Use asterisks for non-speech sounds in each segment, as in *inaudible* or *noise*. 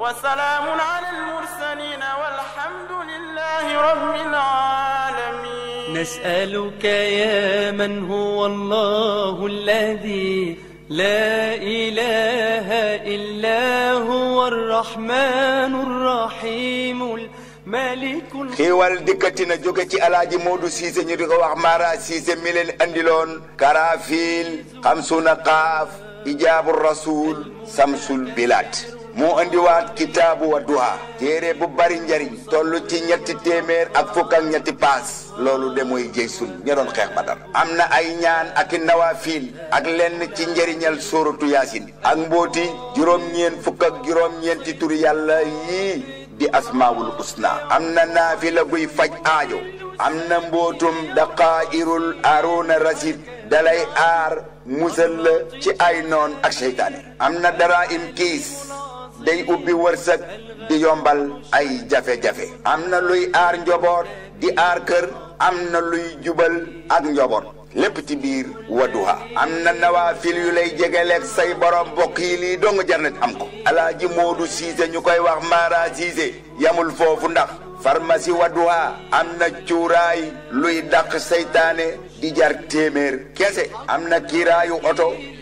وسلام على المرسلين والحمد لله رب العالمين نسألك يا من هو الله الذي لا إله إلا هو الرحمن الرحيم الملك في والدكتنا جوكتي على جمود سيزن يرغو أعمارا سيزن ميلين أندلون كرافيل خمسون قاف إجاب الرسول سمس البلاد moo indiwaat kitaabu Wadduha téere bu bari njariñ toll ci ñetti téeméer ak fukk ñetti paas loolu de mooy jëy sun ña doon xeex am na ay ñaan ak nawafiil ak lenn ci njariñal sóoratu yaasin ak mbóoti juróom-ñeen fukk juróom-ñeenti turi yàlla yii di asmaawul usna am na naafila buy faj aajo am na mbootum daqaa'irul aaroona rasid dalay aar musal la ci ay noon ak seytaane am na dara im kiis day ubbi wërsëg di yombal ay jafe-jafe am na luy aar njaboot di aar kër am na luy jubal ak njaboot lépp ci biir Wadduha am na nawaafil yu lay jegeleeg say borom mbokk yi lii dong jar na am ko alaaji Moodu Siise ñu koy wax Mara Siise yamul foofu ndax farmasi Wadduha am na cuuraay luy dàq seytaane di jar téeméer kese am na kiiraayu oto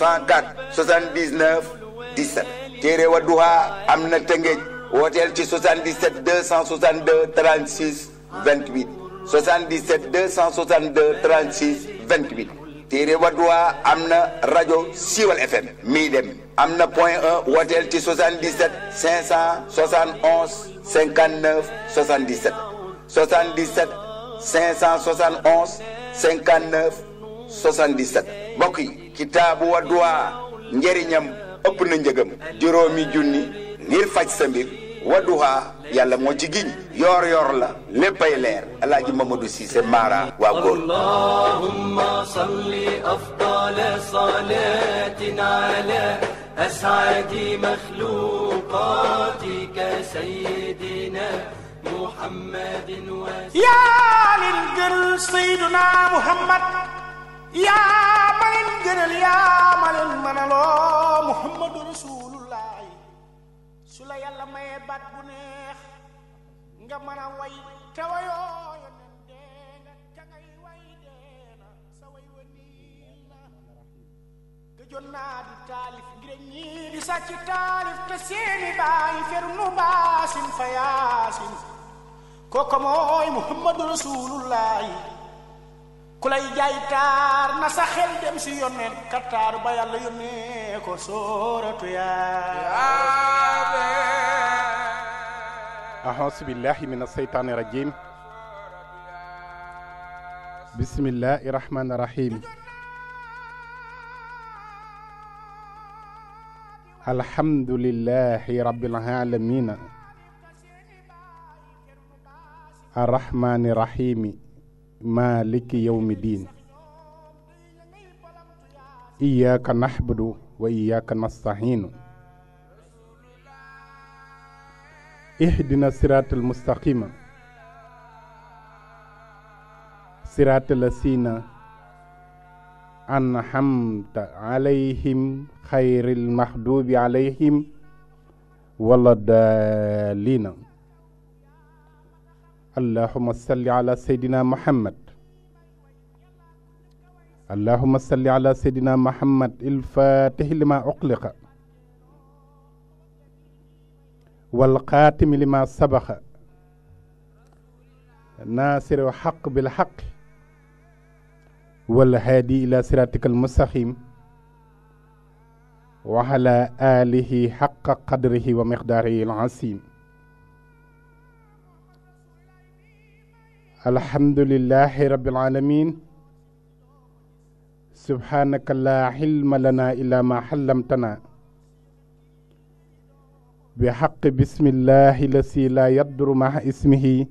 54 79 17 téere Wadduha Amna Tengé Hotel ci 77 262 36 28 77 262 36 28 téere Wadduha Amna radio siwal FM mi dem amna point 1 wooteel ci 77 571 59 77 77 571 59 77 mbokk yi kitabu wa dua njeriñam upp na njegam juromi junni ngir fajj sa mbir Wadduha yalla mo ci giñ yor yor la leppay leer alaaji Mamadou Cissé Mara wa gol allahumma salli afdal salatina ala as'adi makhluqatika sayyidina محمد وسلم يا للقل سيدنا محمد yaa ma gënal yaa ma leen muhammadu rasulullahi su la yàlla mayee baat bu neex nga mën a way te wayoo yonen nga ka way dee na sa way wa nii la gëjoon naa di taalif ngir ñii di sàcc taalif te seeni bàyyi fer nu baasin fa yaasin kooku mooy muhammadu rasulullahi ku lay jaay taar na sa xel dem si yoneen ka taar ba yàlla yónnee ko sóoratu yaa أعوذ بالله من الشيطان الرجيم بسم الله الرحمن الرحيم الحمد لله رب العالمين الرحمن الرحيم مالك يوم الدين إياك نحبد وإياك نستعين اهدنا الصراط المستقيم صراط الذين أنعمت عليهم خير المحدوب عليهم ولا الضالين اللهم صل على سيدنا محمد اللهم صل على سيدنا محمد الفاتح لما أقلق والقاتم لما سبق ناصر الحق بالحق والهادي إلى صراطك المستقيم وعلى آله حق قدره ومقداره العظيم الحمد لله رب العالمين سبحانك لا علم لنا إلا ما حلمتنا بحق بسم الله الذي لا يضر مع اسمه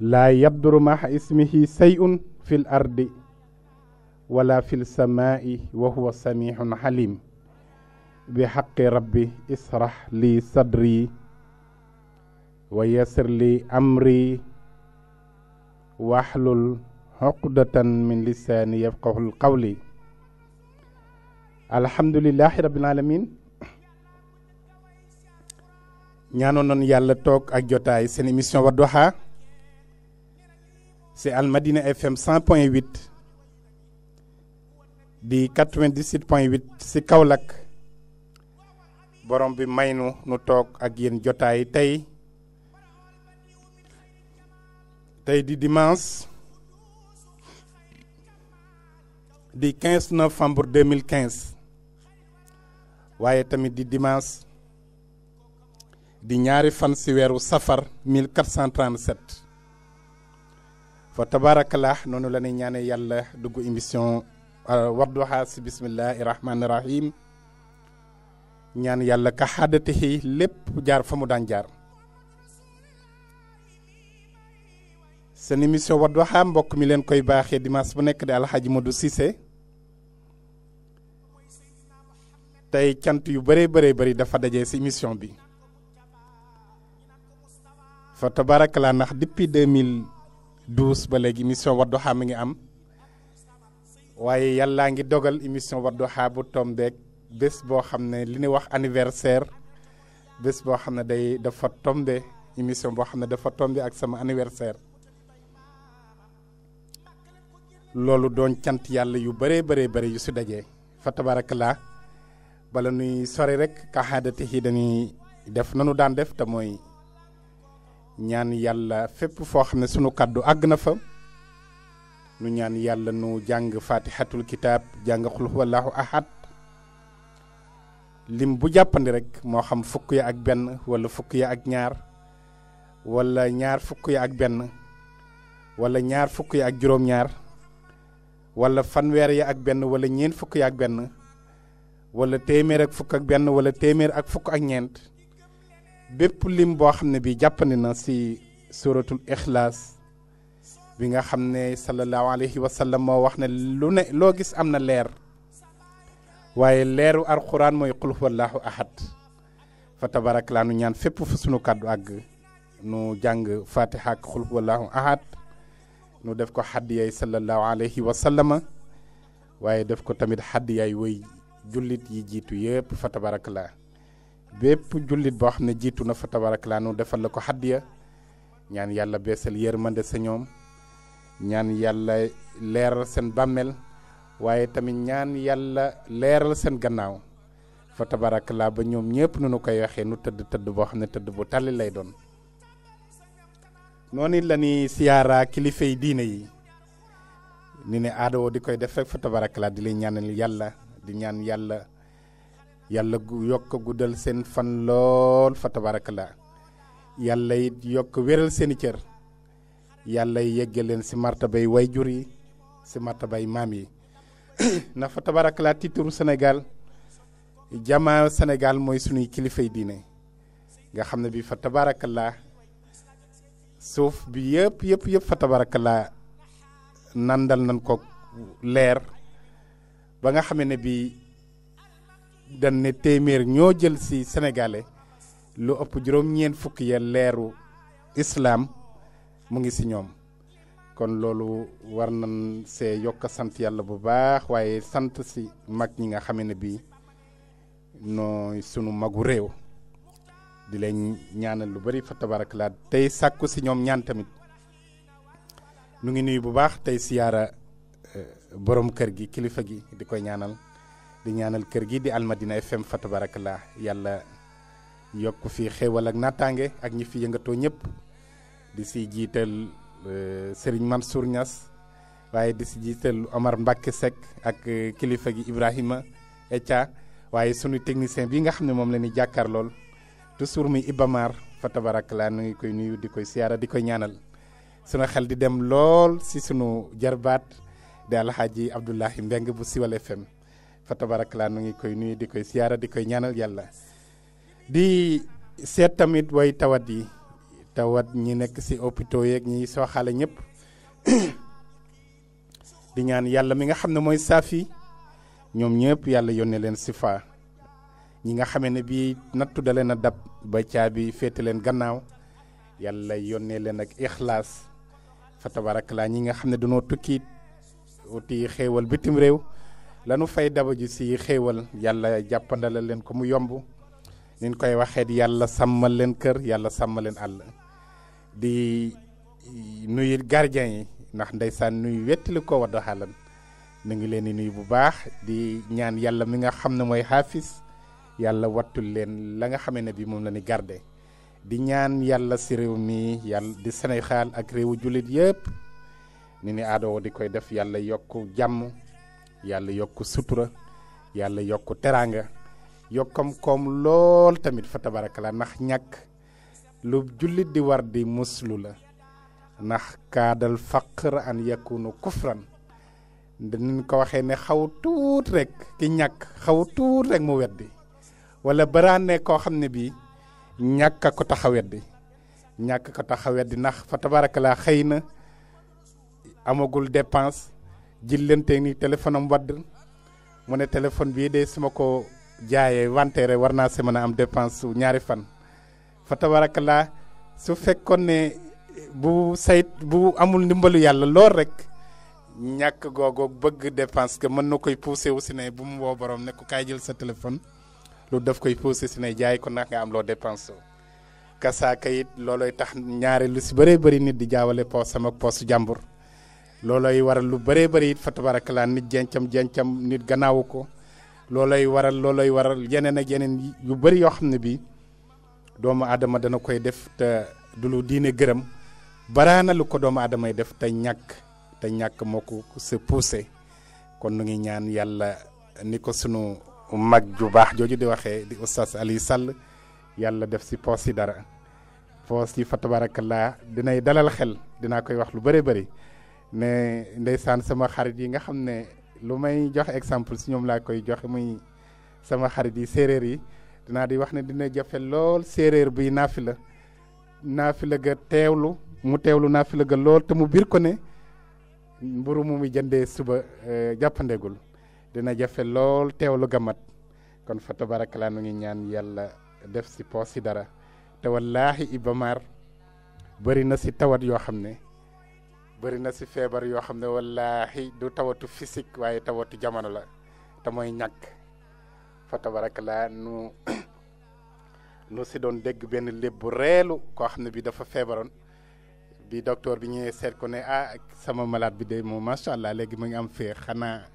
لا يضر مع اسمه شيء في الأرض ولا في السماء وهو سميع عليم بحق ربي اسرح لي صدري wa yassir amri waxlul xoqdatan min lisaani yafqahul qawli alhamdulilahi rabbil alamin ñaanoon nañu yàlla toog ak jotaay seen émission Wadduha c'est Almadina FM di 97.8 ci Kaolack borom bi may nu toog ak yéen jotaay tey tay di dimanche di 15 novembre 2015 waye tamit di dimanche di ñaari fan si safar 1437 fa tabarakallah nonu la ñuy ñaane yàlla dugg émission euh, Wadduha si bismillahi rahmaani rahim ñaan yalla ka xaadatihi lépp jaar famu mu jaar seen émission Wadduha mbokk mi leen koy baaxee dimanche bu nekk di alxaaji Modou Cissé tey cant yu bëree bëree bëri dafa daje si émission bi fa tabarakalaa ndax depuis 2012 ba léegi émission Wadduha mi ngi am waaye yàllaa ngi dogal émission Wadduha bu tombeek bés boo xam ne li ñuy wax anniversaire bés boo xam ne day dafa tombe émission boo xam ne dafa tombe ak sama anniversaire Lalu doon cyant yalla yu bare bare Yusudaje. yu su dajé fa tabarakallah bala nuy sori rek kaxaadati yi dani def nanu daan def ta moy ñaan yalla fépp fo xamne ne kaddu agna fa nu ñaan yalla nu jang fatihatul kitab jang xul huwallahu ahad lim bu jappandi rek mo xam fukk ya ak ben wala fukk ya ak ñaar wala ñaar fukk ya ak ben wala ñaar fukk ya ak juroom ñaar wala fanweer ya ak benn wala ñeent fukk ya ak benn wala téeméer ak fukk ak benn wala téeméer ak fukk ak ñeent bépp lim boo xam ne bi jàppandi na si suratul ixlaas bi nga xam ne sallallahu alayhi wa sallam moo wax ne lu ne loo gis am na leer waaye leeru alxuraan mooy qul huwallahu ahad fa tabarak laa nu ñaan fépp fu sunu kàddu àgg nu jàng fatiha qul huwallahu ahad nu def ko xaddiyaay sallallahu alayhi wa sallama waaye def ko tamit xaddiyaay way jullit yi jiitu yëpp fa tabarakalaa bépp jullit boo xam ne jiitu na fa laa nu defal la ko xaddiya ñaan yàlla beesal yërmande sa ñoom ñaan yàlla leeral seen bàmmeel waaye tamit ñaan yàlla leeral seen gannaaw fa laa ba ñoom ñëpp nu nu koy waxee nu tëdd tëdd boo xam ne tëdd bu tàlli lay doon noonu it la ñuy siyaara kilifay diine yi ni ne aadoo di koy def rek fa tabarakala di leen ñaanal yàlla di ñaan yàlla yàlla yokk guddal seen fan lool fa tabarakala yàlla it yokk wéral seeni cër yàlla yegge leen si martabay wayjur yi si martabay maam yi *coughs* ndax fa tabarakala tiituru Sénégal jamaa Sénégal mooy sunuy kilifay diine nga xam ne bi fa tabarakala suuf bi yëpp yëpp yëpp fa tabarakallah nandal nañ ko leer ba nga xamee ne bii dañ ne téeméer ñoo jël si sénégalais lu ëpp juróom-ñeent fukk ya leeru mu ngi si ñoom kon loolu war nañ see yokk sant yàlla bu baax waaye sant si mag ñi nga xamee ne bii nooy sunu magu réew di leen ñaanal lu bari fa tabarakalaa tey sàkku si ñoom ñaan tamit nu ngi nuyu bu baax tey siyaara eh, borom kër gi kilifa gi di koy ñaanal di ñaanal kër gi di almadina fm fa tabarakalaa yàlla yokk fi xéewal ak naataange ak ñi fi yëngatoo ñëpp di si jiital eh, Serigne Mansour nias waaye di si jiital Omar Mbacke sek ak eh, kilifa gi Ibrahima Echa waaye sunu technicien bi nga xam ne moom la ni toujours muy Ibamar fa tabarakala nu ngi koy nuyu di koy siara di koy ñaanal sunu xel di dem lool si sunu jarbaat di alxaaji Abdoulahi Mbeng bu Siwal FM fa tabarakala nu koy nuyu di koy siara di koy ñaanal yalla di seet tamit way tawat yi tawat ñi nekk si hôpitaux yeeg ñi sooxaale ñëpp di ñaan yàlla mi nga ñi nga xame ne bii nattu da leen a dab ba caabi féete leen gannaaw yàlla yónnee leen ak ixlaas fa tabarakalaa ñi nga xam ne dañoo tukki uti xéewal bitim réew lanu fay daba ji si xéewal yàlla jàppandala leen ko mu yomb niñ koy waxeet yàlla sàmmal leen kër yàlla sàmmal leen àll di nuyu gardien yi ndax ndeysaan nuyu wettali ko nu ngi leen di nuyu bu baax di ñaan yàlla mi nga xam ne mooy xaafis yalla wattul len la nga xamene bi mom lañu garder garde di ñaan yalla ci rew mi yalla di senegal ak rew jullit yépp ni ni ado di koy def yalla jamu, jàmm yalla yokk sutura yalla yokk teranga yokkam kom lol tamit fa tabarakala nax ñak lu diwardi di war di muslu la ndax faqr an yakunu kufran dinañ ko waxe ne xaw tuut rek ki ñak xaw rek mu weddi wala baraane koo xam ne bii ñàkk a ko tax a weddi ñàkk ko tax a weddi ndax fa laa xëy na amagul dépense jillante ni téléphone am wadd mu ne téléphone bii de su ma ko jaayee wanteere war naa si mën a am dépense su ñaari fan fa tabarakalaa su fekkoon ne bu sayt bu amul ndimbalu yàlla lool rek ñàkk googu bëgg dépense que mën na koy poussé wu si ne bu mu woo borom ne ko kaay jël sa téléphone lu def koy posé si na jaay kon nag nga am loo dépense kasaaka it loolooy tax ñaare lu si bëree nit di jaawale poos sama poos jàmbur loolooy waral lu bëree bëri it fa tabarakalaa nit jencam jencam nit gannaawu ko loolooy waral loolooy waral yeneen ak yeneen yu bëri yoo xam ne bii doomu aadama dana koy def te du lu diine gërëm baraana lu ko doomu aadamay def te ñàkk te ñàkk moo ko se poussé kon nu ngi ñaan yàlla ni ko sunu mag ju baax jooju di waxee di oustaz Aliou Sall yàlla def si poos yi dara poos yi fa laa dinay dalal xel dinaa koy wax lu bëri bëri ne ndeysaan sama xarit yi nga xam ne lu may joxe exemple si ñoom laa koy joxe muy sama xarit yi séeréer yi dinaa di wax ne dina jafe lool séeréer buy naafi la naafi la ga teewlu mu teewlu naafi la ga lool te mu biir ko ne mburu mu muy jëndee suba eh, jàppandegul dina jafe lool teewlu gamat kon fa tabarakalaa nu ngi ñaan yàlla def si poos si dara te wallahi ibamar bari na si tawat yoo xam ne bëri na si feebar yoo xam ne du tawatu physique waaye tawatu jamono la te mooy ñàkk fa tabarakalaa nu *coughs* nu si doon dégg benn léeb reelu koo xam bi dafa feebaroon bi docteur bi ñëwee seet ko ne ah sama malade bi de moom macha allah léegi mu ngi am fee xanaa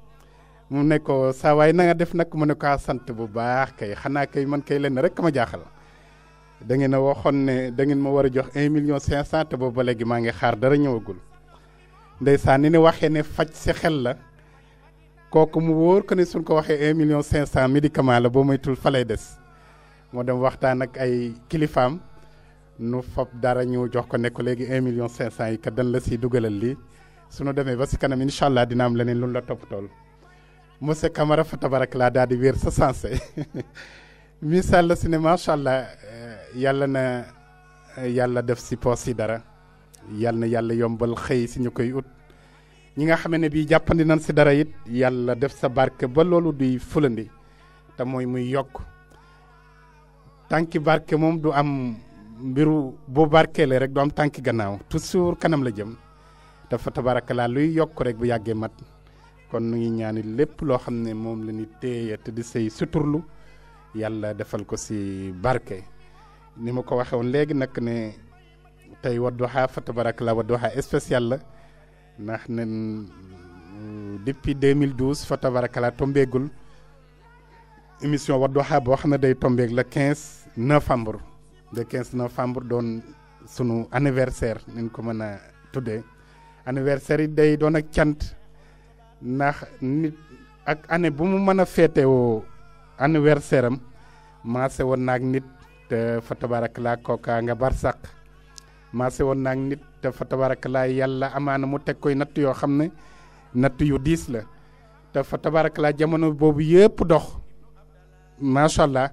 mu nekkoo saawaay nanga def nag mu ne ko ah, sant bu baax kay xanaa kay man kay lenn rekk ma jaaxal da ngeen a waxoon ne da ngeen ma war a jox un million cent te boobu ba léegi maa ngi xaar dara ñëwagul ndeysaan ni ne waxee ne faj si xel la kooku mu wóor ko ne suñ ko waxee un million cinq cent médicament la boo moytul fa lay des moo dem waxtaan ak ay kilifaam nu fab dara ñëw jox ko ne ko léegi un million cinq cent yi kat dañ la siy dugalal lii sunu demee ba si kanam incha allah dina am leneen lu la topp tool monsieur Camara fa tabarak laa daal di wér sa sensé mi sàll si ne macha allah eh, yàlla na eh, yàlla def si poos yi dara yàlla na yàlla yombal xëy si ñu koy ut ñi nga xam ne bii jàppandi nañ si dara it yàlla def sa barke ba loolu duy fulandi te mooy muy yokk tànki barke moom du am mbiru boo barkeelee rek du am tànki gannaaw toujours kanam la jëm dafa tabarak laa luy yokk rek bu yàggee mat. kon nu ngi lépp loo xam ne moom la ñu téye te di say suturlu yàlla defal ko si barke ni ma ko waxee woon léegi nag ne tey Wadduha fa tabarak la Wadduha spécial la ndax ne mm, depuis 2012 fa tabarak la tombeegul émission Wadduha boo xam ne day tombeeg le 15 novembre le 15 novembre doon sunu anniversaire ni ko mën a tuddee anniversaire yi day doon ak cant ndax nit ak année bu mu mën a féetewoo anniversaire am maase woon naag nit te fa tabarak laa kookaa nga bar sàq maase woon naag nit te fa tabarak laa yàlla amaana mu teg koy natt yoo xam ne natt yu diis la te fa tabarak laa jamono boobu yëpp dox macha allah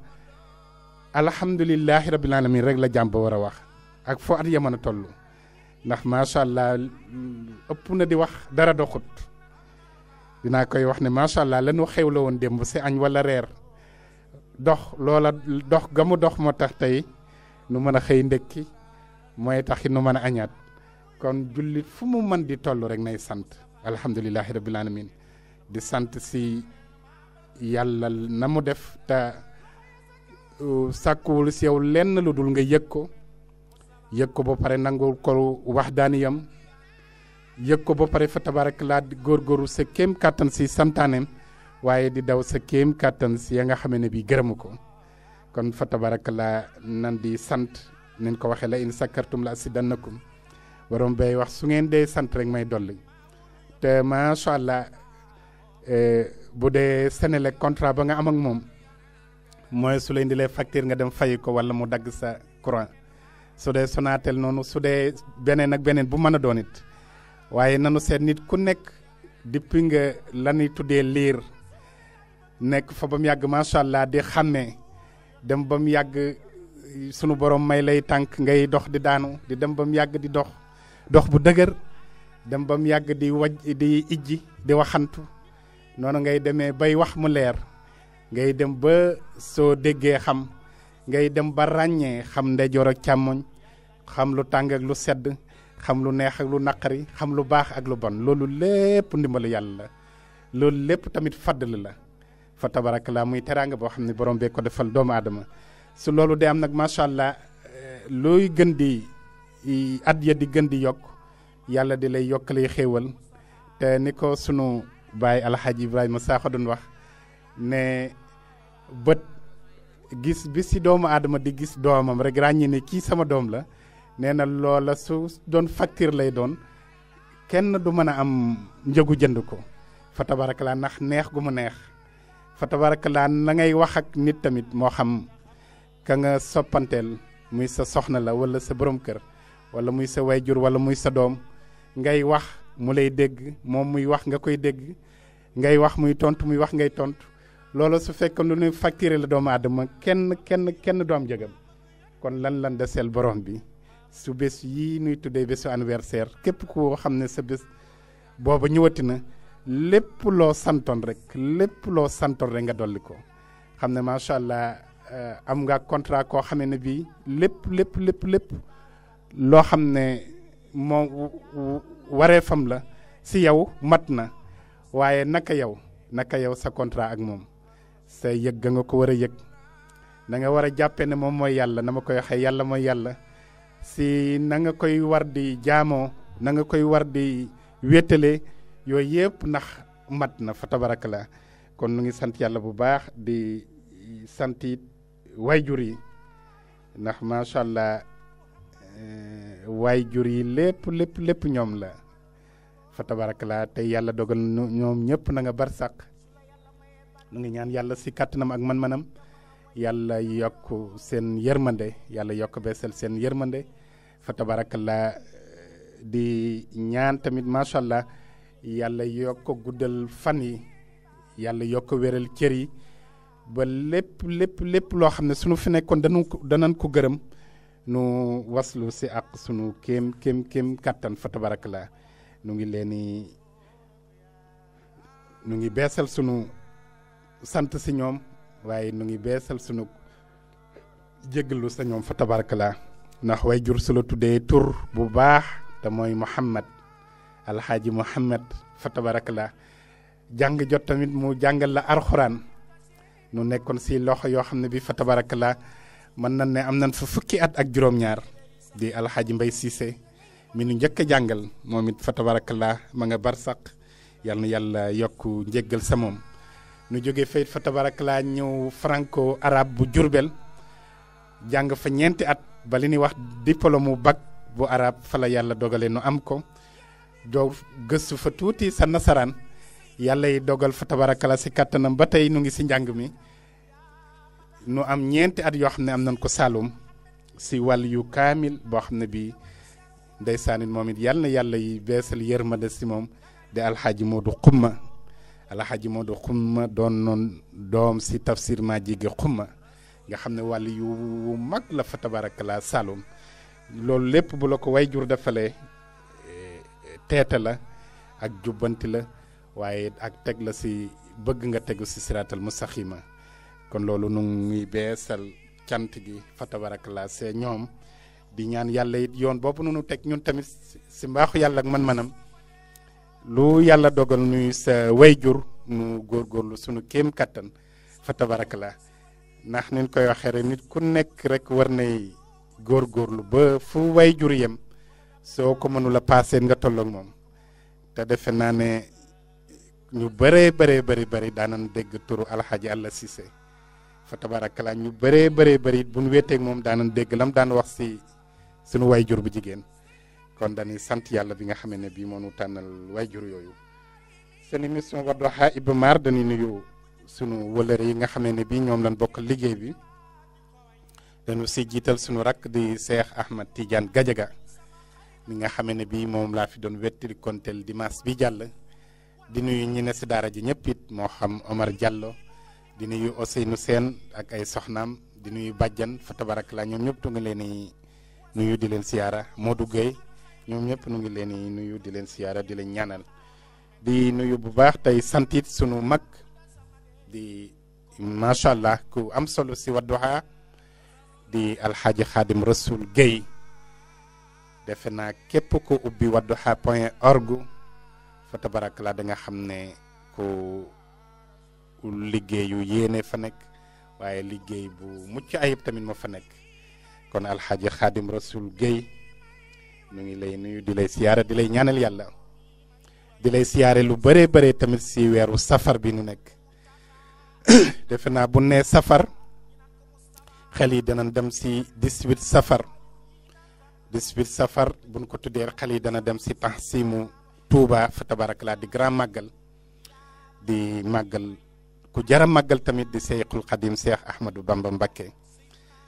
alhamdulilahi rabbil alamin rek la jàmb war a wax ak foo at ya mën a toll ndax macha allah ëpp na di wax dara doxut dinaa koy wax ne macha allah lan wax xewla woon démb si añ wala reer dox loola dox ga mu dox moo tax tey nu mën a xëy ndekki mooy taxi nu mën a añaat kon jullit fu mu mën di toll rek nay sant alhamdulilahi rabbil alamin di sant si yàlla na mu def te sàkkuwul si yow lenn lu dul nga yëg ko yëg ko ba pare nangul ko wax daaniyam yëg ko ba pare fa tabaarakallaa góorgóorlu sa kéem kàttan si santaaneem waaye di daw sa kéem kàttan si ya nga xamee bi gërëmu ko kon fa tabaarakallaa nan di sant nin ko waxee la in sakartum la asidannakum waroon bay wax su ngeen dee sant rek may dolli te macha allah eh, bu dee senele contrat ba nga am ak moom mooy su di indilee facture nga dem fay ko wala mu dagg sa courant su dee Sonatel noonu su dee beneen ak beneen bu mën a waaye nanu seet nit ku nekk depuis nga tuddee liir nekk fa ba mu yàgg macha allah di xàmmee dem ba mu yàgg sunu borom may lay tànk ngay dox di daanu di dem ba mu yàgg di dox dox bu dëgër dem ba mu yàgg di waj di ijji di waxantu noonu ngay demee bay wax mu leer ngay dem ba soo déggee xam ngay dem ba ràññee xam ak càmmoñ xam lu tàng ak lu sedd xam lu neex ak lu naqari xam lu baax ak lu bon loolu lépp ndimalu yàlla la loolu lépp tamit faddal la fa tabarakalaa muy teraanga boo xam ne borom bee ko defal doomu aadama su loolu de am nag macha allah eh, looy gën di at ya di gën di yokk yàlla di lay yokk lay xéewal te ni ko sunu baay alxaaji Ibrahima Sakho doon wax ne bët gis bi si doomu aadama di gis doomam rek ràññee ne kii sama doom la. nee na loola su doon facture lay doon kenn du mën am njëgu jënd ko fa tabarakalaa nax neex gu mu neex fa tabarakalaa na ngay wax ak nit tamit moo xam ka nga soppanteel muy sa soxna la wala sa borom kër wala muy sa wayjur wala muy sa doom ngay wax mu lay dégg moom muy wax nga koy dégg ngay wax muy tontu muy wax ngay tontu loolu su fekkoon lu ñuy facturé la doomu aadama kenn kenn kenn doom am jëgam kon lan lan deseel borom bi su bés yii nuy tuddee bésu anniversaire képp koo xam ne sa bés booba ñëwati na lépp loo santoon rek lépp loo santoon rek nga dolli ko xam ne macha allah eh, am nga contrat koo xame ne bii lépp lépp lépp lépp loo xam ne moo waree fam la si yow mat na waaye naka yow naka yow sa contrat ak moom sa yëg ga nga ko war a yëg na nga war a jàppee ne moom mooy yàlla na ma koy waxee yàlla mooy yàlla. si na nga koy war di jaamoo na nga koy war di wéttale yooyu yëpp ndax mat na fa la kon nu ngi sant yàlla bu baax di sant it jur yi ndax macha allah eh, jur yi lépp lépp lépp ñoom la fa tabaraka la te yàlla dogal ñoom ñëpp na nga bar sàq ngi ñaan yàlla si kàttanam ak man-manam yàlla yokk seen yërmande yàlla yokk beesal seen yërmande fa tabarakallah di ñaan tamit macha allah yàlla yokk guddal fan yi yàlla yokk wéral cër yi ba lépp lépp loo xam ne suñu fi nekkoon danu danan ko gërëm nu waslu si ak sunu kéem kéem kéem kàttan fa tabarakallah nu ngi leen nu ngi beesal sunu sant si ñoom waaye nu ngi beesal sunu jéggalu sa ñoom fa tabarkala ndax way jur su tuddee tur bu baax te mooy Muhammad alxaaji Muhammad fa tabarkala jàng jot tamit mu jàngal la alxuraan nu nekkoon si loxo yoo xam ne bi fa tabarkala mën nañ ne am nañ fa fukki at ak juróom-ñaar di alxaaji Mbay Siise mi nu njëkk a jàngal moom it fa tabarkala ma nga barsaq yal na yàlla yokk njéggal sa moom nu jóge fayit fa franco Arab bu jurbel jàng fa at ba li ni wax diplôme bac bu arab fa la dogale nu am ko doo gëstu fa tuuti yi dogal fa tabarakala si kàttanam ba tey nu ngi si njàng mi nu am ñeenti at yoo xam am nañ ko si wal yu kamil boo xam ne bii ndeysaanit yalla it yàlla na yàlla yi beesal yërmande de alhaji Modou moo Modou Xumma doon noon doom si tafsir maa jigi xumma nga xam ne wàll yu mag la fa tabarakalaa Saloum loolu lépp bu la ko way jur defalee eh, teete la ak jubbanti la waaye ak teg la si bëgg nga tegu si siraatal ma kon loolu nu ngi beesal cant gi fa tabarakalaa see ñoom di ñaan yàlla yit yoon boobu nunu teg ñun tamit si mbaaxu yàlla ak man-manam lu yàlla dogal nuy sa jur nu góorlu sunu kéem kàttan fa tabaraka la ndax nin koy waxee rek nit ku nekk rek war nay góorlu ba fu way jur yem soo ko mënula paaseen nga tolloog moom te defe naa ne ñu bëree bëree bëri bëri daanan dégg turu alxaaji Alla Cissé fa tabaraka ñu bëree bare bëri bu nu wéeteeg moom daanan dégg lam daan wax si sunu jur bu jigéen kon dañi sant yalla bi nga xam ne bii moo nu tànnal waajur émission Mar dañi nuyu sunu Waleri yi nga xam ne bii ñoom lañ bokk liggéey bi dañu si jital sunu rak di Cheikh Ahmad Tidiane Gadiaga mi nga xam ne bii moom laa fi doon wettali kontel dimas bi jall di nuyu ñi ne ci dara ji it xam Omar Jallo. di nuyu Ousseynou sen ak ay soxnam di nuyu badjan fa tabarak la ñom tu ngi leni nuyu di len Modou Gueye ñoom ñëpp nu ngi leen nuyu di leen siyaara di leen ñaanal di nuyu bu baax tey santit sunu mag di macha allah ku am solo ci Wadduha di alxaaji xaadim rasul Guèye defe naa képp ku ubbi wadduha point org fa tabarak la da xam ne ku liggéeyu yéene fa nekk waaye liggéey bu mucc ayib tamit moo fa nekk kon alxaaji xaadim rasul Guèye ñu ngi lay nuyu di lay siyaare di lay ñaanal yàlla di lay siyaare lu bare bare tamit si weeru safar bi ñu nekk *coughs* defe naa bu nee safar xel yi dana dem si 18 safar 18 safar bu ko tuddee xel yi dana dem si tahsimu Touba fa tabarakalaa di grand màggal di màggal ku jara màggal tamit di Seyxul Xadim Seex Ahmadou Bamba Mbakke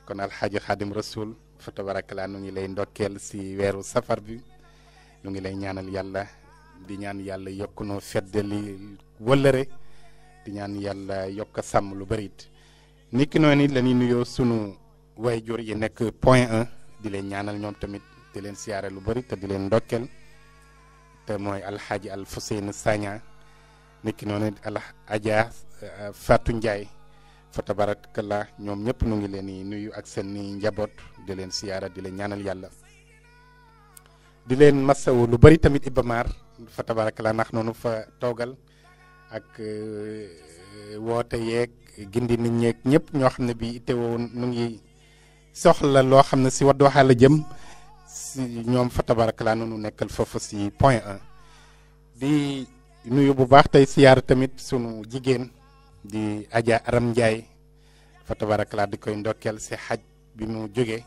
kon alxaaji Xadim Rasul fa tabarakala nu ngi lay ndokkeel si weeru safar bi nu ngi lay ñaanal yàlla di ñaan yàlla yokk noo feddali wëllëre di ñaan yàlla yokk sàmm lu bëri it niki noonu la ñuy nuyoo sunu wayjur yi nekk point un di leen ñaanal ñoom tamit di leen siyaare lu bëri te di leen ndokkeel te mooy alxaaji al Fuseyni Sagna niki noonu ala Adja Fatou fa tabarakallah ñoom ñëpp nu ngi leen di nuyu ak seen i njaboot di leen siyaara di leen ñaanal yàlla di leen masawu lu bari tamit Ibamar fa tabarakallah ndax noonu fa toogal ak euh, woote yeeg gindi nit ñeeg ñëpp ñoo xam ne bii itteewoo nu ngi soxla loo xam ne si Wadduha la jëm si ñoom fa tabarakallah nu nekkal foofu si point 1 di nuyu bu baax tey siyaara tamit sunu jigéen. di Adja Aram Ndiaye fa tabarakalaa di koy ndokkeel si xaj bi mu jógee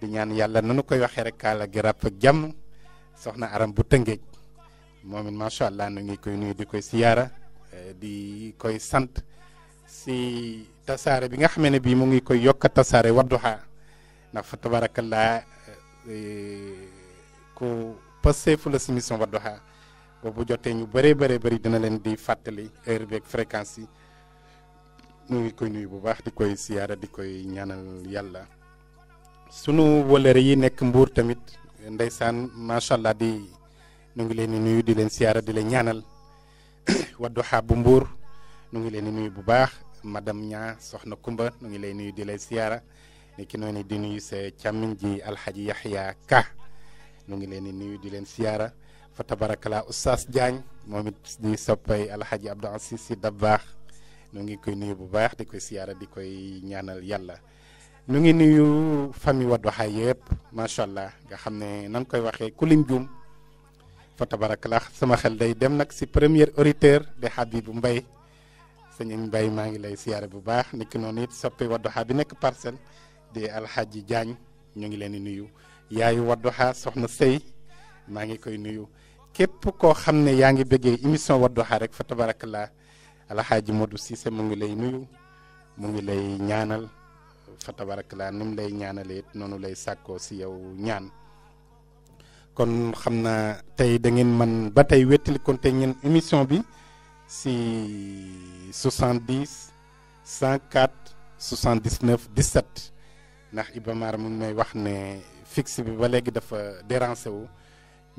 di ñaan yàlla nanu koy waxee rek kaala gi ràpp ak jàmm soxna Aram bu Tëngéej moom it macha allah nu ngi koy nuyu di koy siyaara eh, di koy sant si tasaare bi nga xam ne bii mu ngi koy yokk tasaare Wadduha ndax fa tabarakalaa eh, ku passeefu la si mission boobu jotee ñu bëree bëree bëri dina leen di fàttali heure beeg fréquence yi. ñu ngi koy nuyu bu baax di koy siyaara di koy ñaanal yàlla sunu wëlëre yi nekk mbuur tamit ndeysaan macha allah di ñu ngi leen di nuyu di leen siyaara di leen ñaanal *coughs* Wadduha bu mbuur ñu ngi leen nuyu bu baax madame ñaa soxna Kumba ñu ngi lay nuyu di lay siyaara ni ki noonu di nuyu sa càmmiñ ji alxaji Yaxya Ka ñu ngi leen di nuyu di leen siyaara fa tabarakala Oustaz moom it di soppay alxaji Abdou Aziz Sy baax nu ngi koy nuyu bu baax di koy siyaara di koy ñaanal yàlla nu ngi nuyu famille Wadduha yëpp macha allah nga xam ne nan koy waxee kulim jum fa tabarakallah sama xel day dem nag si premier auditeur de Habib mbay sëñ mbay maa ngi lay siyaare bu baax nekk noonu it soppi Wadduha bi nekk parcelle di alhaji Diagne ñu ngi leen di nuyu yaayu Wadduha soxna sëy maa ngi koy nuyu képp koo xam ne yaa ngi bëggee émission rek fa tabarakallah alxaaji si se mu ngi lay nuyu mu ngi lay ñaanal fa laa ni lay ñaanalee noonu lay sàkkoo si yow ñaan kon xam naa tey da ngeen man ba tey wettali kon te ngeen émission bi si 70 104 79 17 ndax Iba Mar mu ngi may wax ne fix bi ba léegi dafa dérancé wu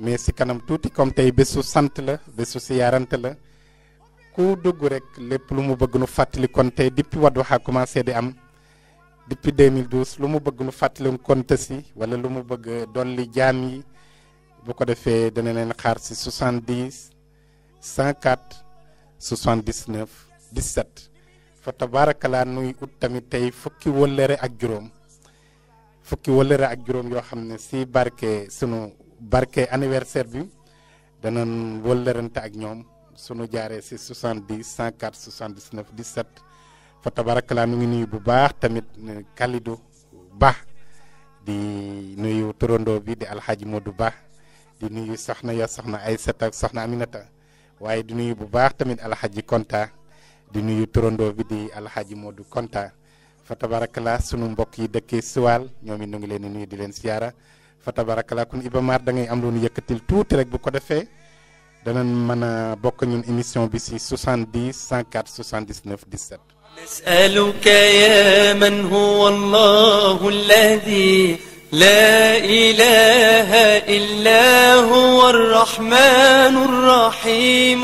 mais si kanam tuuti comme tey bésu sant la bésu siyaarante la ku dugg rek lépp lu mu bëgg nu fàttali kon tey depuis Wadduha commencé di am depuis 2012 lu mu bëgg nu fàttali konte si wala lu mu bëgg dolli jaam yi bu ko defee dana leen xaar si 70 104 79 17 fa tabaarakalaa nuy ut tamit tey fukki wëllëre ak juróom fukki wëllëre ak juróom yoo xam ne si barke sunu barke anniversaire bi danañ wëllërante ak ñoom sunu jaaree si 70 104 79 17 fa tabarakalaa nu ngi nuyu bu baax tamit euh, Kalidou Ba di nuyu turandoo bi di Alxaaji Modou Ba di nuyu soxna ya soxna Aysata ak soxna Aminata waaye di nuyu bu baax tamit Alxaaji Konta di nuyu turandoo bi di Alxaaji Modou Konta fa tabarakalaa sunu mbokk yi dëkkee Siwaal ñoom it nu ngi leen nuyu di leen siyaara fa kun Iba Mar da ngay am lu nu yëkkatil tuuti rek bu ko dana mën a bokk ñun émission bi si 70 104 79 17. يا من هو الله الذي لا إله إلا هو الرحمن الرحيم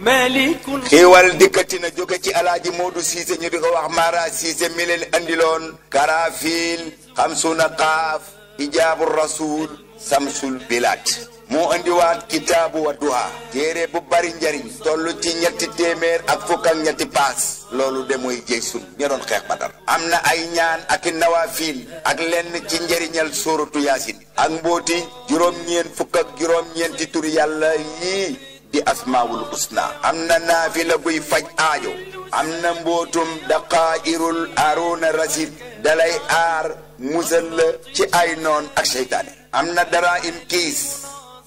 الملك خيوال دكتنا جوكتي على دي مودو سيزة وعمارا سيزة ملل أندلون كرافيل خمسون قاف إجاب الرسول سمسول بلاد moo indiwaat kitaabu Wadduha téere bu bari njariñ toll ci ñetti téeméer ak fukk ak ñetti paas loolu de mooy jëy sun ña xeex Badar am na ay ñaan ak i nawafiil ak lenn ci njariñal sóoratu yaasin ak mbóoti juróom-ñeen fukk ak juróom-ñeenti tur yàlla yii di asmaawul usna am na naafila buy faj aajo am na mbootum daqaa'irul aruuna rasid dalay aar musal ci ay noon ak seytaane am na dara im kiis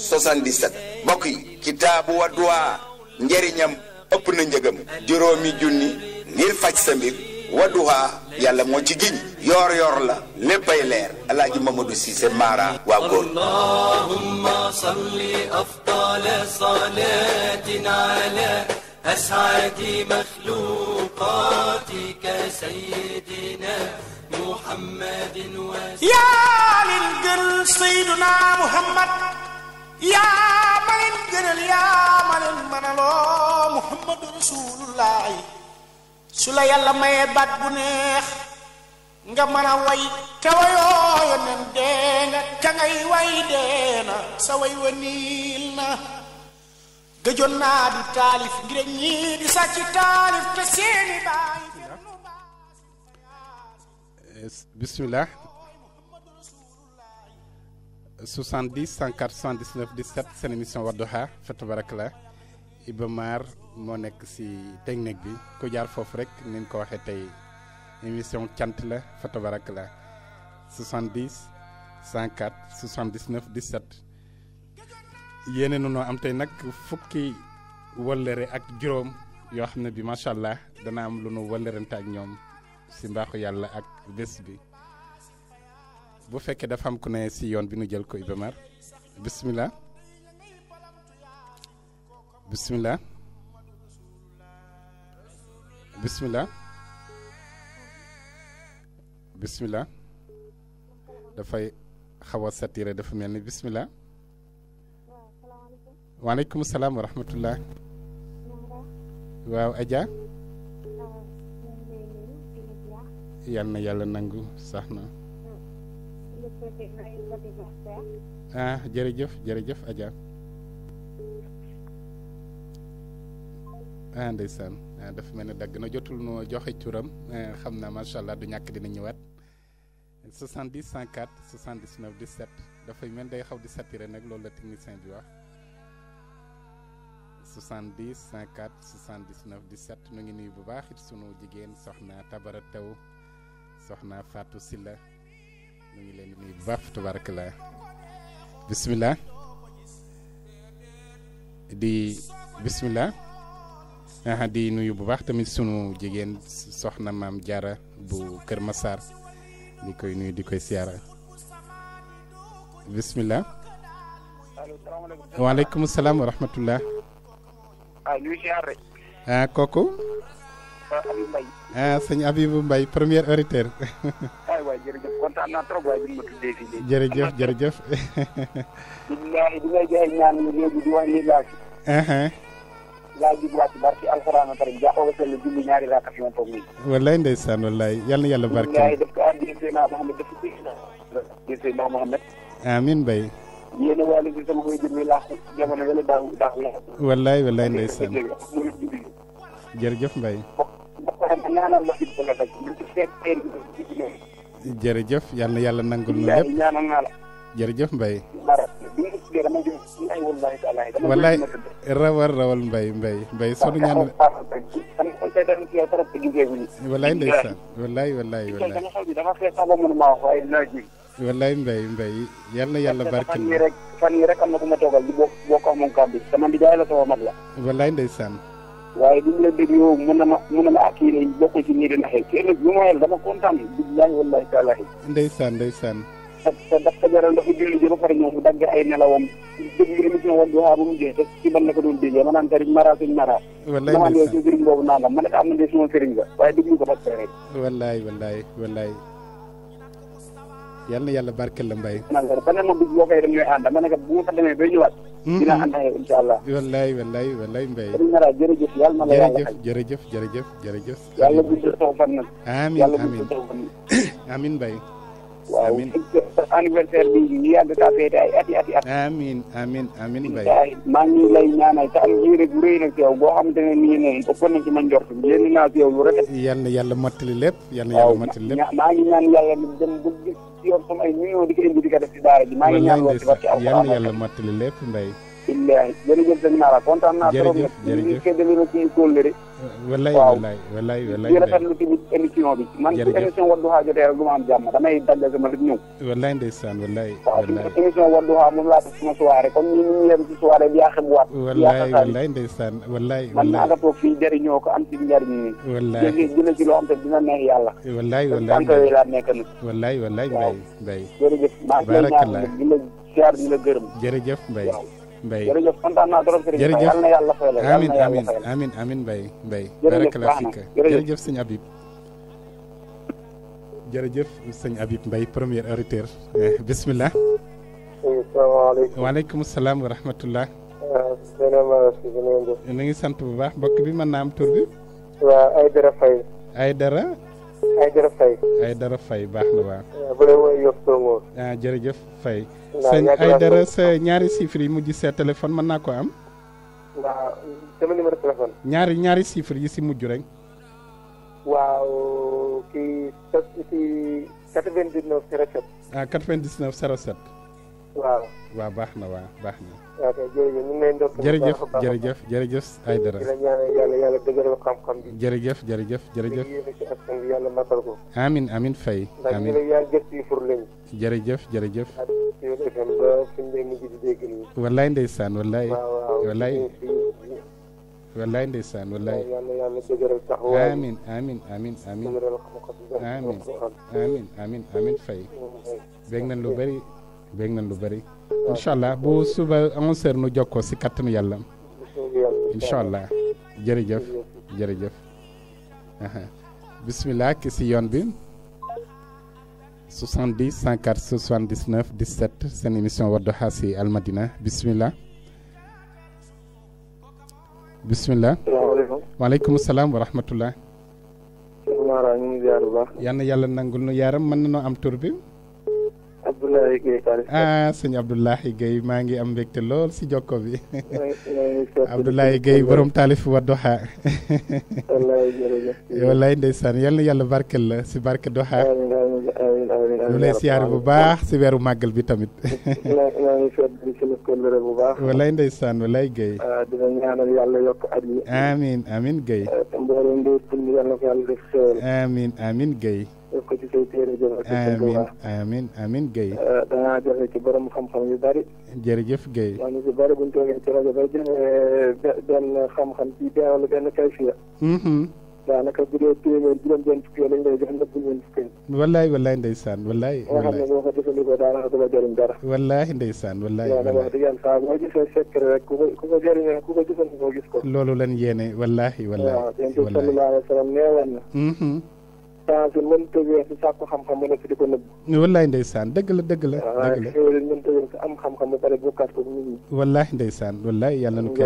77 mbokk yi kitaabu Wadduha njëriñam ëpp na njëgam juróomi junni ngir fajj sa mbir Wadduha yalla mo ci giñ yor yor la leppay leer alaaji Mamadou Cissé Mara wa gol allahumma salli afdala salatina ala أسعد مخلوقاتك سيدنا محمد وسلم يا للقل سيدنا muhammad yaa ma leen gënal yaa ma leen manaloo muhammadu rasulullahi su la yàlla mayee baat bu neex nga mën a way te wayoo yonen dee nga ka ngay way dee na sa way wa niil na gëjoon naa di taalif ngir ñii di sàcc taalif te seeni baay bismillah 70 104 79 17 une émission Wadoha fa barakla et Mar mon ex si technique bi ku jaar foofu rek ni ko émission la 70 104 79 17 yene nu noo am tay n'ak fukki wëllëre ak juróom yo xam bi machallah dana am lu nu ak ñom ci bu fekkee dafa am ku ne si yoon bi nu jël ko Iba Mar bisimilah bisimilah bisimilah dafay xaw a dafa mel ni bisimilah. waaleykum salaam wa rahmatullah. waaw Adja. yal na yàlla nangu sax na. ah jërëjëf jërëjëf aja ah ndeysaan ah, dafa mel ne dagg na jotul nu joxe turam ah, xam dunia kini allah du ñàkk dina ñëwaat 70 104 79 17 dafay mel day xaw di saturé nag loolu la technicien bi wax 70 104 79 17 nu ngi nuyu bu baax it sunu jigéen soxna Tabara Taw soxna Fatou Silla. ñu ngi leen di nuyu bu baax tamit suñu jigéen soxna maam jaara bu Kër Massar di koy nuyu di koy siyaara bismillah waaleykum salaam wa rahmatullah ah, ah kooku ah, ah sëñ Abibu Mbaye premier *laughs* kontaan naa trop waaye bi ma tuddee fii. jërëjëf jërëjëf. di ngay joxe ñaan léegi di uh-huh. ma toog nii. wallaay ndeysaan wallaay yal yàlla barke. wallaay bay. yéen a waa léegi wallaay wallaay ndeysaan. jërëjëf Mbaye. jërëjëf yal na yàlla nangul nu lépp ñaanal naa la jërëjëf Mbaye wallaay rawal rawal Mbaye Mbaye Mbaye sonu ñaan wallaay wallaay wallaay wallaay wallaay Mbaye Mbaye yal na yàlla barkeel fan yi rek am na ku ma toogal di bokk moom kàddu sama ndijaay la waaye bu ñu la dégloo mën na ma mën na ma ak yéen bokk ci nii di naxee te nag bu ma yàlla dama kontaan billaahi wallaahi taalaahi. ndeysaan ndeysaan. te te dafa jaral dafa julli ji ba pare mu dagg ay nelawam déglu émission Wadduha ba mu jeex te ci ban la ko doon déggee ma naan sëriñ mara sëriñ ma ne ko am na de suma sëriñ la waaye déglu ko ba pare rek. wallaay wallaay yal na yàlla barkeel la mbay. beneen moom boo koy dem ñooy ànd dama ne ko bu ma fa demee bay ñëwaat. Mm-hmm. dina ànd ak yow incha allah. wallaay wallaay wallaay mbay. jërëjëf yàlla na la yàlla xaj jërëjëf jërëjëf jërëjëf. yàlla gudd sa fan nag. amiin amiin amiin mbay. waaw anniversaire bi ñu yàgg kaa feete ay ati ati at. amiin amiin amiin Mbaye. maa ngi lay ñaanal te am yéene bu rëy nag yow boo xamante ne nii moom ëpp na ci man njort yéen naa yow lu rafet. yal na yàlla mottali lépp. yal na yàlla mottali lépp waaw maa ngi ñaan yàlla dem bu yor sama ay millions di ko indi di ko def ci daara maa ngi ñaan lool ci barke alxuraan yàlla mattali lépp mbay. illaahi jërëjëf sëñ Mara kontaan naa trop nag. jërëjëf ñu ngi koy demee ci wallaay wallaay wallaay wallaay di rafetlu tamit émission bi man su émission Wadduha jotee rek du ma am jàmm damay dagg sama lépp ñëw wallaay ndeysaan wallaay wallaay man naa nga toog fii jëriñoo ko am ci njëriñ ni wallaay jëlee ci loo xam te dina neex yàlla wallaay wallaay tànk laa nekk nag wallaay wallaay mbay mbay mbay Mbaye jërëjëf kontaan naa trop sëriñ Mbaye yal na yàlla fay la amiin amiin amiin amiin Mbaye Mbaye barakallahu fiik jërëjëf sëñ Habib jërëjëf sëñ Habib Mbaye premier auditeur eh, bismillah salaamaaleykum salaam wa rahmatullah euh, ngi sant bu baax mbokk bi mën naa am tur bi waaw Aydara Faye Aydara Aydara Faye. Aydara Faye baax na baax. Eh, bu la wooyee yokk Tóngoor. ah jërëjëf Faye. sëñ sa ñaari chiffres yi mujj sa téléphone mën naa ko am. ñaari ñaari chiffres yi si mujj rek. waaw kii kii 99 07. ah 99 07. waaw. waaw baax na waaw baax na. waaw kay jërëjëf ñu ngi lay ndokk. jërëjëf jërëjëf jërëjëf ay dara di la ñaanal yàlla yàlla dëgëral xam-xam bi. jërëjëf jërëjëf jërëjëf yàlla matal ko. amiin amiin fay. amiin ndax ñu yaa gëstu yi fur lañ. jërëjëf jërëjëf. ak yàlla yàlla dëgëral taxawaay. amiin amiin amiin amiin. amiin amiin amiin fay. bég lu bari bég nañ lu bari incha allah bu suba 11 nu jokkoo si kattanu yàlla. incha allah jërëjëf jërëjëf. bisimilah ki si yoon bi. 70 104 79 seen émission Wadduha si Almadina bisimilah. bisimilah. salaamaaleykum waaleykum salaam wa rahmatullah. na yàlla nangul nu yaaram mën na noo am tur bi. Abdoulaye Guèye ah sëñ Abdoulaye Guèye maa ngi am mbégte lool si jokko bi. *laughs* Abdoulaye Guèye borom taalif Wadduha. wallaay jërëjëf. wallaay ndeysaan yal na yàlla barkel la si barke Duha. ñu lay siyaare bu baax si weeru màggal bi tamit. *laughs* maa si bu baax. ndeysaan ah, dina ñaanal yàlla yokk at yi. amiin amiin ah, mbooloo yàlla ko yàlla def. amiin amiin def ko ci say téere jëf amin euh, yu bari jërëjëf Guèye maa ngi si bari buñ toogee ci rajo bay jëlee euh, benn xam-xam ci benn benn kayfiya mm-hmm. daanaka bu dee téeméer juróom benn fukki lañ lay jox ndëpp ñeen fukki wallaay wallaay ndeysaan wallaay la jëriñ dara wallaay ndeysaan wallaay wallaay loolu lan yéene wallaay wallaay waaw sallallahu alayhi science mënta weesu sàkku xam-xam ba nekk di ko nëbb wallaay ndeysaan dëgg la dëgg la dëgg la xéwal mënta weesu am xam-xam ba pare bokkaat ko nit ñi wallaay ndeysaan wallaay yàlla nu ko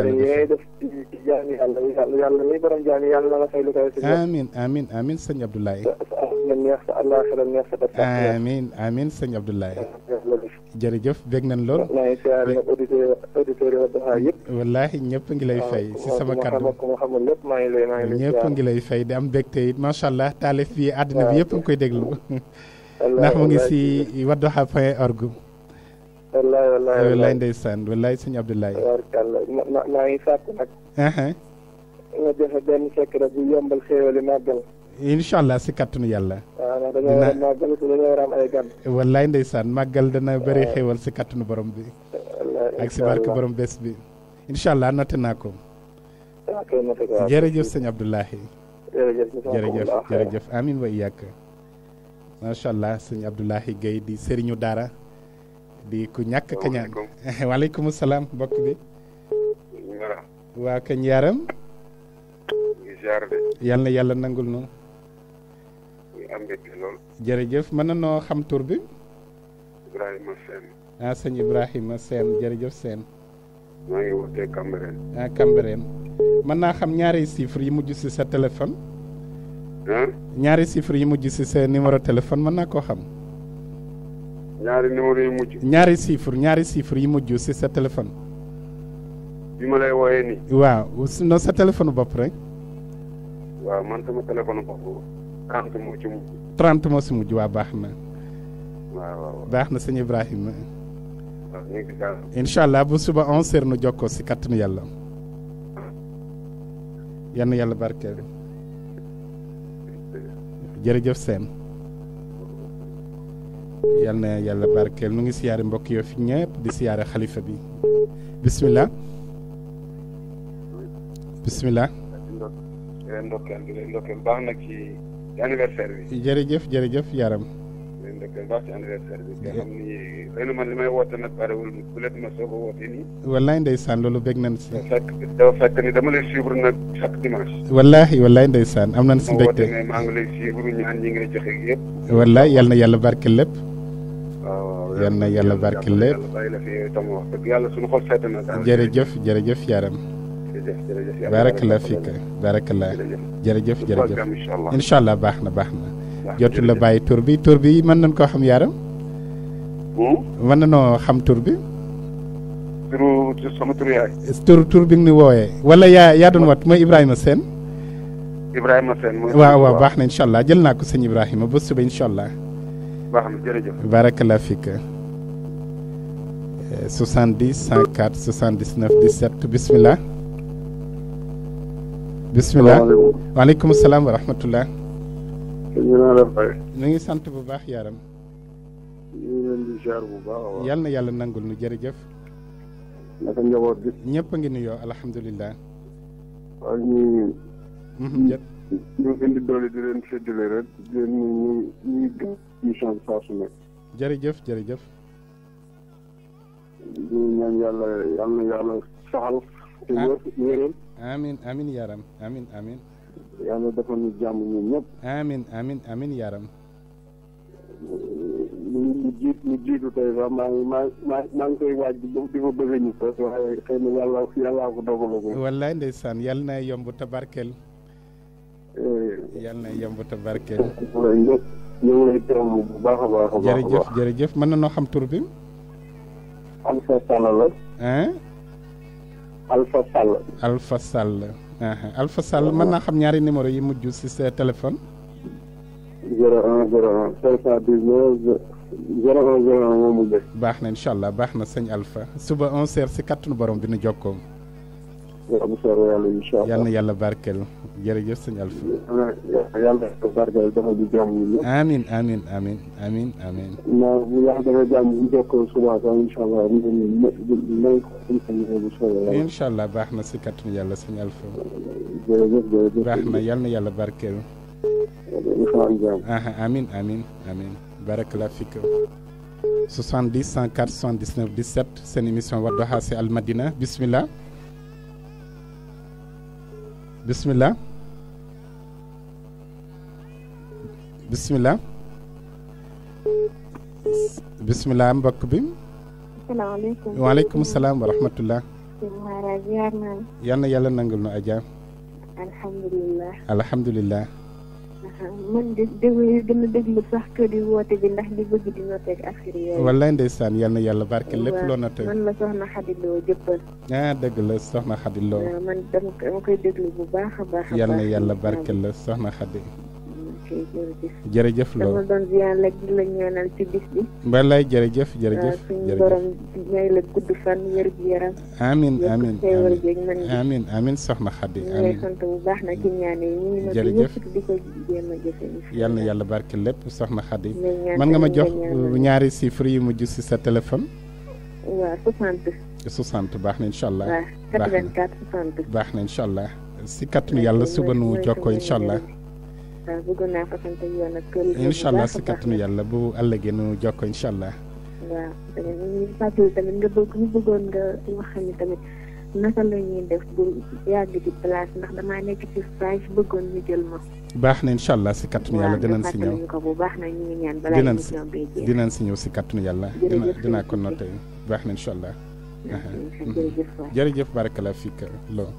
yàlla na la fay lu koy amin amin amin sëñ sa neex amin amin sëñ Abdoulaye jërëjëf bég nañ lool. wallaay siyaar na auditeur auditeur yi Wadduha yëpp. wallaahi ñëpp ngi lay ah, fay. si sama di am bégte it macha allah taalif bi àddina bi yëpp ngi koy déglu. ndax mu ngi si Wadduha point org. wallaay wallaay wallaay ndeysaan wallaay sëñ Abdoulaye. maa uh-huh. bu yombal xéewali màggal. incha allah si kàttanu yàlla. waaw ah, dañoo wallaay ndeysaan màggal dana bëri ah. xéwal si kàttanu borom bi. ak si barke borom bés bi. incha allah noté naa ko. jërëjëf sëñ Abdoulahi. jërëjëf jërëjëf jërëjëf amin wa iyaaka. macha allah sëñ Abdoulahi di sëriñu daara. di ku ñàkk kañaan *laughs* waaleykum salaam mbokk bi. waa kañ yaaram. yàlla na yàlla nangul am jërëjëf mën na noo xam tur bi. Ibrahima Sène. ah sëñ Ibrahima seen jërëjëf seen maa ngi wootee Cambérène. ah mën naa xam ñaari chiffres yi mujj si sa téléphone. ñaari chiffres yi mujj si sa numéro téléphone mën naa koo xam. ñaari numéro yi mujj. ñaari chiffres ñaari chiffres yi mujj si sa téléphone. bi ma lay wooyee nii. waaw non sa téléphone bopp rek. waaw man sama téléphone bopp. 30 moo ci mujj. waa baax na. waaw baax na sëñ Ibrahima. incha allah bu suba 11h nu jokkoo si kàttanu yàlla. yàlla barkeel. jërëjëf seen. yal yàlla barkeel mu ngi siyaare mbokk yoo fi ñëpp di siyaare xalifa bi bisimilah. bisimilah. ndokkeel ci anniversaire bi. jërëjëf jërëjëf yaram. leen dëggal baax ci anniversaire bi. nga na man li ma soog a woote nii. wallaay ndeysaan loolu bég nañ si. dafa fekk ni dama lay suivre nag si dimanche. wallaahi wallaay ndeysaan am nañ si mbégte. ma ngay joxe yëpp. wallaay yal na yàlla barkeel lépp. waaw yal na yàlla barkeel lépp. yàlla bàyyi la fi tam wax dëgg yàlla suñu jërëjëf jërëjëf yaram jërëjëf jërëjëf yàlla baarakallah fiik allah baax na baax na jotu la bàyyi tur bi tur bi mën nañ koo xam yaaram mën nanoo xam tur bi turu tour bi nga ni wooyee wala yaa yaa doon wat mooy Ibrahima Sène Ibrahima Sène mooy waaw waaw baax na incha allah jël naa ko sëñ Ibrahima ba suba incha allah baax na jërëjëf baarakallah fiik 70 104 bismillah bisimilah waaleykum salaam wa rahmatullah. ngi sant bu baax yaram. bu baax a yal na yàlla nangul nu jërëjëf. naka bi. ñëpp a ngi nuyoo alhamdulilah. waaw ñu. Mhm, ñu ngi indi doole di leen séddale rek di ñu ñu yàlla yal na yàlla saxal. te ah. wér amin amin yaram amin amin yàlla defal ñu jàmm ñun ñëpp amin amin amin yaram lu jiit lu jiitu tey sax maa ngi maa ngi koy waaj di ko bëgg ñu sax waaye xëy na yàlla yàllaa ko dogalagul wallaay ndeysaan yàlla na yomb eh. yàlla na yomb te barkeel ñëw lay teew bu baax a mën na noo xam tur bi Amsa Sall la Alpha Sall. Uh-huh. Alpha Sall. mën naa xam ñaari numéro yi mujj si sa téléphone. 01 01 519 01 baax na incha allah baax na sëñ alfa suba 11h si nu borom nu jokkoom waaw bu soobee yàlla incha allah yal na yàlla barkeel jërëjëf sëñ Alpha. yàlla barkeel dafa di jàmm ñu. amiin amiin amiin amiin amiin. naa bu yàlla dafa jàmm ñu jokkoo suba sax incha allah ñu ngi bu soobee yàlla. incha allah baax na si kàttanu yàlla sëñ Alpha. jërëjëf jërëjëf baax na yal na yàlla barkeel. amiin amiin amiin barakallah fik 70 104 79 17 seen émission Wadduha si Almadina bismillah بسم الله بسم الله بسم الله ام بك بيم السلام عليكم وعليكم السلام ورحمه الله يا يلا نانغلو اجا الحمد لله الحمد لله man de déglu dama déglu sax que di woote bi ndax di bëgg di noter affaire yooyu. wallaay ndeysaan yal na yàlla barke lépp loo noter. man la soxna Xadi Lo jëppal. ah dëgg la soxna Xadi Lo. man dama koy déglu bu baax a baax. yal na yàlla barke la soxna Xadi. ok jërëjëf. jërëjëf loolu dama doon ziar rek di la ñaanal ci bis baax ci ñaan yi na yàlla barke lépp soxna Xadi. mën nga ma jox ñaari chiffres yu mujj si sa téléphone. waaw 60. 60 baax na incha allah. waaw baax na incha allah si kàttanu yàlla suba nu jokkoo incha allah bëggoon naa fa sant yoon kër yi si kattanu yàlla bu àllëgee nu jokkoo incha allah. waaw tamit nga bëgg ñu bëggoon nga wax ni tamit naka la ñuy def bu yàgg di place ndax damaa nekk ci stage bëggoon ñu jël ma. baax na incha si kattanu yàlla si ñëw waaw na ñu ngi ñaan balaa émission dinaa ko noté baax na incha allah. jërëjëf waay fii loo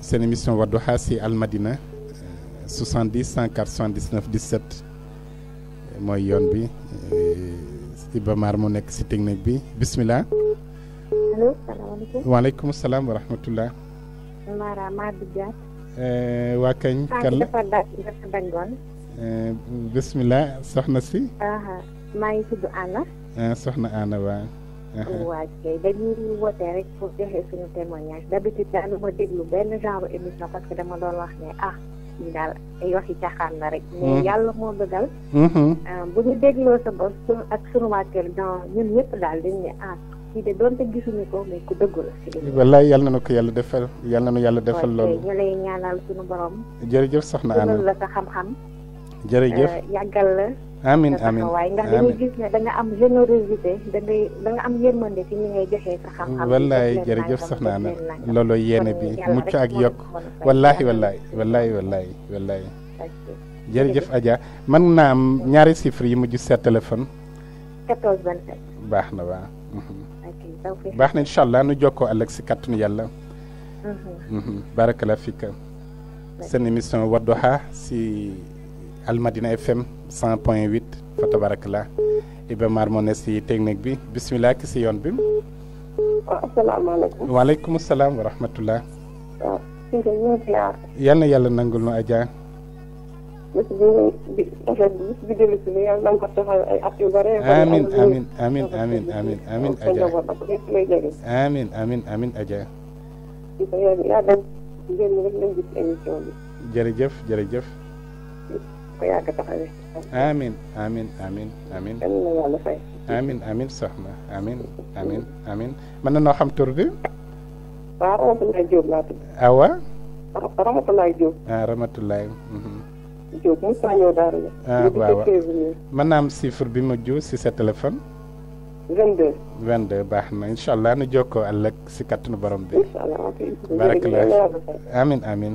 seen émission Wadduha si Almadina 70 104 79 17 mooy yoon bi euh, mu nekk si technique bi bisimilah. allo salaamaaleykum. waaleykum salaam wa rahmatulah. Euh, waa euh, soxna si. maa ngi kay dañuy woote rek pour joxe suñu témoignage d'habitude daal ma déglu benn genre émission parce que dama doon wax ne ah, yi daal ay waxi caaxaan la rek. Hmm. mais yàlla moo dogal. Euh, bu ñu dégloo sa bopp ak sunu waa kër dans ñun ñëpp daal dañ ah kii de donte gisuñu ko mais ku dëggu wallaay yal na ko yàlla defal yal na nu yàlla defal loolu. ñu lay ñaanal sunu borom. jërëjëf soxna Anna la sa xam-xam. Euh, yàggal la. amiin amiin waaye wallaay jërëjëf soxna na loolu yéene bi mucc ak yokk wallahi wallahi wallahi wallahi wallahi jërëjëf Adja naa am ñaari sifre yi mujj sa téléphone. baax na waaw. Mhm. baax na incha nu jokkoo ëllëg si kàttanu yàlla. Mhm. Mhm. barakallah fika seen émission Wadduha si. almadina fm 100 point 8 fa tabarakallah Iba Mar si technique bi bisimilah ki si yoon bi waaw salaam wa yal na yàlla nangul na ko amin amin amin amin amin amin amin amin amin ko yàgg taxawee. amiin amiin amiin amiin. yal na yàlla fay. amiin na noo xam bi. waaw awa. Ramatulaay Diop. ah Ramatulaay. Diop mhm. Moussa ñëw Daara la. ah waaw mën naa am si sa téléphone. 22. 22 baax na incha allah nu jokkoo àll ak si kattanu borom allah baraka la amiin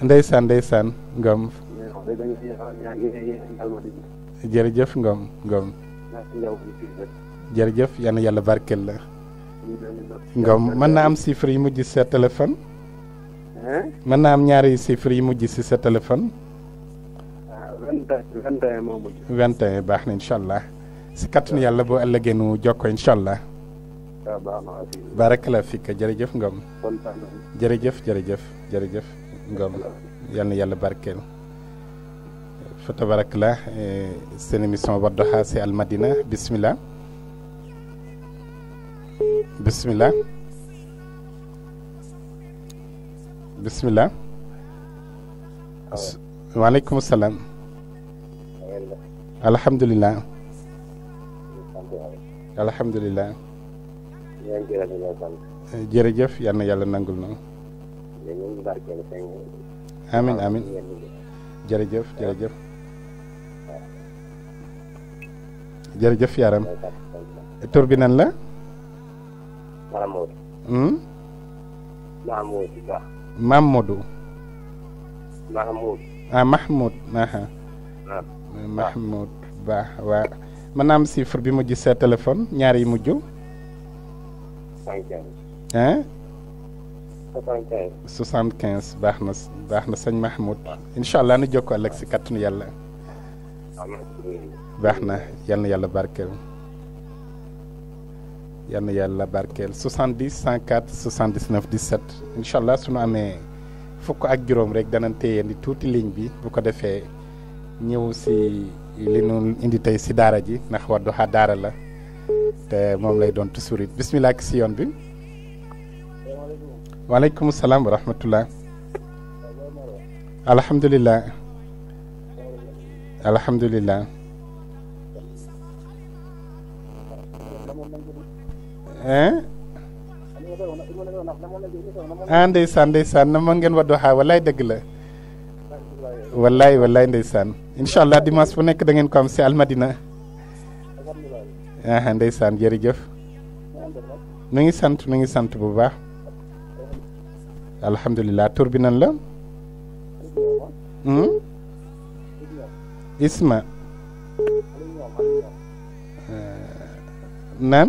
ndeysaan ndeysaan ngam jërëjëf ngam ngam jërëjëf yal na yàlla barkeel la ngam mën naa am chiffre yi mujj sa téléphone mën naa am ñaari chiffre yi mujj si sa téléphone vingt et un moo baax na incha allah si kattanu yàlla boo ëllëgee nu jokko incha allah barakalaa fika jërëjëf ngom jërëjëf jërëjëf jërëjëf Ngom yal na yàlla barkeel fa tabarakallah seen émission Wadduha ci Almadina bismillah bismillah bismillah waaleykum salaam alhamdulilah alhamdulilah jërëjëf yal na yàlla nangul na Amin Amin. seen amin amin jërëjëf jërëjëf jërëjëf yaram tour bi nan la hmm mamoud Ba Mamadou Mahmoud ah Mahmoud aha ah. Mahmoud Ba wa manam chiffre bi mujj sa téléphone ñaar yi mujj hein eh? 75 75 baax na baax sëñ Mahmoud inshallah allah nu jokkoo ëllëg si kattanu yàlla. baax na yal na yàlla barkeel. yal na yàlla barkeel 70 104 79 17 incha allah su nu amee fukk ak juróom rek danañ téye di tuuti ligne bi bu ko defee ñëw si li nu indi tey si daara ji ndax Wadduha daara la te moom lay doon toujours it bisimilah yoon bi. waaleykum salaam wa rahmatullah alhamdulilah alhamdulilah ah ndeysaan ndeysaan na ma ngeen Wadduha wallaay dëgg la wallaay wallaay ndeysaan incha allah dimanche bu nekk da ngeen ko am si almadina ah ndeysaan jërëjëf nu ngi sant nu ngi sant bu baax الحمد لله تور بن الله اسمع اسمع نعم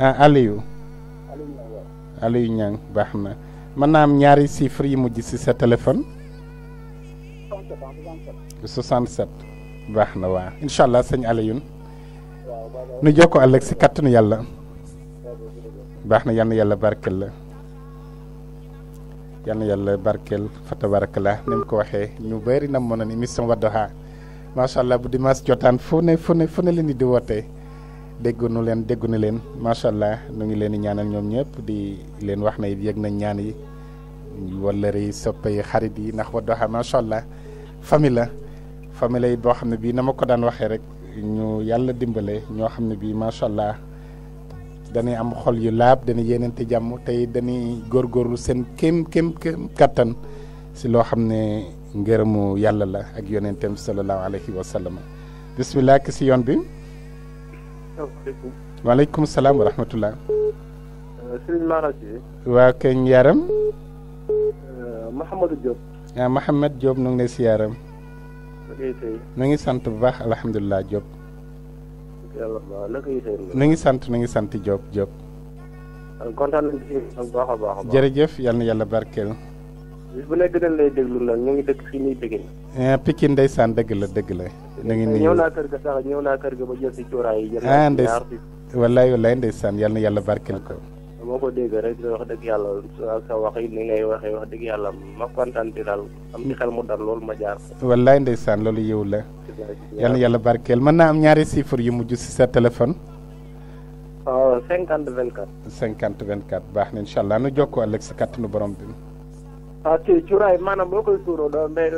عليو عليو نعم بحنا من نعم ياري سيفري مجلس التلفون 67 بحنا وا ان شاء الله سن عليو نجوكو الله سي كاتنو يالا بحنا يالا يالا بارك الله yal yàlla barkeel fa tabarakallah ni mu ko waxee ñu bëri na mën a ni émission Wadduha macha allah bu dimanche jotaan foo ne fu ne fu ne leen di wootee déggu nu leen déggu na leen macha allah nu ngi leen di ñaanal ñoom ñëpp di leen wax na it yëg nañ ñaan yi wala rëy soppe yi xarit yi ndax Wadduha macha allah famille la famille yi boo xam ne bii na ma ko daan waxee rek ñu yàlla dimbale ñoo xam ne bii macha allah. dañuy am xol yu laab dañuy yenente jàmm tey dañuy góorgóorlu seen kem kem kem kattan si loo xam ne ngërëmu yàlla la ak yonentem sallallahu alayhi wa sallam bismillah ki si yoon bi. asalaamaaleykum. waaleykum salaam wa rahmatullah. Serigne Mara Sy. waa kañ yaram. Mouhamadou Diop. ah Mouhamad Diop nu ngi lay si yaram. nu ngi sant bu baax alhamdulilah Diop. yàlla waaw naka yiteel ngi sant na ngi sant Diop Diop. kontaan nañu jërëjëf yal na yàlla barkeel. bis bu nekk dañ lay déglu nag ñu ngi dëkk fii nii dégg na. Eh, Pikine ndeysaan dëgg la dëgg la. na ngi nii ñëw naa kër ga sax ñëw naa kër ga ba jël si cuuraay yi. jël naa ñaar ah, wallaay wallaay ndeysaan yàlla barkeel ko. moo ko dégg rek wax dëgg yàlla sa sa wax wax dëgg yàlla ma kontaan ci daal am ci xel mu dal loolu ma jaar. wallaay ndeysaan loolu yow la. yal na yàlla barkeel mën naa am ñaari chiffres yu mujj si sa téléphone. waaw ah, cinquante vingt quatre. cinquante vingt quatre baax na incha allah nu jokkoo ëllëg si kàttanu bi. ah ci cuuraay maanaam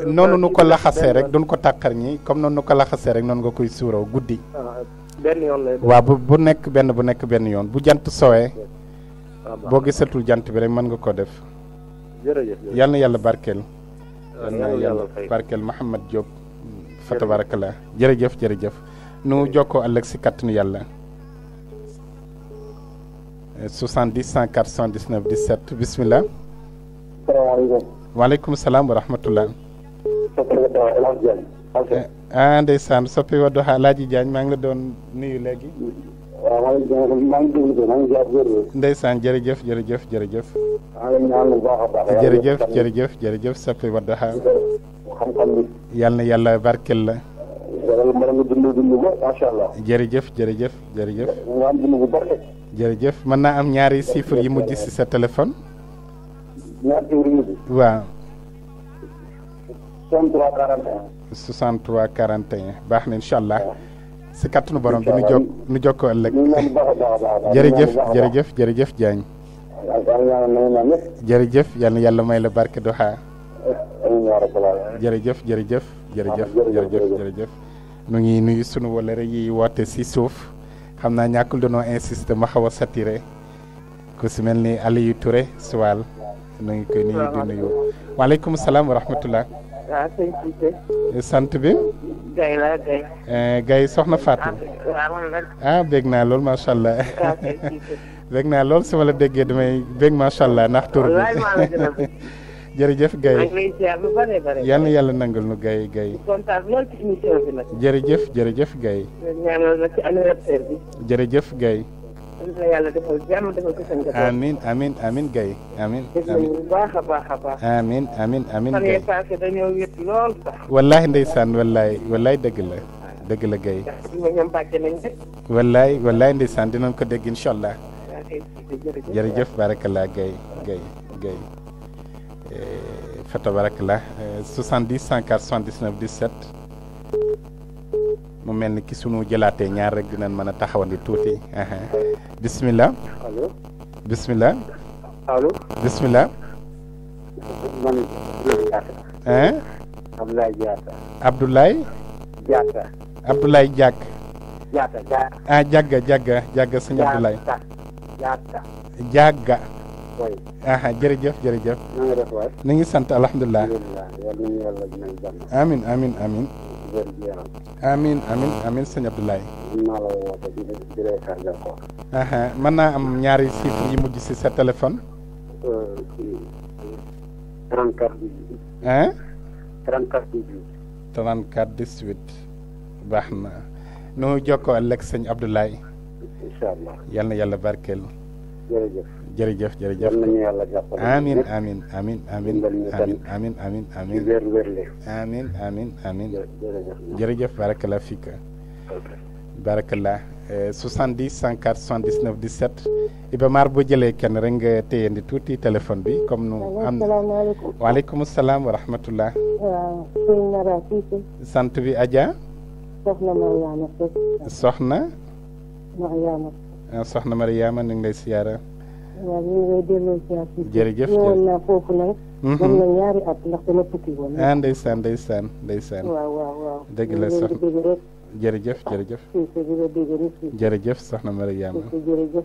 noonu nu ko laxasee rek duñ ko tàqar ñi comme noonu nu ko laxasee rek noonu nga koy suuroo guddi. Ah, benn yoon bu bu nekk benn bu nekk benn yoon bu jant sowee. boo gisatul jant bi rek mën nga koo def. jërëjëf na yàlla barkeel. yal na yàlla barkeel ah, Mouhamed jërëjëf jërëjëf. nu jokkoo ëllëg si kàttanu yàlla. 70 104 79 17 bisimilah. salaamaaleykum. waaleykum salaam wa rahmatullah. Eh, ah ndeysaan soppi maa ngi la doon nuyu léegi. waaw maa ngi déglu maa ngi déglu maa ngi jaar jërëjëf jërëjëf jërëjëf. jërëjëf jërëjëf jërëjëf Sope Wadduha. xam-xam yàlla barkel la. yàlla mën nga allah. jërëjëf jërëjëf jërëjëf. mën naa am ñaari chiffres yi mujj si sa téléphone. ñaari chiffres yi mujj. baax na incha si kattanu borom bi nu jokk nu jokkoo ëllëg jërëjëf jërëjëf jërëjëf Diagne jërëjëf yal na la barke Duha jërëjëf jërëjëf jërëjëf jërëjëf jërëjëf nu ngi nuyu sunu walëre yi woote si suuf xam naa ñàkkul danoo insisté ma xaw a satiré ku si mel ni Aliou Touré Suwaal nu ngi koy nuyu di nuyu waaleykum salaam wa rahmatullah waaw ah, eh, sant bi. Gaye laa Gaye. Eh, Gaye soxna Fatou. waaw ah, ah, bég naa lool macha allah. waaw *laughs* bég naa lool sama la déggee damay bég macha allah ndax tur bi. *laughs* jërëjëf Gaye yal yàlla nangal nu Gaye Gaye. kontaan lool ci émission bi jërëjëf jërëjëf Gaye. na yàlla defal jàmm defal ko seen njaboot. amiin amiin amiin Gaye amiin. amiin dëgg la. dëgg la Gaye. ñoom bàjjee nañ de. wallaahi wallaahi ndeysaan dinañ ko dégg incha allah. jërëjëf jërëjëf barakallah Gaye Gaye Gaye. Eh, fa tabarakallah 70 104 79 17. mu mel ni ki suñu jëlaatee ñaar rek dinañ mën a taxawandi tuuti. bisimilah. allo. bisimilah. allo. bisimilah. man. Abdoulaye Diatta. Abdoulaye. Diatta. Abdoulaye Diak. Diatta Diatta. ah jërëjëf jërëjëf. ngi sant alhamdulilah. alhamdulilah yàlla nañu amin amin amin sëñ Abdoulaye maa la woote di di lay sargal ko mën naa am ñaari chiffre yi mujj si sa téléphone di quatre dix-huit hein trente quatre dix-huit nu jokkoo ëllëg sëñ Abdoulaye incha allah yal na yàlla jërëjëf jërëjëf yal nañu amin amin amin amin amin amin amin amin amin amin amin jërëjëf barakallah fik barakallah 70 104 79 17 Iba Mar boo jëlee kenn rek nga téyandi tuuti téléphone bi comme nu am salaamaaleykum waaleykum salaam wa rahmatullah waaw sant bi Adja soxna Mariama soxna Mariama ah, soxna Mariama ñu ngi lay siyaara waaw ñu ngi lay delloo si waat si. jërëjëf mhm. na ñaari at ah, la sax jërëjëf jërëjëf. Ah, jëf soxna Mariama.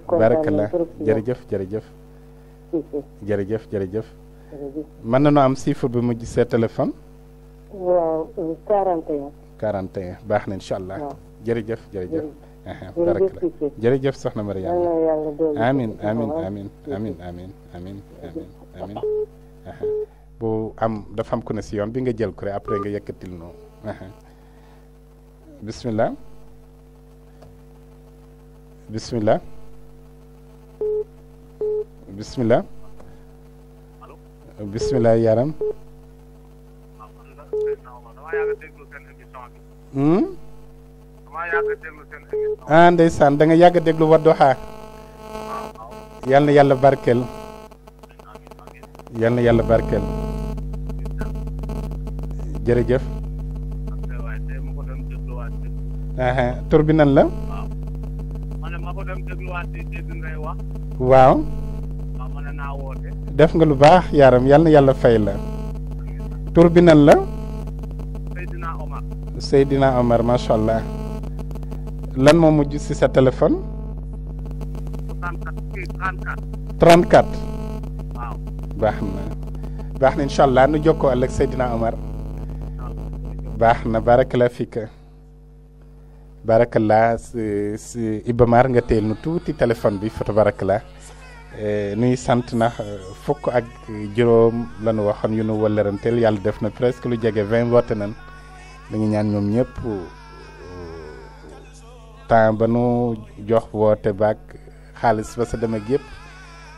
barakala jërëjëf jërëjëf. jërëjëf mën nañu am chiffre bi mujj sa téléphone. waaw baax na incha allah. jërëjëf jërëjëf. jërëjëf Cissé jërëjëf soxna Mariama amiin amiin amiin amiin amiin amiin amiin amiin bu am dafa am ku ne si yoon bi nga jël ko rek après nga yëkkatil noonu bismillah bismillah bismillah yaram. Ah, ah ndeysaan da yàgg a déglu Wadduha yal na yàlla barkeel yal na yàlla barkeel jërëjëf ah, ah, tur bi la waaw def nga lu baax yaaram yal yàlla fay la tur bi nan la Seydina Omar macha lan mo mujj ci sa téléphone. 34 34. waaw. baax na baax na nu jokkoo ak sayidina Omar. baax na barakala fika barakala ci Ibamar nga teel nu tuuti téléphone bi foto barakala eh, nuy sant na eh, fukk ak juróom la nu waxoon yu nu wëllëranteel yàlla def na presque lu jege 20 wote nan dañu ñaan ñoom ñëpp. temps ba nu jox woote baag xaalis ba sa dem ak yëpp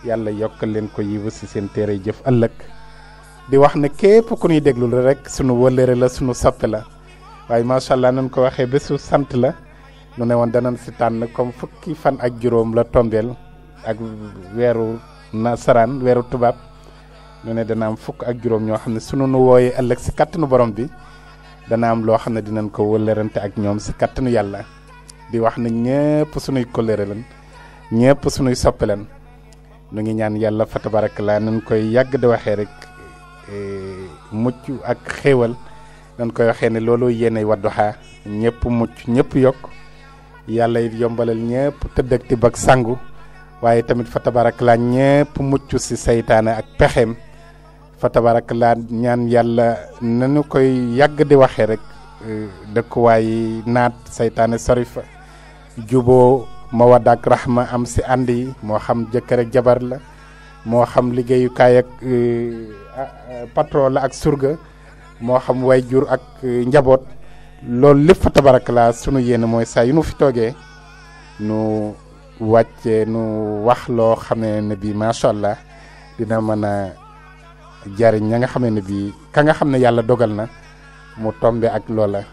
yàlla yokkal leen ko yiwu si seen téere jëf ëllëg di wax ne képp ku ñuy déglu la rek sunu wëllëre la sunu sappe la waaye macha allah nañ ko waxee bésu sant la nu ne woon danañ si tànn comme fukki fan ak juróom la tombeel ak weeru nasaraan weeru tubaab nu ne dana fukk ak juróom ñoo xam ne sunu nu wooyee ëllëg si kattanu borom bi dana am loo xam ne dinañ ko wëllërante ak ñoom si kattanu yàlla. wax na ñëpp sunuy kóllëre lan ñëpp sunuy soppe lan nu ngi ñaan yàlla fa laa nañ koy yàgg di waxee rek e, mucc ak xéewal nañ koy waxee ne loolu yéenay Wadduha ñëpp mucc ñëpp yokk yàlla it yombalal ñëpp tibb ak sangu waaye tamit fa tabarakalaa ñëpp mucc si seytaane ak pexeem fa tabarakalaa ñaan yàlla nañu koy yàgg di waxee rek e, dëkkuwaay naat saytaane sori juboo mawadda ak rahma am si ànd yi moo xam jëkkër jabar la moo xam liggéeyukaay ak euh, ah, euh, patron la ak surga moo xam way jur ak euh, njaboot loolu lépp fa tabarakala sunu yéene mooy saa yu nu fi toogee nu wàcce nu wax loo xamee ne bii macha allah dina mën a jariñ ña nga xamee ne bii ka nga xam ne yàlla dogal na mu tombe ak loola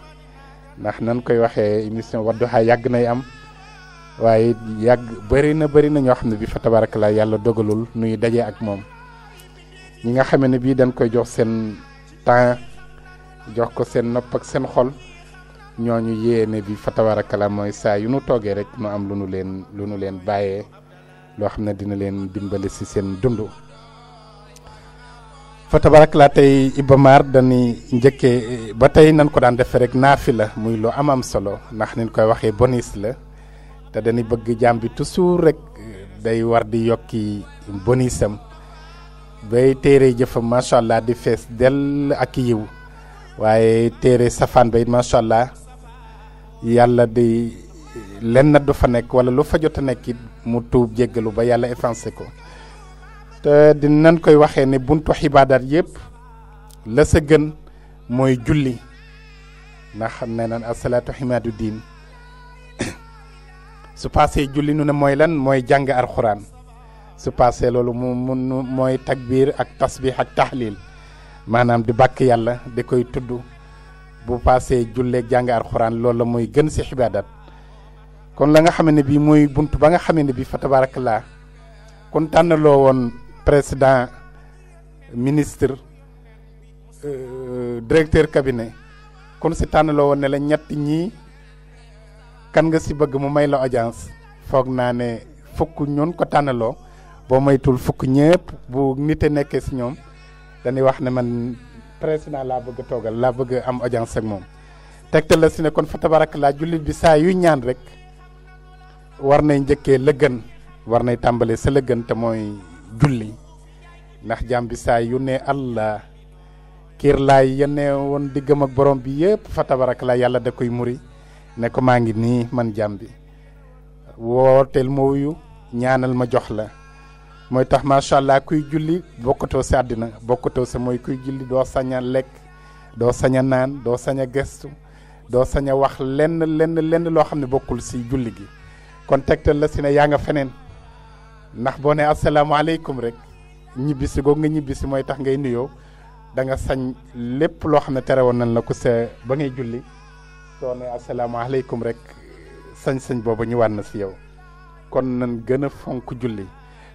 ndax nan koy waxee émission Wadduha yàgg nay am waaye yàgg bëri na bëri na ñoo xam ne bi fa tabaraka yàlla dogalul nuy dajee ak moom ñi nga xame ne bii dañ koy jox seen temps jox ko seen nopp ak seen xol ñooñu yéene bi fa tabaraka la mooy saa yu nu toogee rek nu am lu nu leen lu nu leen bàyyee loo xam ne dina leen dimbali si seen dund ba tabarak laa tey Iba Mar dañuy njëkkee ba tey nan ko daan defee rek naafi la muy lu am am solo ndax ni koy waxee bonus la te dañuy bëgg jàmm bi toujours rek day war di yokki bonusam bay téere jëfam macha allah di fees dell ak yiw waaye téere safaan ba it macha allah yàlla di lenn du fa nekk wala lu fa jot a nekk mu tuub jéggalu ba yàlla effacé ko. te dinañ koy waxe ne buntu xibaadaat yëpp la sa gën mooy julli ndax xam ne nan asalaatu ximaadu diin *coughs* su passé julli nu ne mooy lan mooy jàng alxuraan su passé loolu mu mun mooy ak tasbih ak tahlil maanaam di bàkk yàlla di koy tudd bu passé julle jàng alxuraan loolu la mooy gën si xibaadaat kon la nga xam ne bii mooy ba nga ne fa kon woon président ministre euh, directeur cabinet kon si tan lo la kan nga si bëgg mu may la audience foog na ne fukk ñun ko bo may tul fukk bu nite nekkee si ñoom dañuy wax ne man président la bëgg togal la bëgg am audience ak moom la si ne kon fa tabarak la jullit bi yu yuy ñaan rek war nay njëkkee lëggan war sa julli ndax jambi bi yu ne allah kiir laay yene ya won digam ak borom bi yep fa tabarak la yalla da koy muri ne ko mangi ni man jambi bi moyu ma wuyu ñaanal ma jox la moy tax sha allah kuy julli bokoto sa adina bokoto sa moy kuy julli do saña lek do saña nan do saña gestu dosanya wah wax len len len lo xamne ne ci si julli gi kon la si ya nga ndax boo ne asalaamaaleykum rek ñibbisi googu nga ñibbisi mooy tax ngay nuyoo danga sañ lépp loo xam ne tere woon nañ la ko sa ba ngay julli soo ne asalaamaaleykum rek sañ-sañ boobu ñu wàn na si yow kon nan gën a fonk julli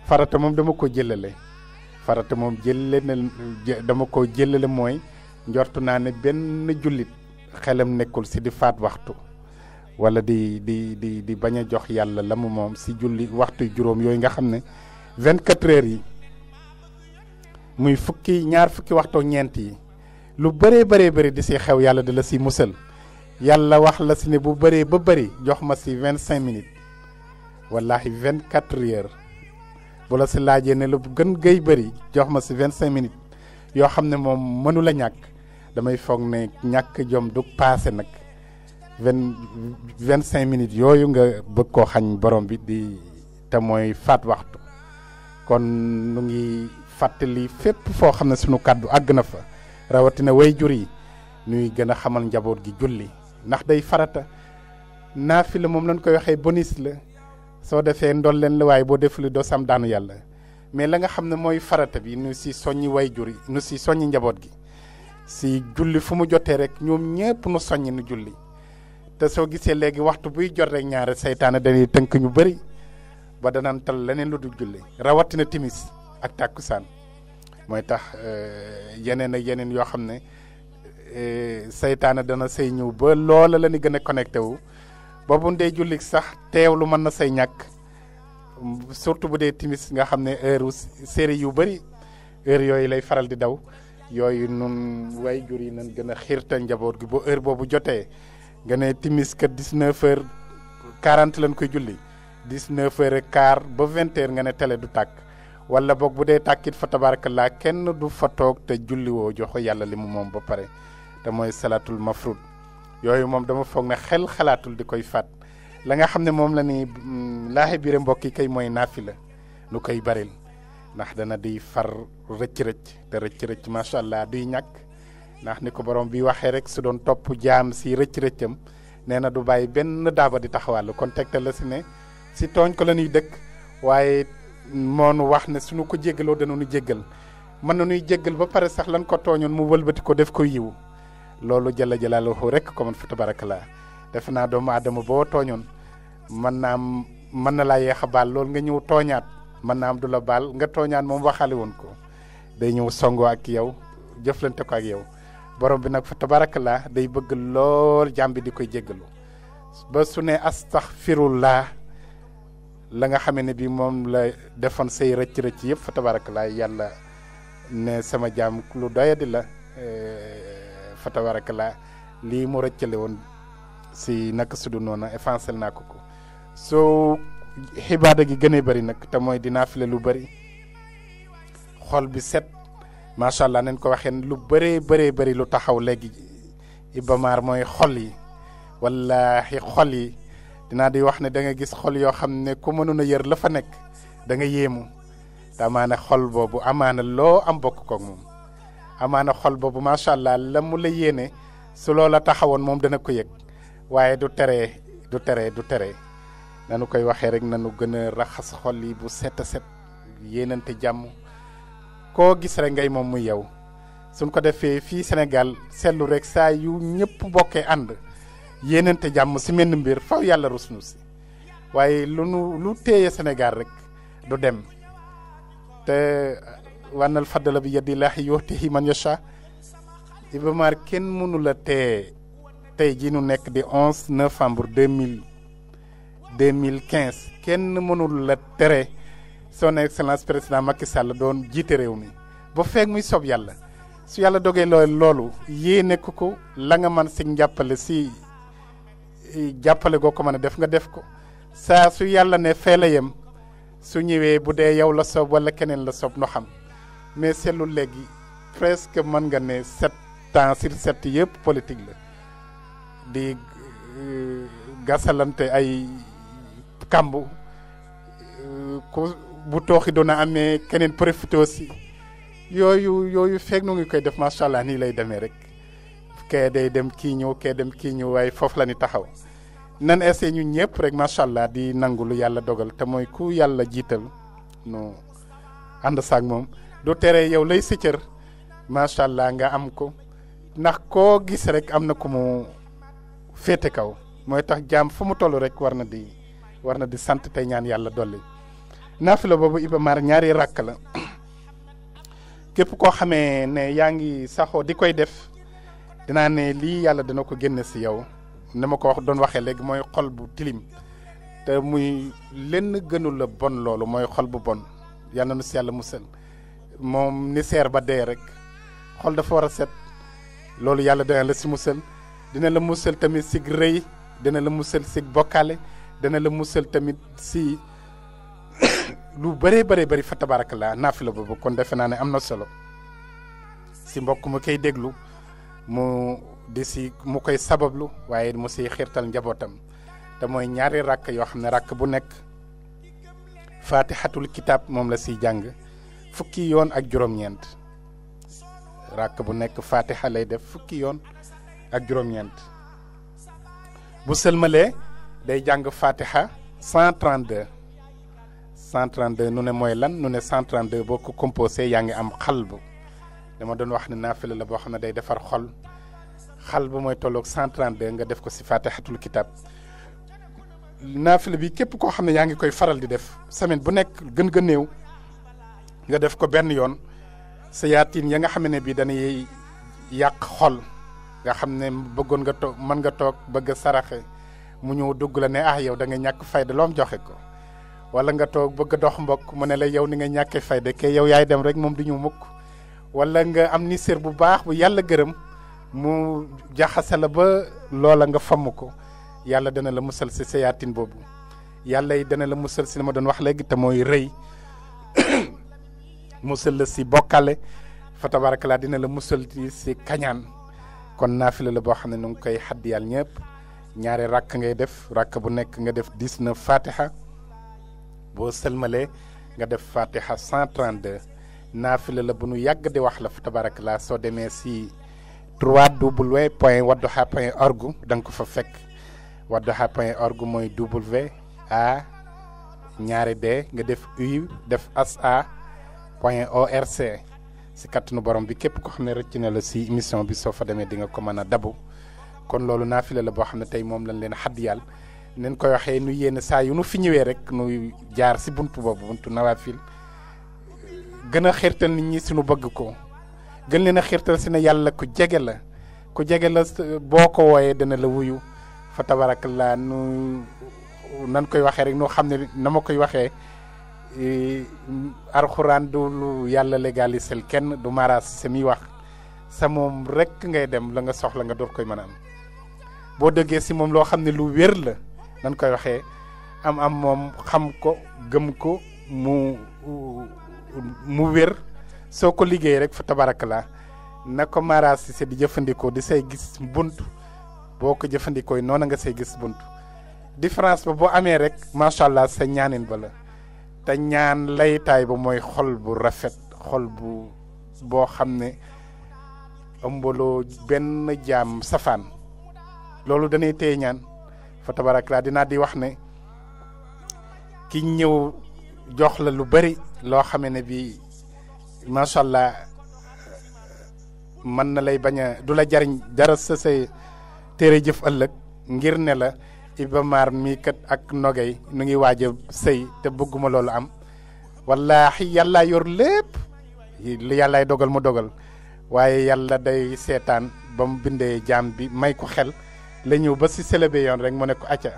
farata moom dama ko jëlale farata moom jëlle na dama ko jëlale mooy njortu naa ne benn jullit xelam nekkul si di faat waxtu wala di di di di baña jox yalla lam mom si julli waxtu juróom yoy nga xamne 24 heures yi muy fukki ñaar fukki waxtu ñent yi lu bëree bëree bëri di si xew yalla di la si mussel yalla wax la si ne bu bëree ba bëri jox ma si 25 minutes wallahi 24 heures bu la si laaje ne lu gën gey bëri jox ma si 25 minutes yo xamne mom mënu la ñak damay foog ne jom du passé nak vingt vingt cinq minutes yooyu nga bëgg koo xañ borom bi di te mooy faat waxtu kon nu ngi fàttali fépp foo xam ne suñu kàddu àgg na fa rawatina way jur yi ñuy gën a xamal njaboot gi julli ndax day farata la moom lañ koy waxee bonus la soo defee ndol leen la waaye boo defulee doo sam daanu yàlla mais la nga xam ne mooy farata bi nu si soññi way jur yi nu si soññi njaboot gi si julli fu mu jotee rek ñoom ñëpp nu soññi nu julli te soo gisee léegi waxtu buy jot rek ñaare seytaane dañuy tënk ñu bëri ba danaan tal leneen lu dul julli rawatina timis ak tàkkusaan mooy tax eh, yeneen ak yeneen yoo xam ne eh, seytaane dana say ñëw ba loola la ñu gën a connecté wu ba bu dee julli sax teew lu mën na say ñàkk surtout bu dee timis nga xam ne heure série yu bëri heure yooyu lay faral di daw yooyu nun way jur yi nañ gën a xiirta njaboot gi ba heure boobu jotee nga ne timis kat 19 heures 40 lañ koy julli 19 heures et quart ba 20 heures nga ne télé du tàkk wala boog bu dee tàkkit fa tabarakallah kenn du fa toog te julliwoo jox ko yàlla li mu moom ba pare te mooy salaatul mafrud yooyu moom dama foog na xel xalaatul di koy faat la nga xam ne moom la ni mm, laaxe biire mbokk yi kay mooy naafi la nu koy baril ndax dana di far rëcc-rëcc te rëcc-rëcc macha allah di ñàkk Nah, ni ko borom bi waxe rek su doon topp jaam si rëcc rëccam nee na du bàyyi benn daaba di taxawàllu kon tegtal la si ne si tooñ ko la ñuy dëkk waaye moonu wax ne suñu ko jéggaloo danañu jéggal mën na nuy jéggal ba pare sax lan ko tooñoon mu wëlbati ko def ko yiw loolu jëla jëlaalahu rek ko man fa tabarakalaa def naa doomu aadama boo tooñoon mën naa am mën na laa yeex a baal loolu nga ñëw tooñaat mën naa am du baal nga tooñaat moom woon ko day ñëw songoo ak yow jëflante ko ak yow borom bi nag fa tabarakallah day bëgg lool jàmm bi di koy jéggalu ba su ne laa la nga xame ne bi moom la defoon say rëcc-rëcc yëpp fa tabarakallah yàlla ne sama jaam lu doyadi la eh, fa tabarakallah lii mu rëccale woon si naka sudu noona effancel naa ko ko soo xibaada gi gën bari nag te mooy dinaa file lu bari xool bi set macha allah nañ ko waxee lu bëree bëree bëri lu taxaw léegi Iba Mar mooy xol yi wallaahi xol yi dinaa di wax ne da nga gis xol yoo xam ne ku mënoon a yër la fa nekk da nga yéemu te xol boobu amaana loo am bokk kook moom amaana xol boobu macha allah la la yéene su loola taxawoon moom dana ko yëg waaye du tere du tere du tere nanu koy waxee rek nanu gën a raxas xol yi bu set a set yéenante jàmm. koo gis rek ngay moom muy yow suñ ko defee fii senegal seetlu rek saa yu ñëpp bokkee ànd yéenante jàmm si menn mbir faw yàlla rus nu waaye lu nu lu téye senegal rek du dem te wànnal faddala bi yadillaahi yuutihi man yasha Iba Mar kenn mënula la tee tey jii nu nekk di onze novembre deux mille deux mille quinze kenn mënul la tere son excellence président Macky Sall doon jiite réew mi boo feek muy soob yàlla su yàlla dogee loolu yéene ko ko la nga man si jàppale si jàppale goo ko mën a def nga def ko saa su yàlla ne feela yem su ñëwee bu dee yow la soob wala keneen la soob noo xam mais seetlu léegi presque man nga ne sept ans sur sept yëpp politique la di euh, gasalante ay kàmb euh, ku. bu tooxi doona amee keneen profité yo yo yo fek nu ngi koy def macha allah lay demee rek kee day dem kii ñëw kee dem kii ñëw waaye foofu la taxaw nan essayé ñun ñëpp rek di nangu yalla yàlla dogal te mooy ku yàlla jiital nu ànd saak moom du tere yow lay sëccër macha allah nga am ko ndax koo gis rek am na mu féete kaw tax fu mu rek di warna di sante tey ñaan yàlla dolli. naafila boobu Iba Mar ñaari ràkk la képp koo xamee ne yaa ngi saxoo di koy def dinaa ne lii yàlla dina ko génne si yow ni ma ko wax doon waxee léegi mooy xol bu tilim te muy lenn gënul bon loolu mooy xol bu bon yàlla nu si yàlla musal moom ni seer ba dee rek xol dafa war a set loolu yàlla dina la si musal dina la musal tamit si rëy dina la musal si bokkaale dina la musal tamit si *coughs* lu bëree bëree bari fa tabaarakallaa naafila boobu kon defe naa ne am na solo si mbokk mu koy déglu mu di si mu koy sabablu waaye mu siy xiirtal njabootam te mooy ñaari ràkk yoo xam ne ràkk bu nekk faatixatul kitaab moom la siy jàng fukki yoon ak juróom-ñeent bu nekk faatixa def fukki yoon ak juróom bu sëlmalee day jàng faatixa 132 132 nu ne mooy lan nu ne 132 boo ko composé yaa ngi am xalbu dama doon wax ne naafila la boo xam ne day defar xol xalbu mooy tolloog 132 nga def ko si fatihatul kitab naafila bi képp koo xam ne yaa ngi koy faral di def semaine bu nekk gën ga néew nga def ko benn yoon sa yaatiin ya nga xam ne bii dañuy yàq xol nga xam ne bëggoon nga toog mën nga toog bëgg a saraxe mu ñëw dugg la ne ah yow da nga ñàkk fayda loom joxe ko wala nga toog bëgg dox mbokk mu ne la yow ni nga ñàkkee fayda ke yow yaay dem rek moom duñu mukk wala nga am ni sér bu baax bu yàlla gërëm mu jaxase la ba loola nga famm ko yàlla dana la musal si sayaatin boobu yàlla yi dana la musal si ma doon wax léegi te mooy rëy musal la si bokkale fa tabarakalaa dina la musal si kañaan kon naafila la boo xam ne nu ngi koy xaddi yàlla ñëpp ñaari rakk ngay def rakk bu nekk nga def 19 fatiha boo sëlmalee nga def fatiha 132 naafila la bu nu yàgg di wax la fa tabarakallah soo demee si 3w point wadduha point org da nga ko fa fekk wadduha point org mooy w a ñaari b nga def u def sa point org si kattanu borom bi képp ko xam ne rëcc na la si émission bi soo fa demee di nga ko mën a dabu kon loolu naafila la boo xam ne tey moom lañ leen xaddiyal nen koy waxee nu yéen saa yu nu fi ñëwee rek nu jaar si bunt boobu buntu nawaafil gën a xirtal nit ñi suñu bëgg ko gën leen a xirtal si ne yàlla ku jege la ku jege la boo ko wooyee dana la wuyu fa tabarakallaa nu nan koy waxee rek nu xam ne na ma koy waxee alxuraan du lu yàlla légalisel kenn du maraas sa muy wax sa moom rek ngay dem la nga soxla nga door koy mën a boo dëggee si moom loo xam ne lu wér la nan koy waxee am am moom xam ko gëm ko mu mu wér soo ko liggéey rek fa tabaraka la na ko Mara Cissé di jëfandikoo di say gis bunt boo ko jëfandikoo noonu nga say gis bunt différence ba boo amee rek macha allah sa ñaanin ba la te ñaan laytaay ba mooy xol bu rafet xol bu boo xam ne ëmbaloo benn jaam safaan loolu danay tey ñaan fa tabarak di wax ne ki ñëw jox la lu bari loo xame ne bii macha allah mën na lay bañ a du la jariñ dara sa say téere jëf ëllëg ngir ne la Iba Mar mii kat ak nogay nu ngi waaj a sëy te bëgguma loolu am wallaahi yàllaa yor lépp li dogal mu dogal waaye yàlla day seetaan ba mu bindee jaam bi may ko xel la ñëw ba si célébé yoon rek mu ne ko acca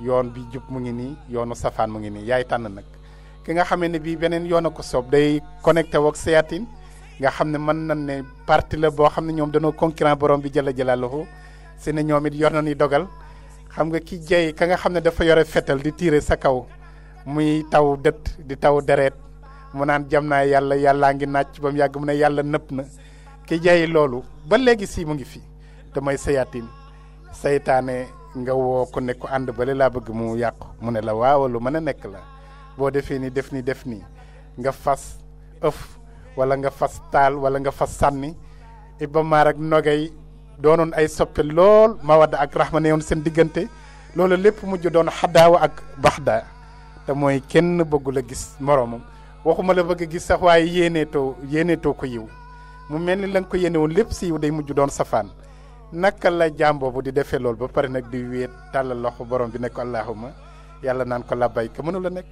yoon bi jub mu ngi nii yoonu safaan mu ngi nii yaay tànn nag ki nga xam ne bii beneen yoon ko soob day connecté woog seyatin nga xam ne man nañ ne parti la boo xam ne ñoom dañoo concurrent borom bi jëla jëlaaloxu si ne ñoom it yor na ni dogal xam nga ki jey ka nga xam ne dafa yore fetal di tiire sa kaw muy taw dët di taw deret mu naan jam naa yàlla yàllaa ngi nàcc ba mu yàgg mu ne yàlla nëpp na ki jey loolu ba léegi si mu ngi fi te mooy seyatin seytaane nga woo ko ne ko ànd bale laa bëgg mu yàqu mu ne la waaw lu mën a nekk la boo defee ni def ni def nii nga fas ëf wala nga fas taal wala nga fas sànni Iba Mar ak Nogay doonoon ay soppe lool mawadda ak rahma ne yoon seen diggante loolu lépp mujj doon xadaawa ak baxda te mooy kenn bëggul a gis moroomam waxuma la bëgg a gis sax waaye yéeneetoo yéeneetoo ko yiw mu mel ni la nga ko yéene lépp si yiw day mujj doon safaan naka la jam bobu di defé lol ba paré nak di wéet tal loxo borom bi ne ko allahuma yàlla naan ko ke mënu la nek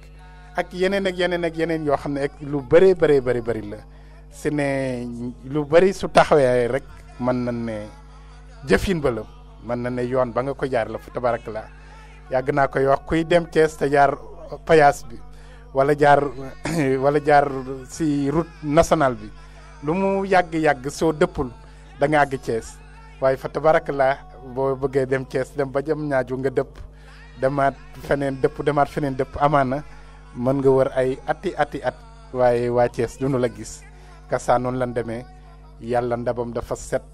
ak yenen ak yenen ak yenen yo xamné ak lu béré béré béré béré la ci né lu béré su taxawé rek man na né jëfin ba la man na né yoon ba nga ko jaar la fa tabarak la yàgg wax kuy dem Thiès te jaar payas bi wala jaar *coughs* wala jaar si route nationale bi lu mu yag yag so deppul da nga waaye fa tabarakallah boo bëggee dem cees dem ba jëm ñaaju nga dëpp demaat feneen dëpp demaat feneen dëpp amaana mën nga wër ay ati ati at waaye waa Thiès dunu la gis kasaa noonu lan demee yàlla ndabam dafa set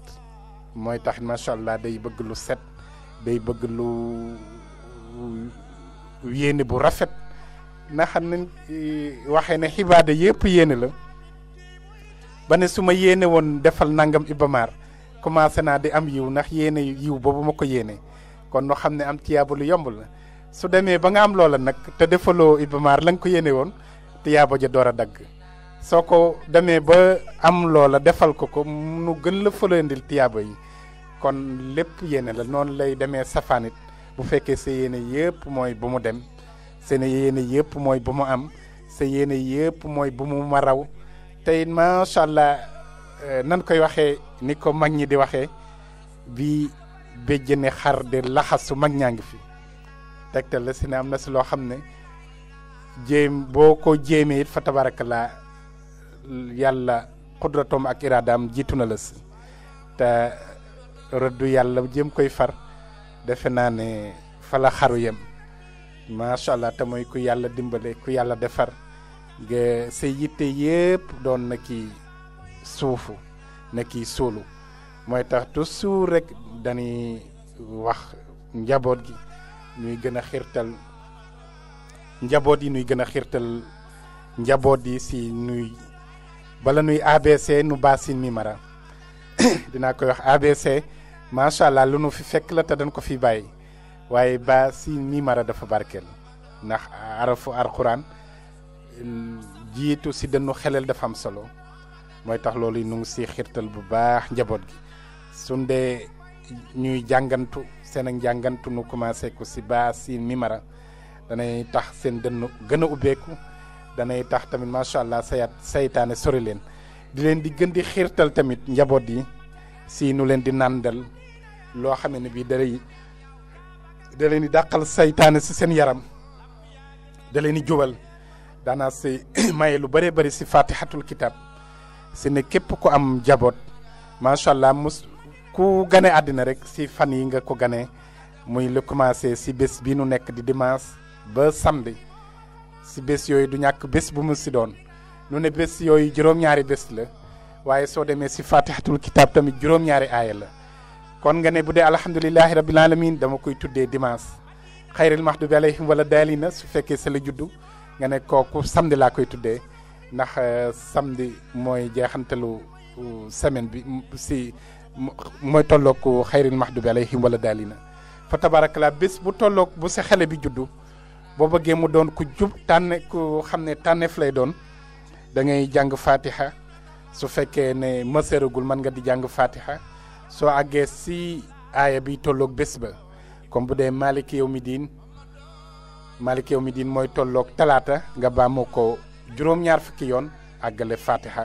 mooy tax macha allah day bëgg lu set day bëgg lu yéene bu rafet na xam ne waxee ne xibaada yëpp yéene la ba ne su yéene woon defal nangam ibamaar commencé naa di am yiw ndax yéene yiw boobu ma ko yéene kon noo xam ne am tiyaaba lu yomb la su demee ba nga am loola nag te defaloo ibamaar la ko yéene woon tiyaaba ja door a dagg soo ko demee ba am loola defal ko ko nu gën la fëlandil tiyaaba yi kon lépp yéene la noonu lay demee safaanit bu fekkee sa yéene yëpp mooy bu mu dem seen yéene yëpp mooy bu mu am sa yéene yëpp mooy bu mu ma raw tey macha allah eh, nan koy waxee ni ko mag ñi di waxee bi béjjëne xar de laxas su mag ñaa ngi fi tegtal la si ne am na loo xam ne jéem boo ko jéemee it fa tabaraka la yàlla xudratom ak iraadaam jiitu na la si te rëddu yàlla jéem koy far defe naa ne fa xaru yem macha allah te ku yàlla dimbale ku yàlla defar nga sa yitte yépp doon na ki suufu na kii suulu mooy tax toujours rek dañuy wax njaboot gi ñuy gën a xirtal njaboot yi ñuy gën a xirtal njaboot yi si nuy bala nuy ABC nu baasin mi mara *coughs* dinaa koy wax ABC macha allah lu nu fi fekk la te dañ ko fi bàyyi waaye baasin si mara dafa barkeel ndax arafu alxuraan jiitu si danu xelel dafa am solo. moy tax loluy yi nu ngi si xirtal bu baax njabot gi sun dee ñuy jangantu sen ak jangantu nu commencé ko si baa si mimara danay tax sen dënn gën a danay tax tamit sayat saytane sori len di len di gëndi xirtal tamit njabot yi si nu len di nàndal loo xamee ne bii dalay da leen di dàqal si yaram da leen di jubal dana si *coughs* maye lu ci fatihatul kitab si ne képp ko am jaboot macha allah mus ku gane àddina rek si fan yi nga ko gane muy lu commencé si bés bi nu nekk di dimanche ba samedi si bés yooyu du ñàkk bés bu mu si doon nu ne bés yooyu juróom-ñaari bés la waaye soo demee si fatihatul kitab tamit juróom-ñaari aaya la kon nga ne bu dee alhamdulilahi rabbil alamin dama koy tuddee dimanche xayril mahdubi alayhim wala daalina su fekkee sa la juddu nga ne kooku samedi laa koy tuddee ndax eh, samedi moy jeexantelu semaine bi si moy tolok xayril mahdubi alayhi wala dalina. fa tabarakala bés bu tolok bu se xele bi juddu bo beugé mu don ku jub tan ku xamné ne lay don da ngay jang fatiha su fekke ne mësëragul man nga di jang fatiha so àggee si aya bi tolok bis ba comme bu dé malik yawmidin malik yawmidin moy tolok talata nga juróom-ñaar fukki yoon àggale fatiha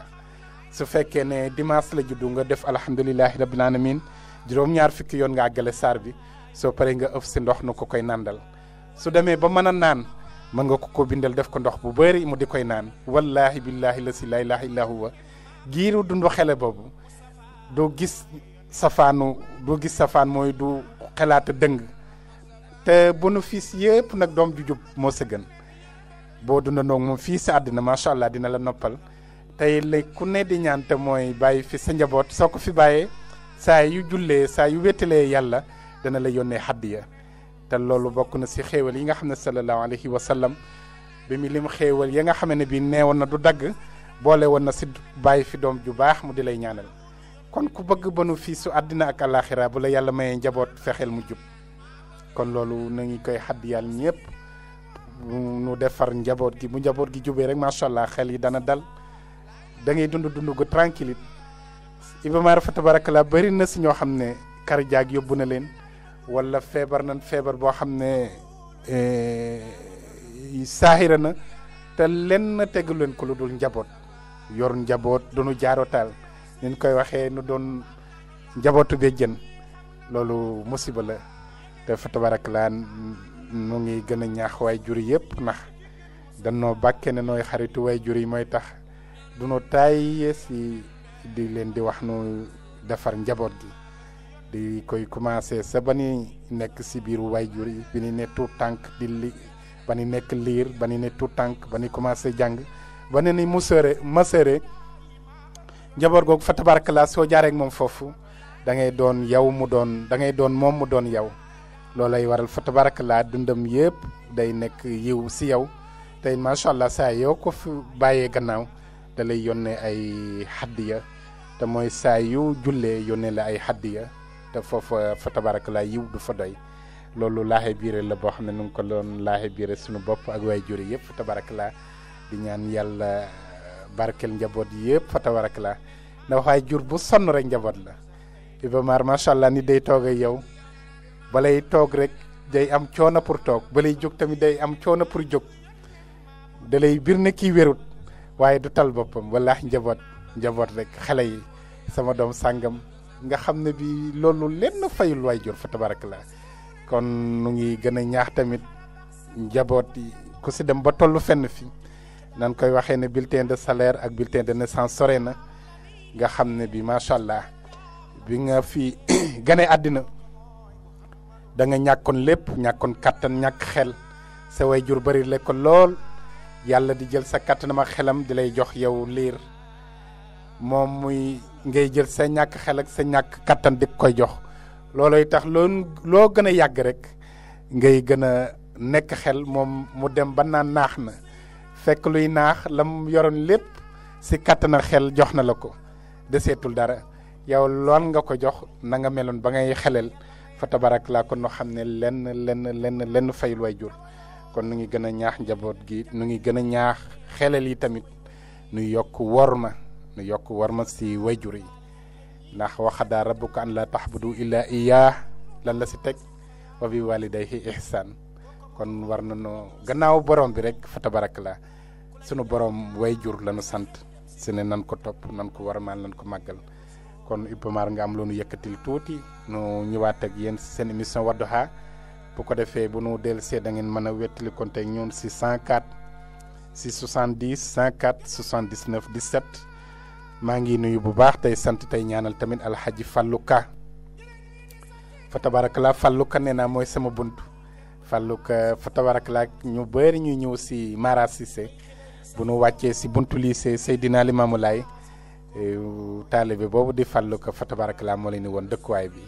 su fekkee ne dimanche la juddu nga def alhamdulilahi rabbil alamin juróom-ñaar fukki yoon nga àggale saar bi soo paree nga ëf si ndox nu ko koy nandal su demee ba mën a naan mën nga ko ko bindal def ko ndox bu bëri mu di koy naan wallahi billahi la si la ilaha illa huwa giiru dundu xele boobu doo gis safaanu doo gis safaan mooy du xelaata dëng te bénéfice yëpp nag doom ju jub moo sa boo dundandoog moom fii si àddina macha allah dina la noppal tey la ku ne di ñaan te mooy bàyyi fi sa njaboot soo ko fi bàyyee saa yu jullee saa yu wéttalee yàlla dana la yónnee xaddiya te loolu bokk na si xéewal yi nga xam ne sallallahu alayhi wa sallam bi mu lim xéewal ya nga xam ne bii nee woon na du dagg boole woon na si bàyyi fi doom ju baax mu di lay ñaanal kon ku bëgg ba nu fii su àddina ak àllaaxira bu la yàlla mayee njaboot fexeel mu jub kon loolu na ngi koy xaddiyal ñëpp. nu defar njaboot gi bu njaboot gi jubee rek macha allah xel yi dana dal da ngay dund dund gu tranquille Iba Mar fa tabarakallah bari na si ñoo xam ne kar jaag yóbbu na leen wala feebar nan feebar boo xam ne eh, saaxira na te lenn tegu leen ko lu dul njaboot yor njaboot duñu jaarotaal ni koy waxee nu doon njabootu béjjën loolu musiba la te fa nu ngi gën juri ñaax waay dan yépp ndax danoo bàkke ne nooy xaritu waay juri yi tax duno si di leen di wax nu defar njaboot gi di koy commencé sa ba nek si biru waay juri bini ne tu tank di li bani nek nekk liir ne tu tank bani ni commencé jàng ni musere masere njabor gok fa kelas soo jaareeg mom fofu da ngay don yaw mu mudon da ngay don mom mu don yaw loolay waral fa tabarakalaa dundam yëpp day nekk yiw si yow tey macha allah saa yoo ko bàyyee gannaaw da lay ay xaddiya te mooy saa yu jullee yónnee la ay xaddiya te foofa fa tabarakalaa yiw du fa doy loolu laaxe biire la boo xam ne nu ngi ko doon laaxe biire suñu bopp ak waay juri yëpp fa tabarakalaa di ñaan yàlla barkel njaboot yëpp foto tabarakalaa ndax jur bu sonn rek njaboot la Iba Mar allah ni day toog yow. balay toog rek day am coono pour toog balay jóg tamit day am coono pour jóg dalay biir ne kii wérut waaye du tal boppam wallaahi njaboot njaboot rek xale yi sama doom sàngam nga xam ne bi loolu lenn waay waajur fa tabarakallah kon nu ngi gën a ñaax tamit njaboot yi ku si dem ba tollu fenn fi nan koy waxee ne bulletin de salaire ak bulletin de naissance sore na nga xam ne bi macha allah bi nga fi *clears throat* gane àddina da nga ñàkkoon lépp ñàkkoon kattan ñàkk xel sa way jur bari le ko lool yàlla di jël sa kattanam ma xelam di lay jox yow liir moom muy ngay jël sa ñàkk xel ak sa ñàkk kattan di koy jox looloy tax loo loo gën a yàgg rek ngay gën a nekk xel moom mu dem ba naan naax na fekk luy naax lam yoroon lépp si xel jox na la ko deseetul dara yow lon nga ko jox na nga meloon ba ngay xelel fa tabarak la kon no xamne len len len len fay kon nu ngi gëna ñaax njabot gi nu ngi gëna ñaax xelal yi tamit nu yok worma nu yok worma si way jur nah ndax waxadaa rabbuka an la tahbudu illa iyyah lan la si tek wa bi walidayhi ihsan kon war na no gannaaw borom bi rek fa tabarak la suñu borom wayjur lañu sante sant nan ko top nan ko nan ko magal kon ibba mar nga am loonu yëkkatil tuuti nu ñëwaat ak yéen seen émission wadduha bu ko defee bu nu del see da ngeen mën a wettali konte ñun si 104 si 70 104 79 17 maa ngi nuyu bu baax tey sant tey ñaanal tamit alhaji falluka fa tabarakala falluka nee naa mooy sama buntu falluka fa tabarakala ñu bëri ñu ñëw si mara sise bu nu wàccee si buntu lycée seydina limaamulaay taalibe boobu di fàllu ko fa tabarakalaa moo leen ni woon dëkkuwaay bi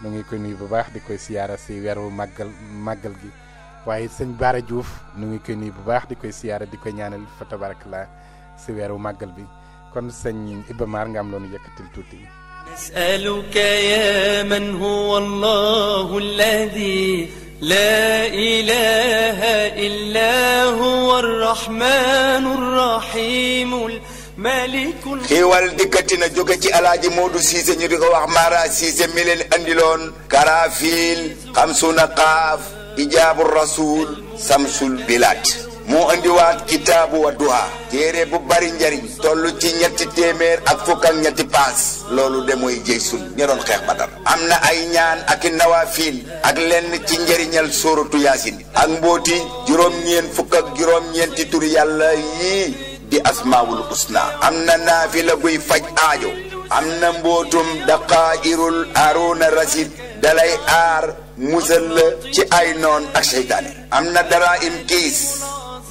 nu ngi koy nuyu bu baax di koy siyaara si weeru magal màggal gi waaye sëñ Baara Diouf nu ngi koy nuyu bu baax di koy siyaara di koy ñaanal fa tabarakalaa si weeru màggal bi kon sëñ Iba Mar nga am loonu yëkkatil tuuti نسألك يا من هو الله الذي لا إله إلا هو الرحمن الرحيم xiiwal dikkati na jóge ci alaaji Modou Cissé ñu di ko wax Mara Cissé mi leen andiloon karafiil xamsuna xaaf ijaabu rasul samsul bilaat moo andiwaat kitaabu Wadduha téere bu bari njariñ toll ci ñetti téeméer ak fukk ak ñetti paas loolu de mooy jëy sun ña xeex Badar am na ay ñaan ak i ak lenn ci njariñal sóoratu yaasin ak mbóoti juróom-ñeen fukk juróom-ñeenti turi yàlla yii di asmaawul usna am na naafila guy faj aajo am na mbootum daqaayirul aaroona rasid dalay aar musal ci ay noon ak seytaane am na dara im kiis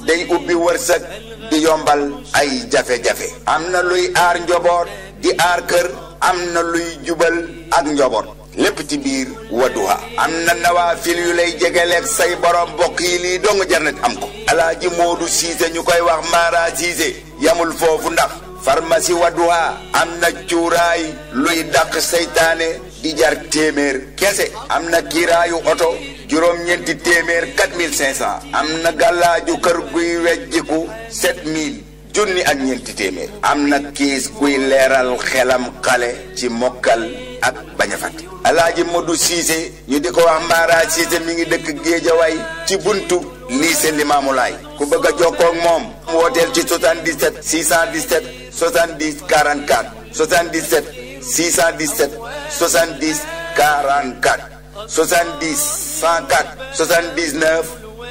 day ubbi wërsëg di yombal ay jafe-jafe am na luy aar njoboot di aar kër am na luy jubal ak njoboot lépp ci biir Wadduha am na nawaafil yu lay jegeleeg say borom mbokk yi lii dong jar na am ko alaaji Moodu Siise ñu koy wax Mara Siise yamul foofu ndax pharmacie Wadduha am na cuuraay luy dàq seytaane di jar téeméer kese am na kiiraayu oto juróom-ñeenti téeméer 4500 am na gàllaaju kër guy wejjiku 7000 junni ak ñeenti téeméer am na kiis kuy leeral xelam xale ci mokal ak bañ a fàtte alaaji Modou Cissé ñu di ko wax Mbaara Cissé mi ngi dëkk Géejawaay ci buntu lycée Limaamulaay ku bëgg a jokkoo moom mu wooteel ci 77 617 70 44 77 617 70 44 70 104 79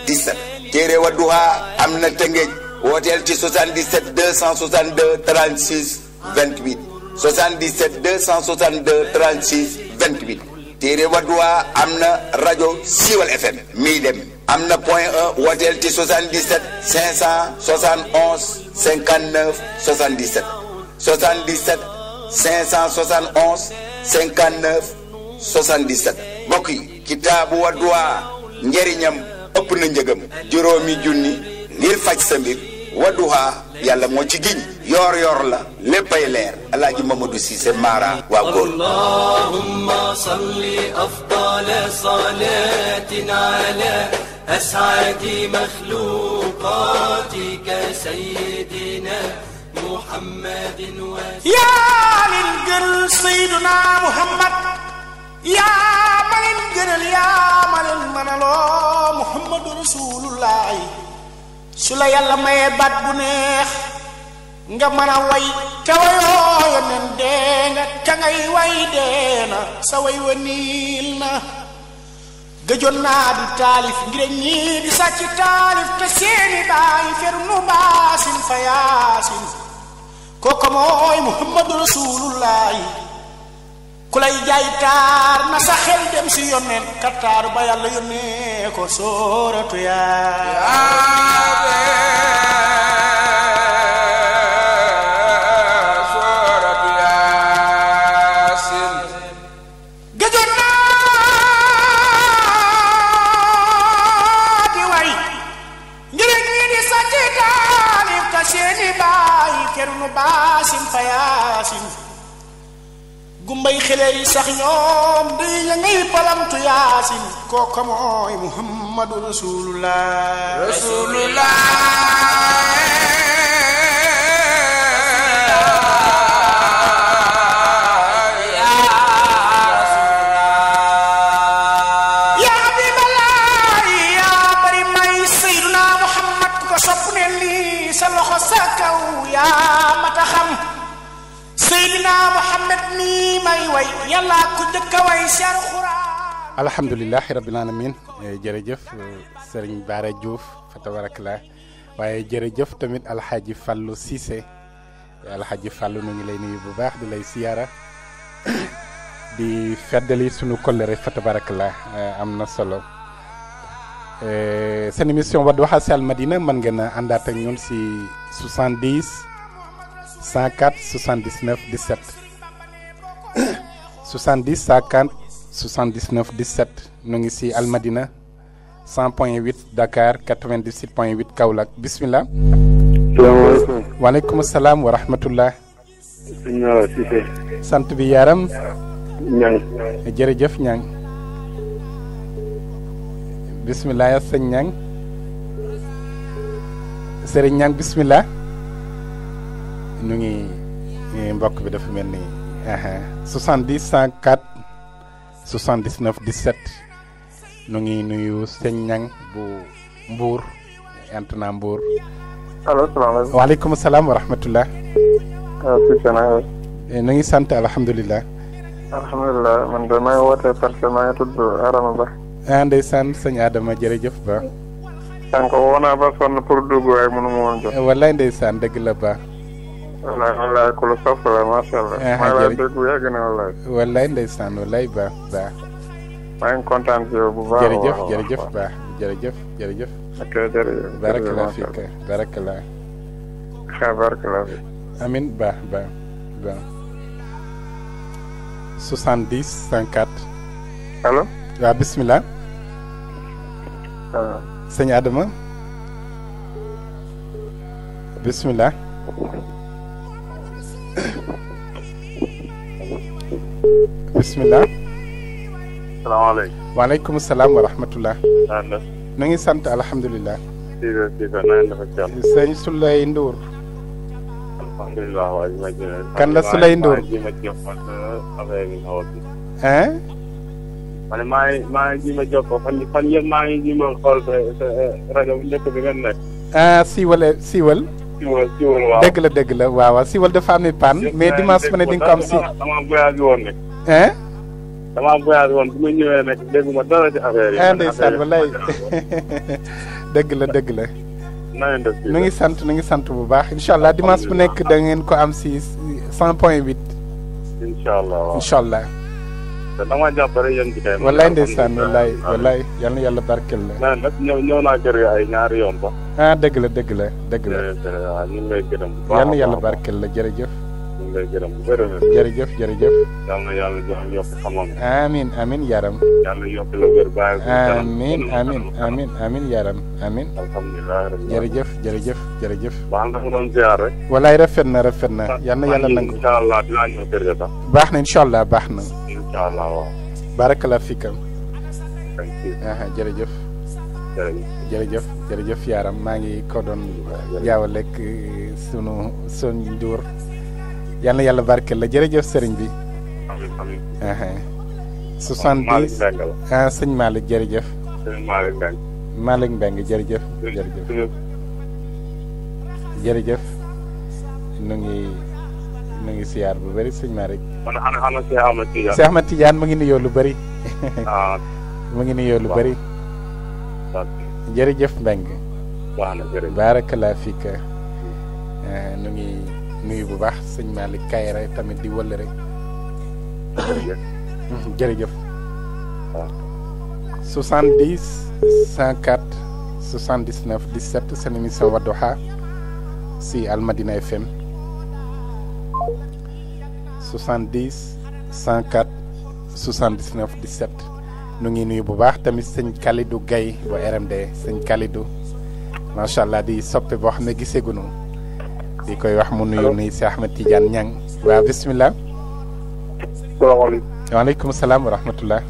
17 téere Wadduha am na tëngéej 77 262 36 28 77 262 36 28 Tire wadwa Amna Radio Siwal FM mi Amna point 1 77 571 59 77 77 571 59 77 Boki Kitabu wadwa Wadduha njëriñam Juromi na njëgam wadduha yàlla moo ci giñ yoor yoor la léppay leer alaaji mamadou cissé mara waa góor allahumma salli afdal salatin ala اسعد مخلوقاتك سيدنا محمد يا من قل سيدنا محمد يا من قل يا من من محمد رسول الله su la yàlla mayee baat bu neex nga mën a way ka wayoo yoneen dee nga ka ngay way dee na sa way wa niil na gëjoon naa di taalif ngir ñii di sàcc taalif te seeni baay fer nu baasin fa yaasin kooku mooy muhammadu rasulullahi ku lay jaay taar na sa xel dem si yonent ka taar ba yàlla yónnee ko sóoratu mbay xele yi sax ñoom day ya ngay palamtu yaasin kooka mooy muhammadu rasulullah rasulullah alhamdulilah rabbil alamin jërëjëf sëriñ Bara Diouf fa tabarakallah waaye jërëjëf tamit alxaaji Fallou Cissé alxaaji Fallou nu ngi lay nuyu bu baax di lay siyaara *coughs* di feddali sunu kollëre fa tabarakallah eh, am na solo eh, seen émission Wadduha si Almadina mën ngeen a àndaat ak ñun si 70 104 79 17. 70 104 79 17 nu ngi ci Almadina 100.8 Dakar 98.8 Kaolack bismillah salaamaaleykum waaleykum salaam wa rahmatullah sëñ Cissé bi yaram ñang jërëjëf ñang bismillah ya sëñ ñang ñang bismillah nu ngi eh, mbokk bi dafa 70 104 79 17 nu ngi nuyu sëñ ñang bu mbuur antena mbuur allo salaamaaleykum waaleykum salaam wa rahmatullah ah, eh, nu ngi sant alhamdulilah alhamdulilah man de maa ngi woote parce que maa ngi tudd Adama Ba ah ndeysaan sëñ Adama jërëjëf ba sànq woo ba sonn pour dugg waaye mënu ma woon jot eh, wallaay ndeysaan dëgg la ba wallay ndeysaan wallay ba ba maa ngi kontaan si yow bu baax jërëjëf jërëjëf ba jërëjëf jërëjëf ok jërëjëf barakala fikk barakala xa barakala fi amin ba ba ba 70 54 allo bismillah ah. Seigne bismillah bisimilah. salaamaaleykum. waaleykum salaam wa rahmatulah. na ngi sant alhamdulilah. Sylvain Sylvain na ngeen dafa jàll. sëñ Souley Ndour. alhamdulilah waay ma jëlee. kan la Souley ma ma ne maa ngi maa ngi ma jokkoo ma xool sa rajo bu bi ngeen nekk. ah siiwal siwal siwal waaw dëgg la dëgg la waaw waaw siwal dafa am ni paan mais dimanche ma ne di nga ko am si dama voyage woon nag hein dama woon bu ma ñëwee nag dégguma dara ci affaire yi eh, ndeysaan wallaay *laughs* dëgg la dëgg la nu ngi sant nu ngi sant bu baax incha allah dimanche bu nekk da ngeen ko am si cent point huit incha allah incha allah te da maa jàpp rek yéen ci kay. wallaay ndeysaan wallaay wallaay yal na yàlla barkeel la. ñëw naa kër ay ñaari yoon ba. ah dëgg la dëgg la dëgg la. ñu ngi lay gërëm. yal na yàlla barkeel la jërëjëf. ñu ngi lay gërëm bu bëri la. jërëjëf yàlla jox xam-xam. amiin amiin yaram. yàlla yokk la wér bàyyi ko. amiin amiin amiin yaram amiin. alhamdulilah jërëjëf jërëjëf jërëjëf. baax na mu doon ziar rafet na rafet na. yal na yàlla nangu. incha baax na incha allah baax na. incha allah waaw. barakallah jërëjëf. jërëjëf jërëjëf yaaram maa ngi ko doon jaawaleeg eh, sunu son nduur yal na yàlla barkeel la jërëjëf sëriñ bi. amiin amiin. soixante-dix ah sëñ Malick jërëjëf. sëñ Malick jërëjëf. jërëjëf jërëjëf. nu ngi nu ngi siyaar bu bëri sëñ Malick. man Ahmed Tidiane. Cheikh Ahmed Tidiane mu ngi nuyoo lu bari. *laughs* Ah. mu ngi nuyoo lu bari. jërëjëf Mbengue. waaw jërëjëf baarakalaa fika eh, nu ngi nuyu bu baax sëñ Malick Kayra tamit di wëll rek. jërëjëf. jërëjëf. 70 104 79 17 si FM. 70 104 79 17 nu ngi nuyu bu baax tamit sëñ Kalidou Gaye bu RMD sëñ Kalidou macha di soppe boo xam ne di koy wax mu nuyu nuyu si Ahmed Tidiane Niang waaw bisimilah. salaamaaleykum. waaleykum salaam wa rahmatullah.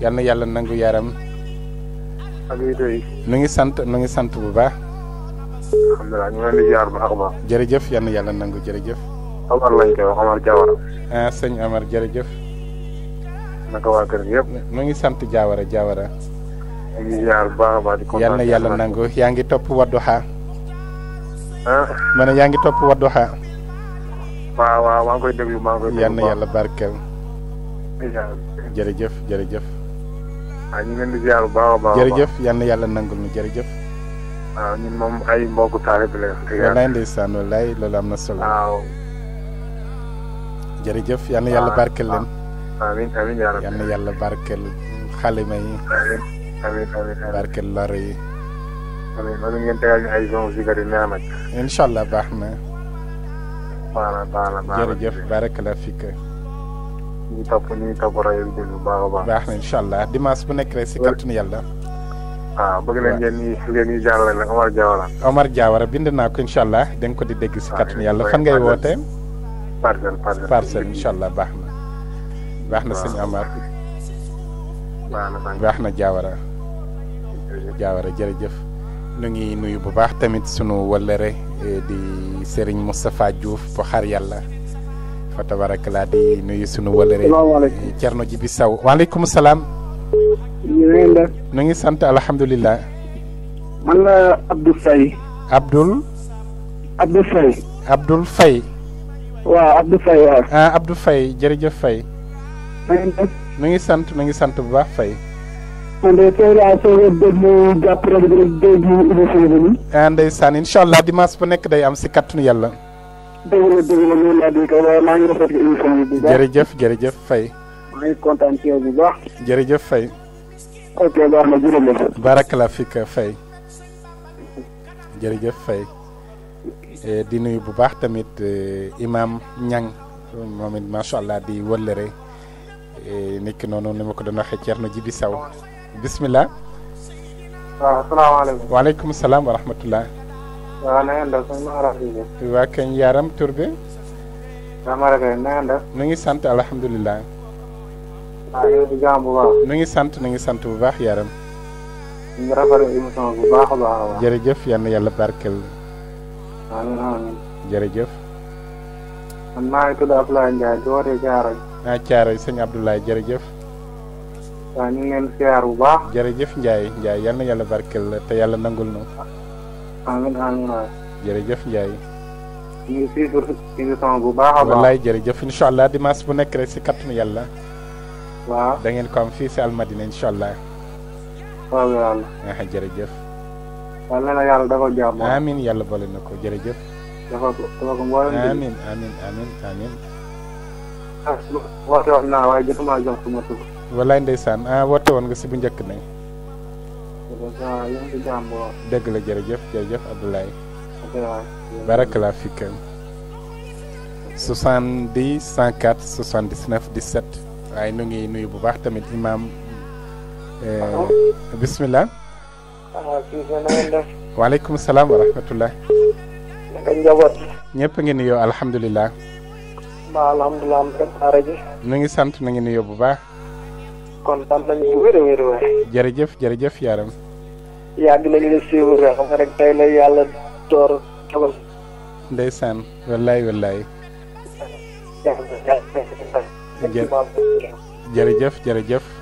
yal na nangu yaram. ak nu ngi sant nu ngi sant bu baax. alhamdulilah ñu ngi leen di jaar bu baax a baax. jërëjëf yal na yàlla nangu Omar lañ koy wax Omar Diawara. ah sëñ kër yëpp. mu ngi sant Diawara Diawara. ñu bu a baax di kontaan yal na yàlla nangu yaa ngi topp Wadduha. ah. ma ne yaa ngi topp Wadduha. ngi koy déglu maa ngi koy déglu yal na yàlla barkeel. jërëjëf jërëjëf. waaw ah, ñu ngi na yàlla nangul ñu jërëjëf. waaw ah, ñun moom ay mbokku taalibe la. na solo. jërëjëf yal yàlla barkeel leen. amiin amiin yaa rabbi yal na yàlla barkeel xalima yi. ay zone zikar allah baax na. baax na baax na baax na jërëjëf barakala fik. ñu ngi topp ñu ngi topp rajo bi bu baax a baax. baax bu nekk rek si kàttanu yàlla. waaw ah, bëgg nañ ngeen ñuy ngeen ñuy jaarale nag Omar Diawara. Omar bind naa ko incha allah ko di dégg si ah, kàttanu yàlla fan ngay wootee. parcelle parcelle parcelle incha allah baax na. baax na sëñ Amar. baax na jaawara jaawara jërëjëf. nu ngi nuyu bu baax tamit sunu wëllëre e, di Serigne Moustapha Diouf bu xar yàlla fa tabaraka laa di nuyu sunu wëllëre. salaamaaleykum Thierno Jibi Sow waaleykum salaam. ngi def. nu ngi sant alhamdulilah. man la Abdoul Faye. Abdoul. Abdoul Faye. Abdoul Faye. waaw Abdou Faye waaw. ah Abdou jërëjëf Faye. na ngi sant mu ngi sant bu baax fay man de tey laa ah, bu nekk day am si kattanu yàlla. dëgg la dëgg la loolu laa dégg waaye maa jërëjëf jërëjëf Faye. maa ngi Eh, di nuyu bu baax tamit eh, imam ñaŋ moom it macha allah di wëllëre eh, nekk noonu ni ma ko doon waxee Thierno Jibi Saw bismillah. waaw asalaamaaleykum. waaleykum salaam wa rahmatullah. waaw na ngeen waa kañ yaaram tur nu ngi sant alhamdulilah. waaw yow di nu ngi sant nu ngi sant bu baax yaaram. ñu ngi rafetlu émission bu baax a baax a baax. jërëjëf yal amiin jërëjëf man maa ngi tudd Abdoulaye Ndiaye di wootee Thiaroye ah Thiaroye sëñ Abdoulaye jërëjëf waaw ñu ngi leen siyaar bu baax jërëjëf Ndiaye Ndiaye yal na yàlla barkeel te yàlla nangul na amiin amiin waay jërëjëf Ndiaye ñu ngi émission bu baax a baax wallaay jërëjëf incha allah dimanche bu nekk rek si kattanu yàlla waaw da ngeen ko am fii si Almadina incha allah waaw yàlla ah, jërëjëf yal na la yàlla defal jàmm. amiin yàlla bale na ko jërëjëf. dafa ko dafa ko mboolem. Ah, ndeysaan ah woon nga si bu njëkk ne. waaw ah, yéen si jàmm dëgg la jërëjëf jërëjëf Abdoulaye. barakalaa fika 70 104 79 17 waaye nu ngi nuyu bu baax tamit imaam. Eh, bismillah. waaleykum salaam wa rahmatullah. naka njaboot. ñëpp ngi nuyoo alhamdulilah. waaw alhamdulilah am na daara ji. nu ngi sant nu ngi nuyoo bu baax. kontaan nañu bu wér a wér a wér. jërëjëf jërëjëf yaram. yàgg nañu la suivre xam nga rek tey la yàlla door dogal. ndeysaan wallaay wallaay. jërëjëf jërëjëf.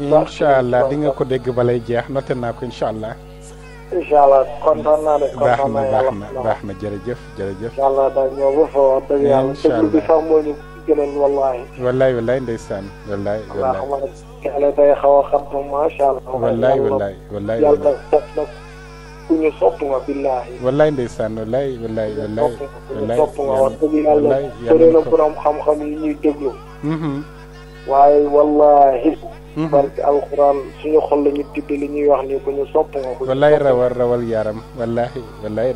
incha allah ko dégg balay jeex noté naa ko incha allah. incha allah na baax na jërëjëf jërëjëf. incha allah daal ñëw ba fa wax dëgg yàlla. bi sax moo ñu gënal wallaahi. wallaahi wallaahi ndeysaan. wallaahi wallaahi waaw yàlla day xaw a xam moom macha allah. wallaahi na ku ñu sopp nga Mm-hmm. barke alxuraan suñu xol la ñu tibbee li ñuy wax nii ku ñu sopp nga. ku ñu wallaay rawal rawal yaram wallaahi. wallaay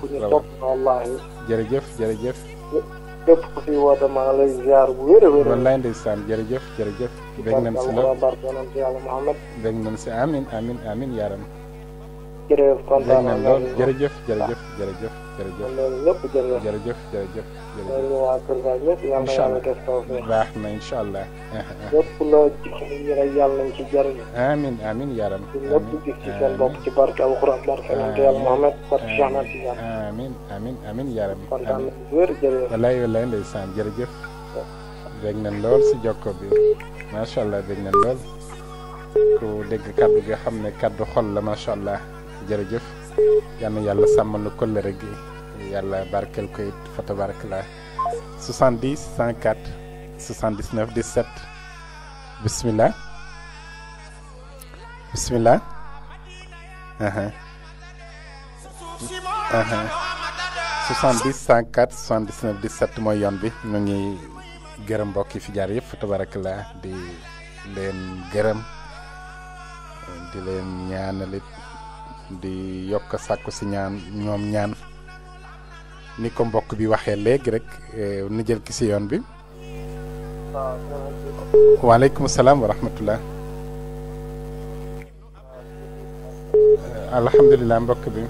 ku ñu sopp nga wallaahi. jërëjëf jërëjëf. ku fi woote maa ngi lay ziar bu wér a wér. wallaay ndeysaan jërëjëf jërëjëf. bég nañ si la barke si yàlla Muhammad. bég si amin amin amin yaram. jërëjëf kontaan nañ jërëjëf jërëjëf jërëjëf jërëjëf incha allah baax na incha allah. lépp loo joxe ñu rek yàlla nañ ci jariñ. amiin amiin yaram. lépp gis ci seen bopp ci barke alxuraan barke yonent yàlla Muhammad barke Cheikh Ahmad Tidiane. amiin amiin amiin yaram. kontaan na wér jërëjëf. walaay walaay ndeysaan jërëjëf. dégg nañ lool si jokko bi macha allah dégg nañ lool ku dégg kaddu gi xam ne kaddu xol la macha allah jërëjëf. yal na yàlla sàmmal nu kóllëre gi yàlla barkeel ko it fa tabarakallah 70 104 79 mooy yoon bi ñu ngi gërëm mbokk yi fi jaar yëpp fa di leen gërëm di leen ñaanalit di yokk sàkku si ñaan ñoom ñaan ni ko mbokk bi waxee léegi rek eh, nu jël ki si yoon bi. waaleykum salaam wa rahmatullah. mbokk bi.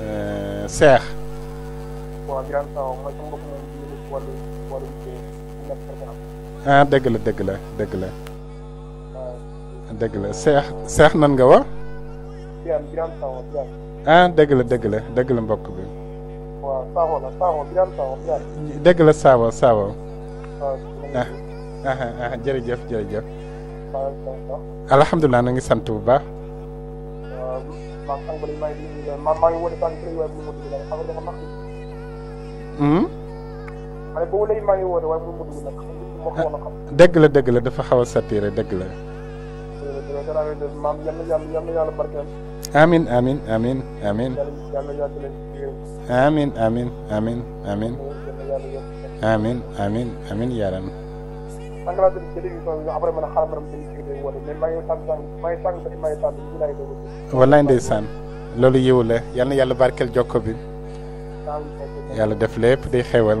Eh, seex. ah dëgg la dëgg la dëgg la. dëgg seex seex nan nga wax. ah dëgg la dëgg mbokk bi. waaw saawa la saawa Birame saawa Birame. alhamdulilah na ngi sant bu baax. ma ko woon a xam. dëgg la dëgg la dafa xaw a saturé dëgg la. maam yal na yàlla yal na yàlla barkeel. amiin amiin amiin amiin. yàlla yàgg leen ci yéen. amiin amiin amiin amiin. amiin amiin amiin yaram. sànq laa dégg ci télévision bi après man xaaral ma dem ci liggéey wala mais maa ngi tànn tànn maa ngi tànn maa ngi tànn ñu laay déglu. wallaay ndeysaan loolu yiw la yal na yàlla barkeel jokko bi. yàlla def lépp day xewal.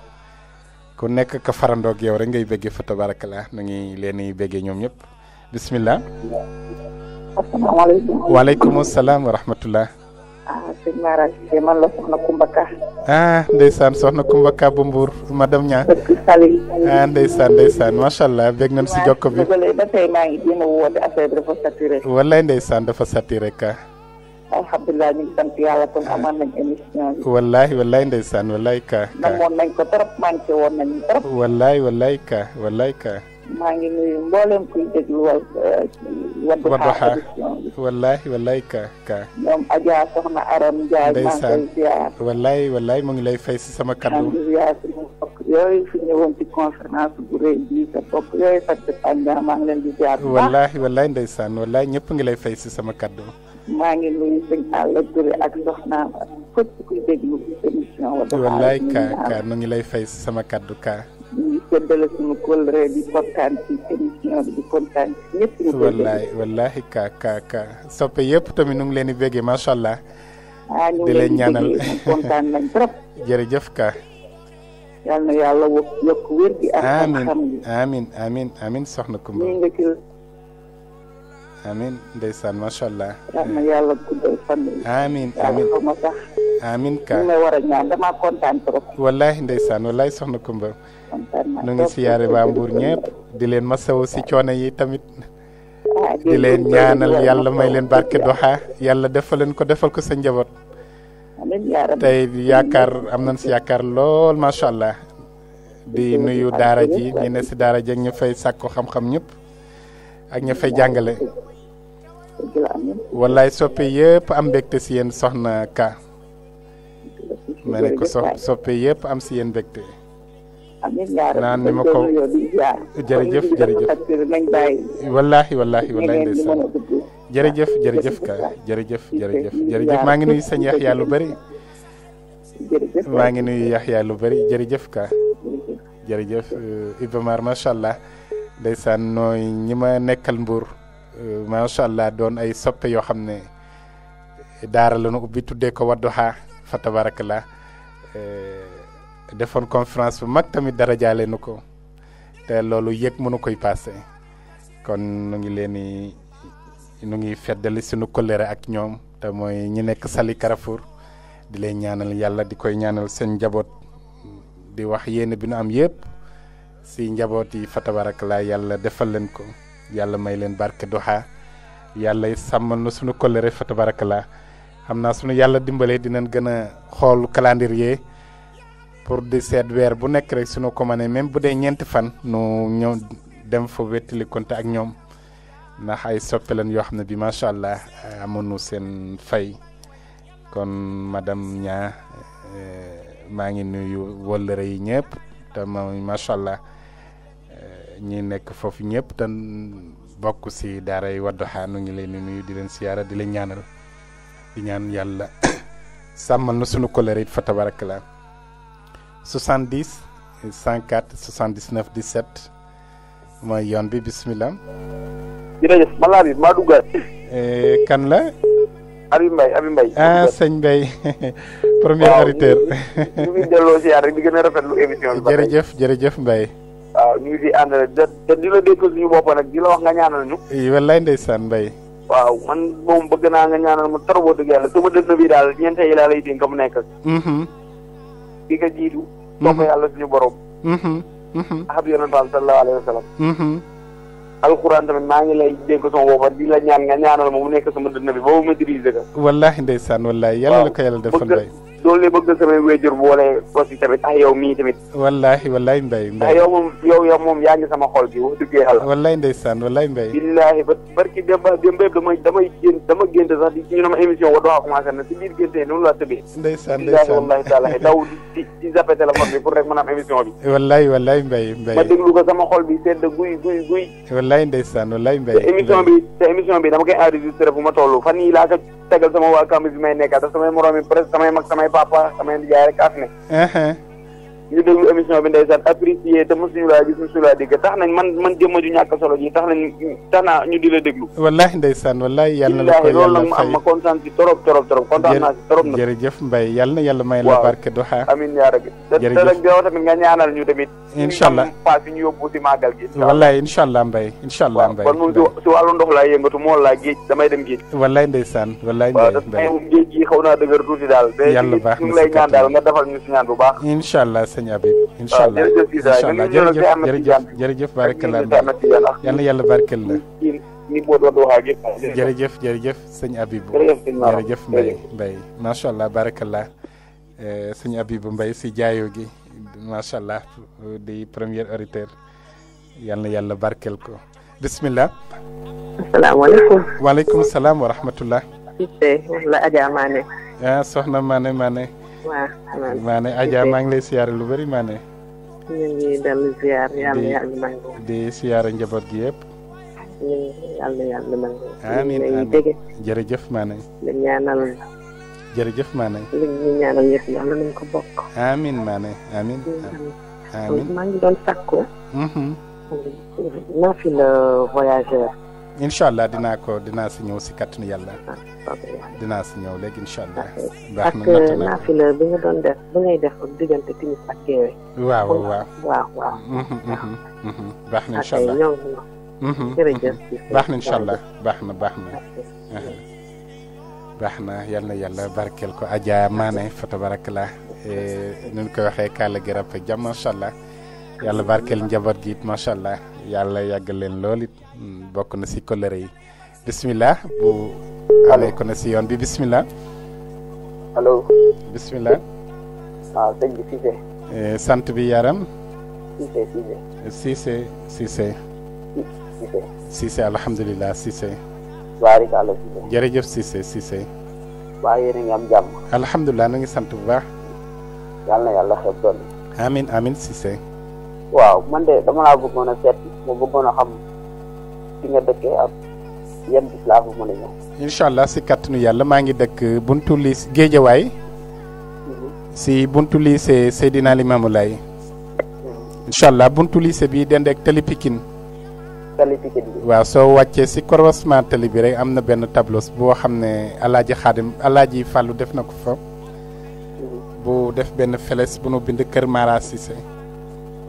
ku nekk ka farandoo ak yow rek ngay bëggee fa tabarakallah nu ngi leen ñoom bismillah asalaamaaleykum waaleykum wa rahmatullah ah man la soxna Kumba ah ndeysaan soxna bu madame ah ndeysaan ndeysaan macha allah bég nañ si jokk bi ba tey dafa saturé ka alhamdulilah ñu ngi sant yàlla kon amaan nañ émission bi. wallaahi wallaahi ndeysaan nañ ko trop manqué woon nañu trop. wallaahi wallaahi ka wallaahi ka. maa ngi nuyu mboolem kuy déglu wal uh, Wadduha wallaahi wallaahi ka ka. ñoom Adja soxna Aram Ndiaye. ndeysaan maa ngi koy mu ngi lay fay si sama kaddu. yooyu fi ñëwoon ci conférence di wallahi wallahi ndeysaan wallahi ñëpp ngi lay fay si sama kaddu maa ngi nuyu sëñ Alla Touré ak soxnaam ak kuy déglu émission wallahi ka ka nu ngi lay fay si sama kaddu ka ñu séddale suñu kóllëre di kontaan ci émission di kontaan ci ñëpp ñu wallahi wallahi ka ka ka soppe tamit nu ngi leen di macha allah di leen ñaanal kontaan nañ trop *laughs* jërëjëf yalna yàlla yokk wér gi ak xam amin amin amin soxna Kumba nii nga ci amin ndeysaan macha allah yalna yàlla guddal fan amin amin amin ka ma war ñaan damaa kontaan trop wallahi ndeysaan wallahi soxna Kumba nu ngi siyaare waa Mbuur ñëpp di leen masawu si coono yi tamit ah, di leen ñaanal yàlla may leen barke doxa yàlla defal leen ko defal ko sa njaboot amiin yaa rabbi tey yaakaar am nañ si yaakaar lool macha allah. di nuyu daara ji ñu si daara ji ak ñu fay sàkku xam-xam ñëpp. ak ñu fay jàngale. wallaay soppe yëpp am mbégte si yéen soxna Ka. ma ne yëpp am si yéen mbégte. naan ni ma ko jërëjëf jërëjëf. wallaahi wallaahi wallaahi ndeysaan jërëjëf jërëjëf ka jërëjëf jërëjëf jërëjëf maa ngi nuyu sëñ Yaxya lu bari maa ngi nuyu Yaxya lu bari jërëjëf ka jërëjëf euh, Ibamar macha allah ndeysaan nooy ñi ma nekkal Mbour euh, macha allah doon ay soppe yoo xam ne daara la nu ubbi tuddee ko Wadduha fa tabarakallah euh, defoon conférence bu mag tamit dara nu ko te loolu yëg mënu koy passé kon nu ngi leen ñu ngi feddali suñu kollëre ak ñoom te mooy ñi nekk Sali Carrefour di lay ñaanal yàlla di koy ñaanal seen njaboot di wax yéene bi nu am yépp si njaboot yi fatabarak yàlla defal leen ko yàlla may leen barke duha yàlla sàmmal na suñu kollëre fatabarak xam naa suñu yàlla dimbalee dinañ gën a xool calendrier pour di seet weer bu nekk rek suñu ko même bu dee ñeenti fan nu ñëw dem fa wettali konte ak ñoom ndax ay soppe yoo xam ne bi macha allah eh, amoonu seen fay kon madame ñaa eh, maa ngi nuyu wëllëre yi ñëpp te moom macha allah eh, ñi nekk foofu ñëpp te bokk si daaray Wadduha nu ngi leen di nuyu di leen siyaara di leen ñaanal di ñaan yàlla *coughs* sàmmal na sunu kóllëre it fa tabarakallah 70 104 79 17 mooy yoon bi bismillah jërëjëf man laa bi maa duggaat. E, kan la. Habib Mbaye Habib Mbaye. ah sëñ Mbaye. *laughs* premier auditeur waaw ñu ngi delloo ziar rek di gën a rafetlu émission bi. jërëjëf jërëjëf Mbaye. waaw ñu ngi fi ànd da te di la dégg suñu bopp nag di la wax nga ñaanal ñu. wallaay ndeysaan Mbaye. waaw man moom bëgg naa nga ñaanal ma trop boo dëgg yàlla sama dënn bi daal ñeente yi laa lay dénk mu nekk. ki mm-hmm. nga jiitu. Mm-hmm. topp yàlla suñu borom. xam mm-hmm. yonent sallallahu alayhi wa sallam. alxuraan tamit maa ngi lay dégg sama booba di la ñaan nga ñaanal ma mu nekk sama ndeysaan wallaahi yàlla la ko yàlla doon lay bëgg samay wéjur boole ko si tamit ah yow mii tamit. wallaahi wallaahi Mbaye. ndax yow moom yow yow moom yaa ngi sama xol bi wax dëgg yàlla. wallaahi ndeysaan wallaahi Mbaye. billaahi ba barki démb démb damay ma émission Wadduha commencé na si biir gént yi noonu laa bi a am émission bi. wallaahi ma déglu ko sama xol bi sedd guy guy guy. wallaahi ndeysaan wallaahi Mbaye. te émission bi te émission bi dama koy enregistré bu ma toll fan yii laa ko sama waa campus may nekkal te samay moroom yi पापा comment किया है काफी ñu déglu émission bi ndeysaan apprécié te mosuñu laa gis mosuñu laa dégg tax nañ man man jëmm ju ñàkk solo ji tax nañ tax naa ñu di la déglu wallahi ndeysaan wallahi yàlla na la ko yàlla fay am ma kontaan si torop torop torop kontaan naa si torop nag jërëjëf mbay yàlla na yàlla may la barke duha amin yaa rabbi te nag yow tamit nga ñaanal ñu tamit inshallah pas fi ñu yóbbu si màggal gi wallahi inshallah mbay inshallah mbay kon moom si wàllu ndox laa yëngatu mool laa géej damay dem géej wallahi ndeysaan wallahi mbay géej gi xaw naa dëgër tuuti daal yàlla baax na lay ñaan daal nga defal ñu si ñaan bu baax inshallah sëñ Habib incha allah incha allah jërëjëf jërëjëf jërëjëf barakallah yal na yàlla barkeel la jërëjëf jërëjëf sëñ Habib jërëjëf Mbaye Mbaye macha allah barakallah eh, sëñ si jaayoo gi macha di premier auditeur yal na yàlla ko bismillah asalaamaaleykum waaleykum salaam wa waaw maane Adja maa ngi lay siyaare lu bari maane. ñu ngi dellu siyaar yàlla yàlla nangu. gi yëpp. ñu ngi yàlla yàlla nangu. amiin amiin jërëjëf maane. di ñaanal. jërëjëf nañ doon sakku. Mhm. naa la voyageur. incha allah dinaa ko dinaa si ñëw si kattanu yàlla. dinaa si ñëw léegi incha allah. baax na natt na ak euh, naafila bi ngay def diggante timis ak géewe. waaw waaw waaw mhm, mhm, mhm. baax na incha allah baax na baax na baax na. baax na yàlla barkeel ko Adja Mané foto tabarakallah la eh, ñu ko waxee kàlla gi ràpp ak jàmm macha allah yàlla barkeel njaboot gi it yàlla yàggal leen lool it bokk na si kolere yi bisimilah. bu amee ko na si yoon bi bisimilah. allo. bisimilah. waaw ah, eh, sant bi yaram. Cissé Cissé. Cissé Cissé. Cissé alhamdulilah Cissé. baarikàlla Cissé. jërëjëf Cissé Cissé. waa yéen a ngi na ngi sant bu baax. yàlla na yàlla xeeb doon. amin amin Cissé. waaw man de dama laa bëggoon a seet ma bëggoon a xam fi nga dëkkee ak yan bis laa fa mën a ñëw. incha allah si kàttanu yàlla maa ngi dëkk buntu lycée Géejawaay. Mhm. si buntu lycée Seydina Limamou Laye. Mhm. incha allah buntu lycée bi dend tali Pikine. waaw soo wàccee si croisement tali bi rek am na benn tableau boo xam ne Alaaji Xaadim Alaaji Fàllu def na ko fa. Mhm. bu def benn feles bu nu bind Kër Mara Cissé.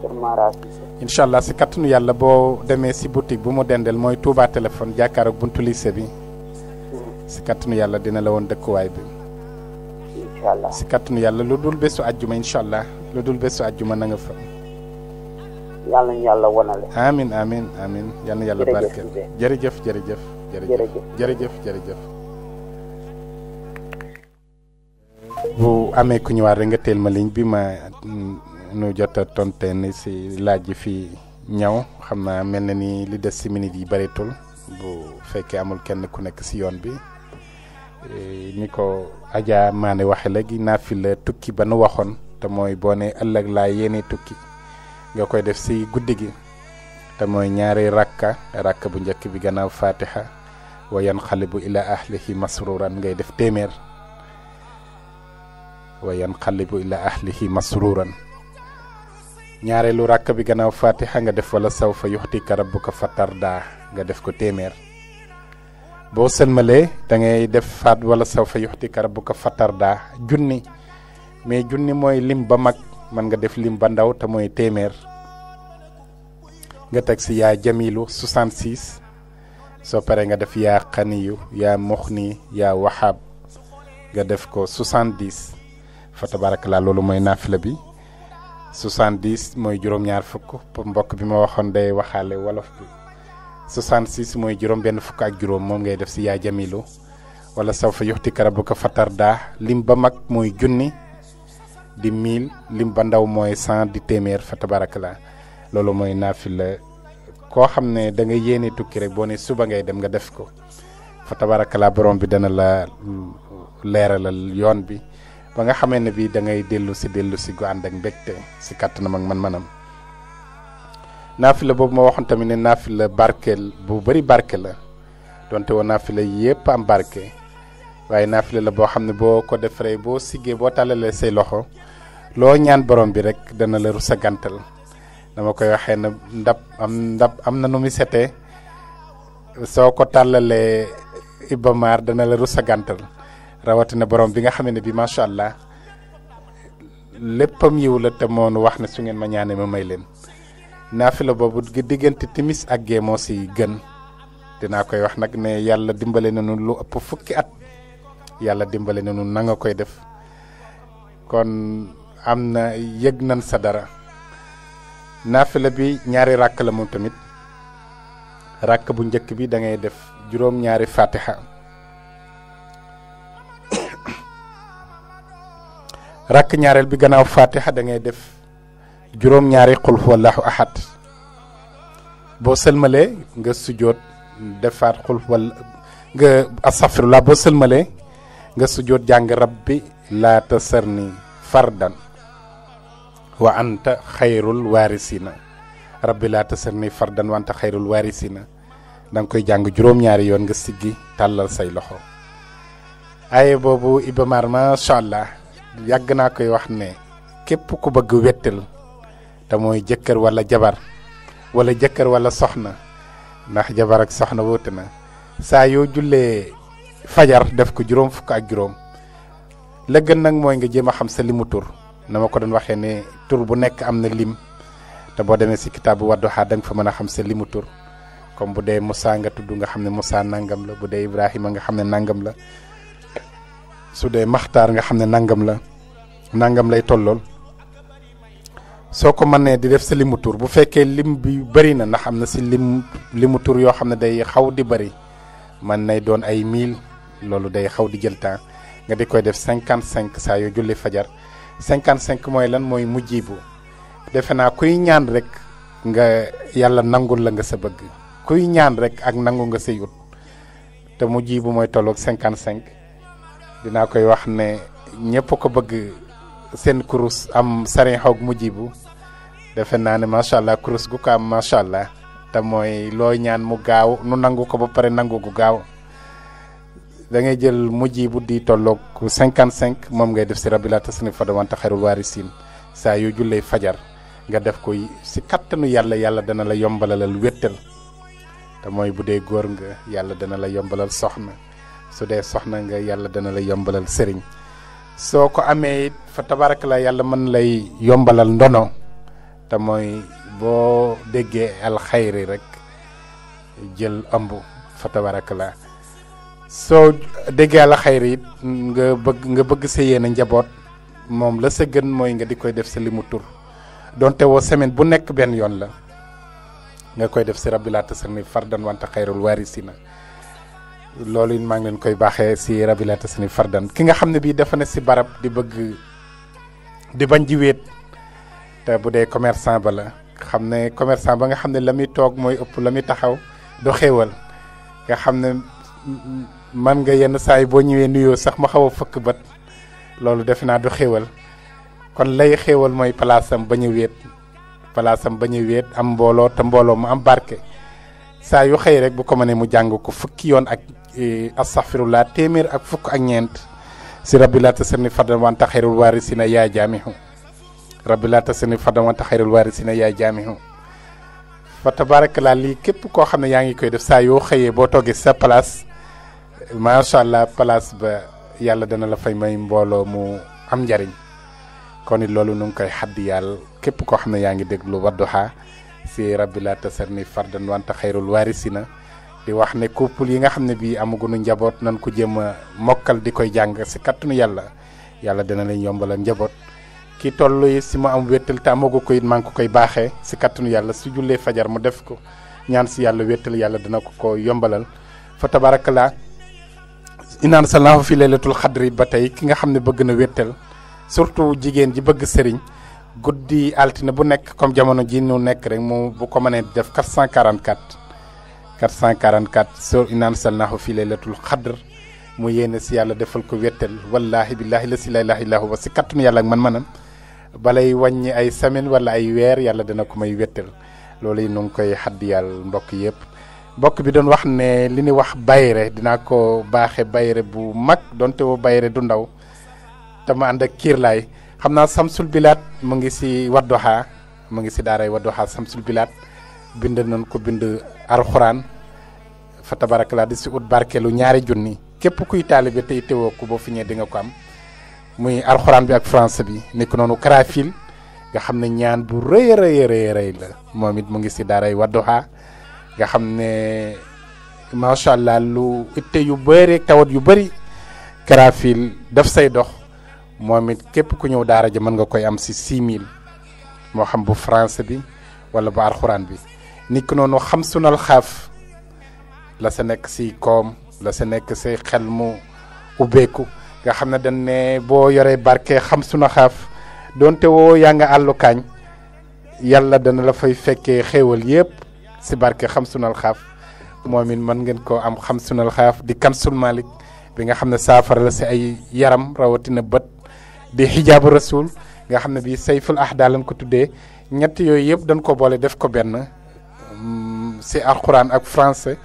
kër allah si kattanu yàlla boo demee si boutique bu mu dendeel mooy Touba téléphone jàkkaar ak buntu lycée bi si kattanu yàlla dina la woon dëkkuwaay bi. incha allah si yàlla lu dul bésu àjjuma incha allah lu dul bésu àjjuma na nga fa. yàlla ñu yàlla wonale. amiin yàlla barkeel jërëjëf jërëjëf jërëjëf jërëjëf bu amee ku ñëwaat rek nga teel ma bi ma. Mm, nu jot a tonteen si laaj yi fii ñaw xam naa mel na ni li des si minutes yi bëreetul bu fekkee amul kenn ku nekk si yoon bi e, ni ko Adja Mané waxe léegi naafi la tukki ba nu waxoon te mooy boo ëllëg laa yéene tukki nga koy def si guddi gi te mooy ñaari rakka rakka bu njëkk bi gannaaw fatiha wa yanqalibu ila ahlihi masruran ngay def téeméer wa yanqalibu ila ahlihi masruran lu rak bi gëna fatiha nga def wala saw fa yuxtika rabbuka fatarda nga def ko téeméer bo sëlmalee da ngay def faat wala saw fa yuxtika fatarda junni mais junni moy lim ba mag man nga def lim ba ndaw te moy téeméer nga tek si ya jamilu 66 so pare nga def ya xaniyu ya wahab, ya wahab nga def ko 70 fa tabarakallah lolu moy nafila bi 70 mooy juróom-ñaar fukk mbokk bi ma waxoon day waxaale wolof bi mooy juróom-benn fukk ak juróom moom ngay def si yaa jamilu wala saw fa yuxti karabuka fatar daa lim ba mag mooy junni di 1000 lim ba ndaw mooy cent di téeméer fa tabaraka la loolu mooy naafila koo xam ne da nga yéene tukki rek boo ne suba ngay dem nga def ko fa borom bi dana la mm, leeralal yoon bi. ba nga xamee ne bii da ngay dellu si dellu si gu ànd ak mbégte si kàttanam ak man-manam naafila boobu ma waxoon tamit ne naafila barkeel bu bari barke la donte woon naafila yépp am barke waaye naafila la boo xam ne boo ko defaree boo siggee boo tàllalee say loxo loo ñaan borom bi rek dana la rus a dama koy waxee na ndab am ndab am na nu muy setee soo ko tàllalee ibamaar dana la rus a rawatina borom bi nga xam ne bi macha allah léppam yiw la te wax ne su ngeen ma ñaane ma may leen naafila boobu diggante timis ak gee si gën dinaa koy wax nag ne yàlla dimbale nañu lu ëpp fukki at yàlla dimbale nañu na nanga koy def kon am na yëg nan sa dara naafila bi ñaari ràkk la moom tamit ràkk bu njëkk bi dangay def juróom-ñaari fatiha rak ñaarel bi gannaaw fatiha da ngay def juróom ñaari qul huwallahu ahad bo selmale nga sujoot defaat qul wal nga astafirullah bo selmale nga sujoot jàng rabbi la tasarni fardan wa anta khairul warisina rabbi la tasarni fardan wa anta khairul warisina dang koy jàng juróom ñaari yoon nga siggi talal say loxo aaye bobu ibamar yàgg naa koy wax ne képp ku bëgg wettal te mooy jëkkër wala jabar wala jëkkër wala soxna ndax jabar ak soxna wóote na saa yoo jullee fajar def ko juróom fukk ak juróom la gën nag mooy nga jéem a xam sa limu tur na ma ko doon waxee ne tur bu nekk am na lim te boo demee si kitaabu Wadduha da nga fa mën a xam sa limu tur comme bu dee Moussa nga tudd nga xam ne nangam la bu dee Ibrahima nga xam nangam la su dee maxtaar nga xam ne nangam la nangam lay tollol soo ko di def sa limu bu fekkee lim bi bari na ndax am na si lim limu tour yoo xam ne day xaw di bari man nay doon ay mille loolu day xaw di jël temps nga di koy def 55 saa julli fajar 55 mooy lan mooy mujjibu defe naa kuy ñaan rek nga yàlla nangul la nga sa bëgg kuy ñaan rek ak nangu nga say ut te mujjibu mooy tolloog 55 dina koy wax ne ñepp ko bëgg seen kurus am sarin xoog mujibu defe naa ne macha allah kurus gu ko am macha allah te mooy ñaan mu gaaw nu nangu ko ba pare nangu gu gaaw da ngay jël mujibu di tolloog 55 moom ngay def si rabila tasni fa dawanta xayrul warisin saa yu julley fajar nga def ko si kattanu yàlla yàlla dana la yombalalal wettal te mooy bu dee nga yàlla dana la yombalal soxna su dee soxna nga yàlla dana lay yombalal sëriñ soo ko amee it fa tabarak la yàlla mën lay yombalal ndono te mooy boo déggee alxayri rek jël ëmb fa tabarak la soo déggee alxayri it nga bëgg nga bëgg sa yéene njaboot moom la sa gën mooy nga di koy def sa limu tur donte woo semaine bu nekk benn yoon la nga koy def si rabbi laa tasar ni fardan wante xayrul waarisi na loolu it maa ngi leen koy baaxee si rabilata sani fardan ki nga xam ne bii dafa ne si barab di bëgg di bañ ji wéet te bu dee commerçant ba la xam ne commerçant ba nga xam ne la muy toog mooy ëpp la muy taxaw du xéewal nga xam ne man nga yenn saa yi boo ñëwee nuyoo sax ma xaw a fëkk bët loolu defe naa du xéewal kon lay xéewal mooy palaasam bañ a wéet palaasam bañ a wéet am mbooloo te mbooloo mu am barke saa yu xëy rek bu ko mënee mu jàng ko fukki yoon ak astaghfirullah téeméer ak fuk ak ñent si rabbil laa tasani fadan wanta xayrul waarisina yaa jaamihu rabbi laa tasani fadan wanta xayrul waarisina yaa jaamihu fa tabarakalaa lii képp koo xam ne yaa ngi koy def sa yo xeye bo toge sa place sha allah place ba yalla dana la fay may mbolo mu am jariñ koni it nung koy xaddi yal kep ko xamne ne yaa Wadduha si rabbil laa tasani fadan di wax ne couple yi nga xam ne bii amagunu njaboot nan ko jëm a mokkal di koy jàng si kattanu yàlla yàlla dina leen yombalal njaboot ki toll yi si ma am wéttal te amagu ko it maa koy baaxee si kattanu yàlla su jullee fajar mu def ko ñaan si yàlla wéttal yàlla dina ko ko yombalal ba fa tabarakalaa inaan sa laafa fi laylatul xadri ba tey ki nga xam ne bëgg na wéttal surtout jigéen ji bëgg sëriñ guddi altine bu nekk comme jamono ji nu nekk rek mu bu ko mënee def 444 444 so inna anzalnahu fi laylatul xadr mu yéene si yàlla defal ko wettel wallahi billahi la si la ilaha illa huwa si kattanu yàlla ak man-manam balay wàññi ay semaine wala ay weer yàlla dana ko may wettel loolu yi nu ngi koy xaddiyal mbokk yëpp mbokk bi doon wax ne li ni wax bayre dinaa ko baaxe bayre bu mag donte woo bayre du ndaw tama ànd ak kiirlaay xam naa samsul bilaat mu ngi si wadduha mu ngi si daaray wadduha samsul bilaat bind nañ ko bind alxuraan fa tabarakalaa di ut barkeelu ñaari junni képp kuy talibé tey téwo ko bo fi ñëwee di nga ko am muy alcorane bi ak français bi nek nonu karafil nga xamné ñaan bu reey reey reey reey la momit mu ngi Wadduha nga xamné ne sha allah lu itte yu bëré tawat yu bëri karafil daf say dox momit it képp ku ñew daara ja mën nga koy am ci 6000 mo xam bu français bi wala bu alcorane bi nik nonu xam sunal la sa nekk si koom la sa nekk si xel mu ubbeeku nga xam ne dañ ne boo yoree barke xam suna xaaf doonte woo yaa nga kaañ yàlla dana la fay fekkee xéewal yëpp si barke xam sunal xaaf moom it mën ngeen ko am xam sunal xaaf di kansul malik bi nga xam ne saafara la si ay yaram rawatina bët di xijaabu rasul nga xam ne bii sayful ahdaa lañ ko tuddee ñetti yooyu yëpp dañ ko boole def ko benn mm, si alxuraan ak français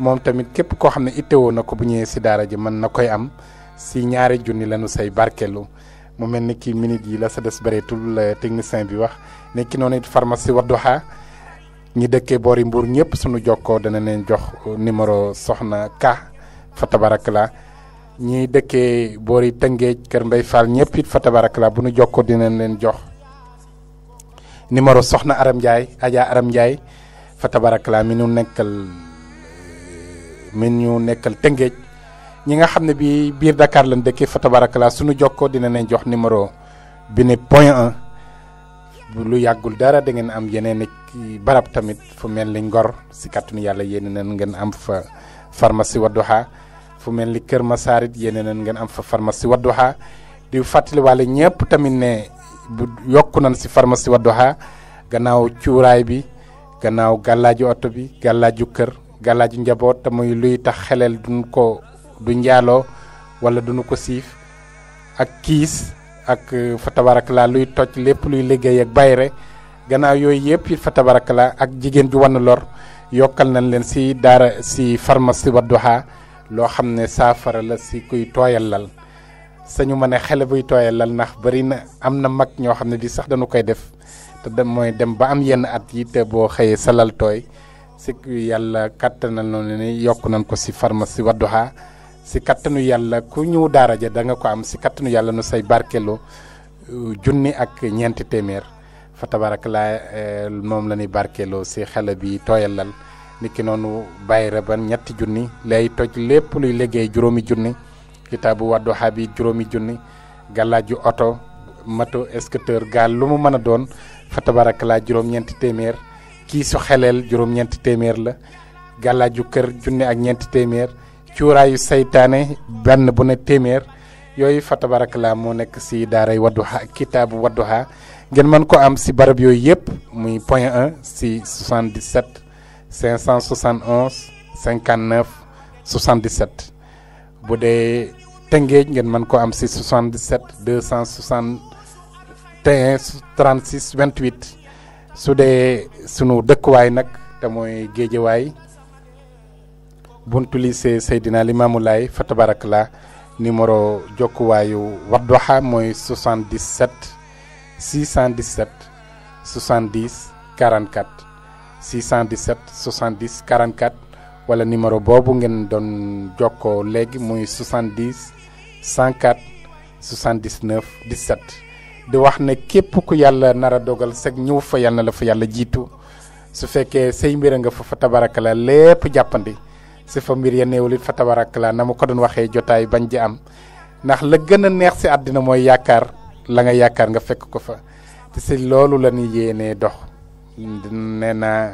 moom tamit képp koo xam ne itteewoo na bu ñëwee si daara ji mën na Momen am si ñaari junni lañu say barkeelu mu mel ki minute yi la sa des bëreetul la technicien bi wax nekki noonu it pharmacie Wadduha ñi dëkkee boori Mbour ñëpp suñu jokkoo dana leen jox uh, numéro soxna Ka fa tabarakalaa ñi dëkkee Kër Mbay ñëpp fa bu ñu leen jox numéro soxna Aram Ndiaye Adja Aram Ndiaye fa tabarakalaa mi nu nekkal min ñu nekkal Tëngéej ñi nga xam ne bii biir Dakar la dëkkee fa tabarakalaa suñu jokkoo dina leen jox numéro bi ne point 1 lu yàggul dara dangeen am yeneen barab tamit fu mel ni Ngor si kàttanu yàlla yéen neen ngeen am fa pharmacie Wadduha fu mel ni Kër Masaarit yéen ngeen am fa pharmacie di fàttaliwaale ñëpp tamit ne bu yokku nañ si pharmacie Wadduha gannaaw cuuraay bi gannaaw gàllaaju oto bi gàllaaju kër gàllaaju njaboot te muy luy tax xelel duñ ko du njaaloo wala duñu ko siif ak kiis ak euh, fa tabarakala luy toj lépp luy liggéey ak bayre gannaaw yooyu yëpp fa tabarakala ak jigéen ju wann lor yokkal nañ leen si daara si pharmacie Wadduha loo xam ne saafara la si kuy tooyal lal sañu ma ne xele buy tooyal lal ndax bari na am na mag ñoo xam ne di sax dañu koy def te dem mooy dem ba am yenn at yi te boo xëyee salal tooy si yàlla kattanal noonu ne yokk nañ ko si pharmacie Wadduha si kattanu yàlla ku ñëw daara ja danga ko am si kattanu yàlla nu say barkeloo euh, junni ak ñeenti téeméer fa tabarak laa euh, moom la ñuy barkeloo si xale bi tooyalal niki noonu bàyyira ban ñetti junni lay toj lépp luy liggéey juróomi junni kitaabu Wadduha bi juróomi junni galaaju oto mato scooter gaal lu mu mën a doon fa tabarak laa juróom ñeenti téeméer kii su xeleel juróom-ñeenti téeméer la gàllaaju kër junne ak ñeenti téeméer cuuraayu seytaane benn bu ne téeméer yooyu fa tabarakalaa moo nekk si daaray wadduha kitaabu wadduha ngeen mën ko am si barab yooyu yëpp muy point 1 si 77 571 59 77 bu dee tëngeej ngeen mën ko am si 77 261 36 28 su dee sunu dëkkuwaay nag te mooy géejawaay buntu lycée Seydina Limamou Laye fa la numéro jokkuwaayu Wadduha mooy 77 617 70 44 617 70 44 wala numéro boobu ngeen doon jokkoo léegi muy 70 104 79 17 di wax ne képp ku yàlla nar a dogal sag ñëw fa yàlla na la fa yàlla jiitu su fekkee say mbir nga fa fa tabaraka la lépp jàppandi si fa mbir ya néewul it fa tabaraka na ma ko doon waxee jotaay bañ ji am ndax la gën a neex si àddina mooy yaakaar la nga yaakaar nga fekk ko fa te si loolu la nu yéenee dox nee na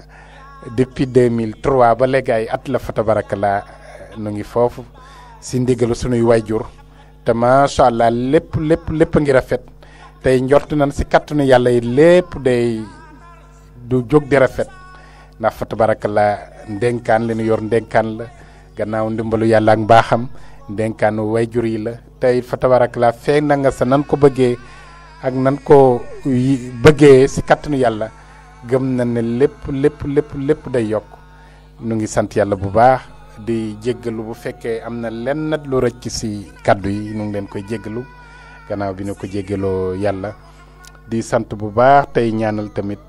mille 2003 ba léegi ay at la fa tabaraka nu ngi foofu si ndigalu sunuy wayjur te macha allah lépp lépp lépp ngi rafet. Tay njort nan si kattanu yalla yi day du jog di rafet na fa tabarakallah ndenkaan li nu yor ndenkaan la gannaaw ndimbalu yalla ak baxam ndenkaanu wayjur yi la tay fa tabarakallah fe na nga sa nan ko bëggee ak nan ko bëggee si kattanu yalla gëm na ne lepp lepp lepp lepp day yok nu ngi sant yalla bu baax di jéggalu bu fekkee am na lenn lu rëcc si kaddu yi nu ngi leen koy jéggalu gannaaw bi ñu ko jéggaloo yàlla di sant bu baax tey ñaanal tamit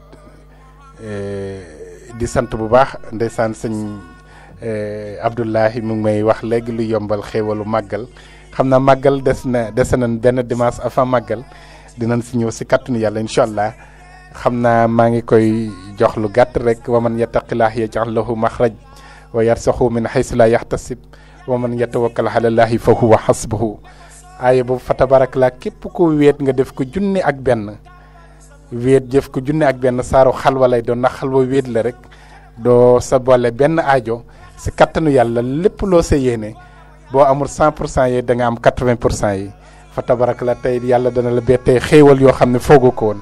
di sant bu baax ndeysaan sëñ Abdoulahi mu may wax léegi lu yombal xéewalu màggal xam naa màggal des na dese nañ benn dimanche avant màggal dinañ si ñëw si kàttanu yàlla incha allah xam naa maa ngi koy jox lu gàtt rek wa man yattaqillah yaj'al lahu maxraj wa yarsaxu min xaysu la yaxtasib wa man yatawakkal ala allahi fa huwa xasbuhu aaye boobu fa la kep ko wet nga def ko junne ak ben wet def ko junne ak ben saaru walay do na xal xalwa wet la rek do sa bolé ben aajo ci katanu yalla lepp lo sa yéene amul 100 ye da nga am 80 yi fa tabarak la tay yalla dana la bété xéewal yo xam fogo ko won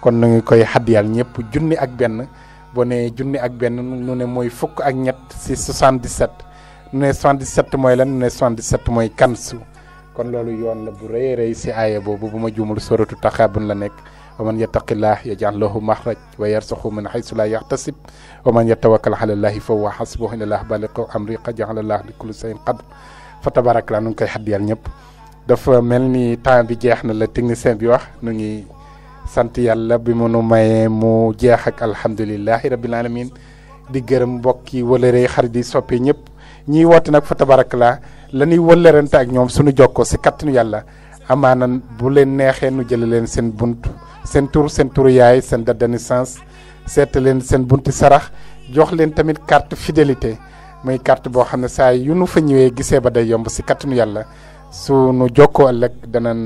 kon nga ngi koy yal ñepp junni ak ben bo ne junni ak ben nu ne moy fuk ak ñet si 77 nu ne 77 moy lan nu ne 77 moy kansu kon loolu yoon la bu rëy rëy si aaya boobu bu ma juumul soratu taxaabun la nekk wa man yattaqillaah yaj'al lahu makhraj wa yarsuxu min haythu la yahtasib wa man yatawakkal ala llaahi fa huwa xasbuhu inna llaaha baliq amri qad ja'ala llaahu li kulli shay'in qadr fa tabaaraka nu ngi koy xaddiyal ñëpp dafa mel ni temps bi jeex na la technicien bi wax nu ngi sant yàlla bi mu nu mayee mu jeex ak alhamdulilahi rabbil alamin di gërëm mbokki yi wala rëy xarit di soppi ñëpp ñiy woote nag fa tabaaraka la ñuy wëllërante ak ñoom suñu jokkoo si kattanu yàlla amaana bu leen neexee nu jële leen seen bunt seen tur seen turu yaay seen date de sance seet leen seen bunt sarax jox leen tamit carte fidélité mooy carte boo xam ne saa yu nu fa ñëwee gisee ba day yomb si kattanu yàlla su nu jokkoo ëllëg danañ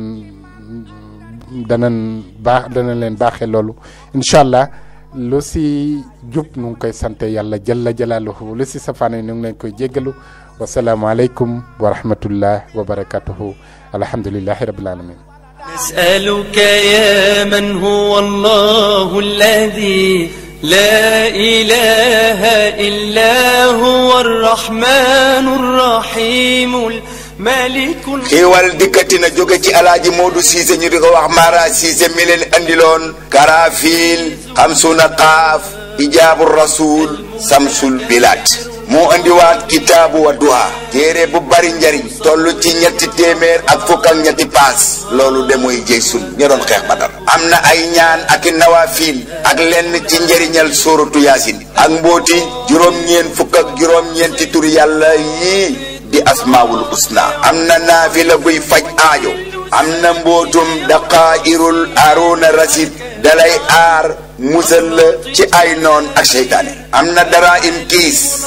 danañ baax danañ leen baaxee loolu incha allah lu si jub nu ngi koy sante yàlla jëlla jalaaluhu lu si safaane nu ngi leen koy jéggalu والسلام عليكم ورحمة الله وبركاته الحمد لله رب العالمين نسألك يا من هو الله الذي لا إله إلا هو الرحمن الرحيم الملك في والدكتنا جوجتي على جمود سيزن يرغو أحمارا سيزن ملين أندلون كرافيل خمسون قاف إجاب الرسول سمسول بلاد moo indiwaat kitaabu Wadduha téere bu bari njariñ toll ci ñetti téeméer ak fukk ak ñetti paas loolu de mooy jëy sun ña doon xeex Badar am na ay ñaan ak nawafiil ak lenn ci njariñal sóoratu yaasin ak mbóoti juróom-ñeen fukk ak juróom-ñeenti turi yàlla yii di asmaawul usna am na naafila buy faj aajo am na mbootum daqaayirul aruuna rasid dalay aar musal la ci ay noon ak seytaane am na dara im kiis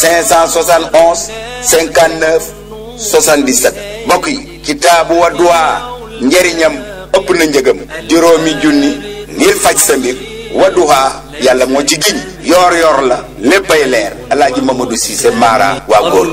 571 59 77 mbokk yi kitaabu Wadduha njëriñam ëpp na njëgam juróomi junni ngir faj sa mbir Wadduha yàlla moo ci giñ yoor yoor la léppay leer alaaji Mamadou Cissé Mara waa góor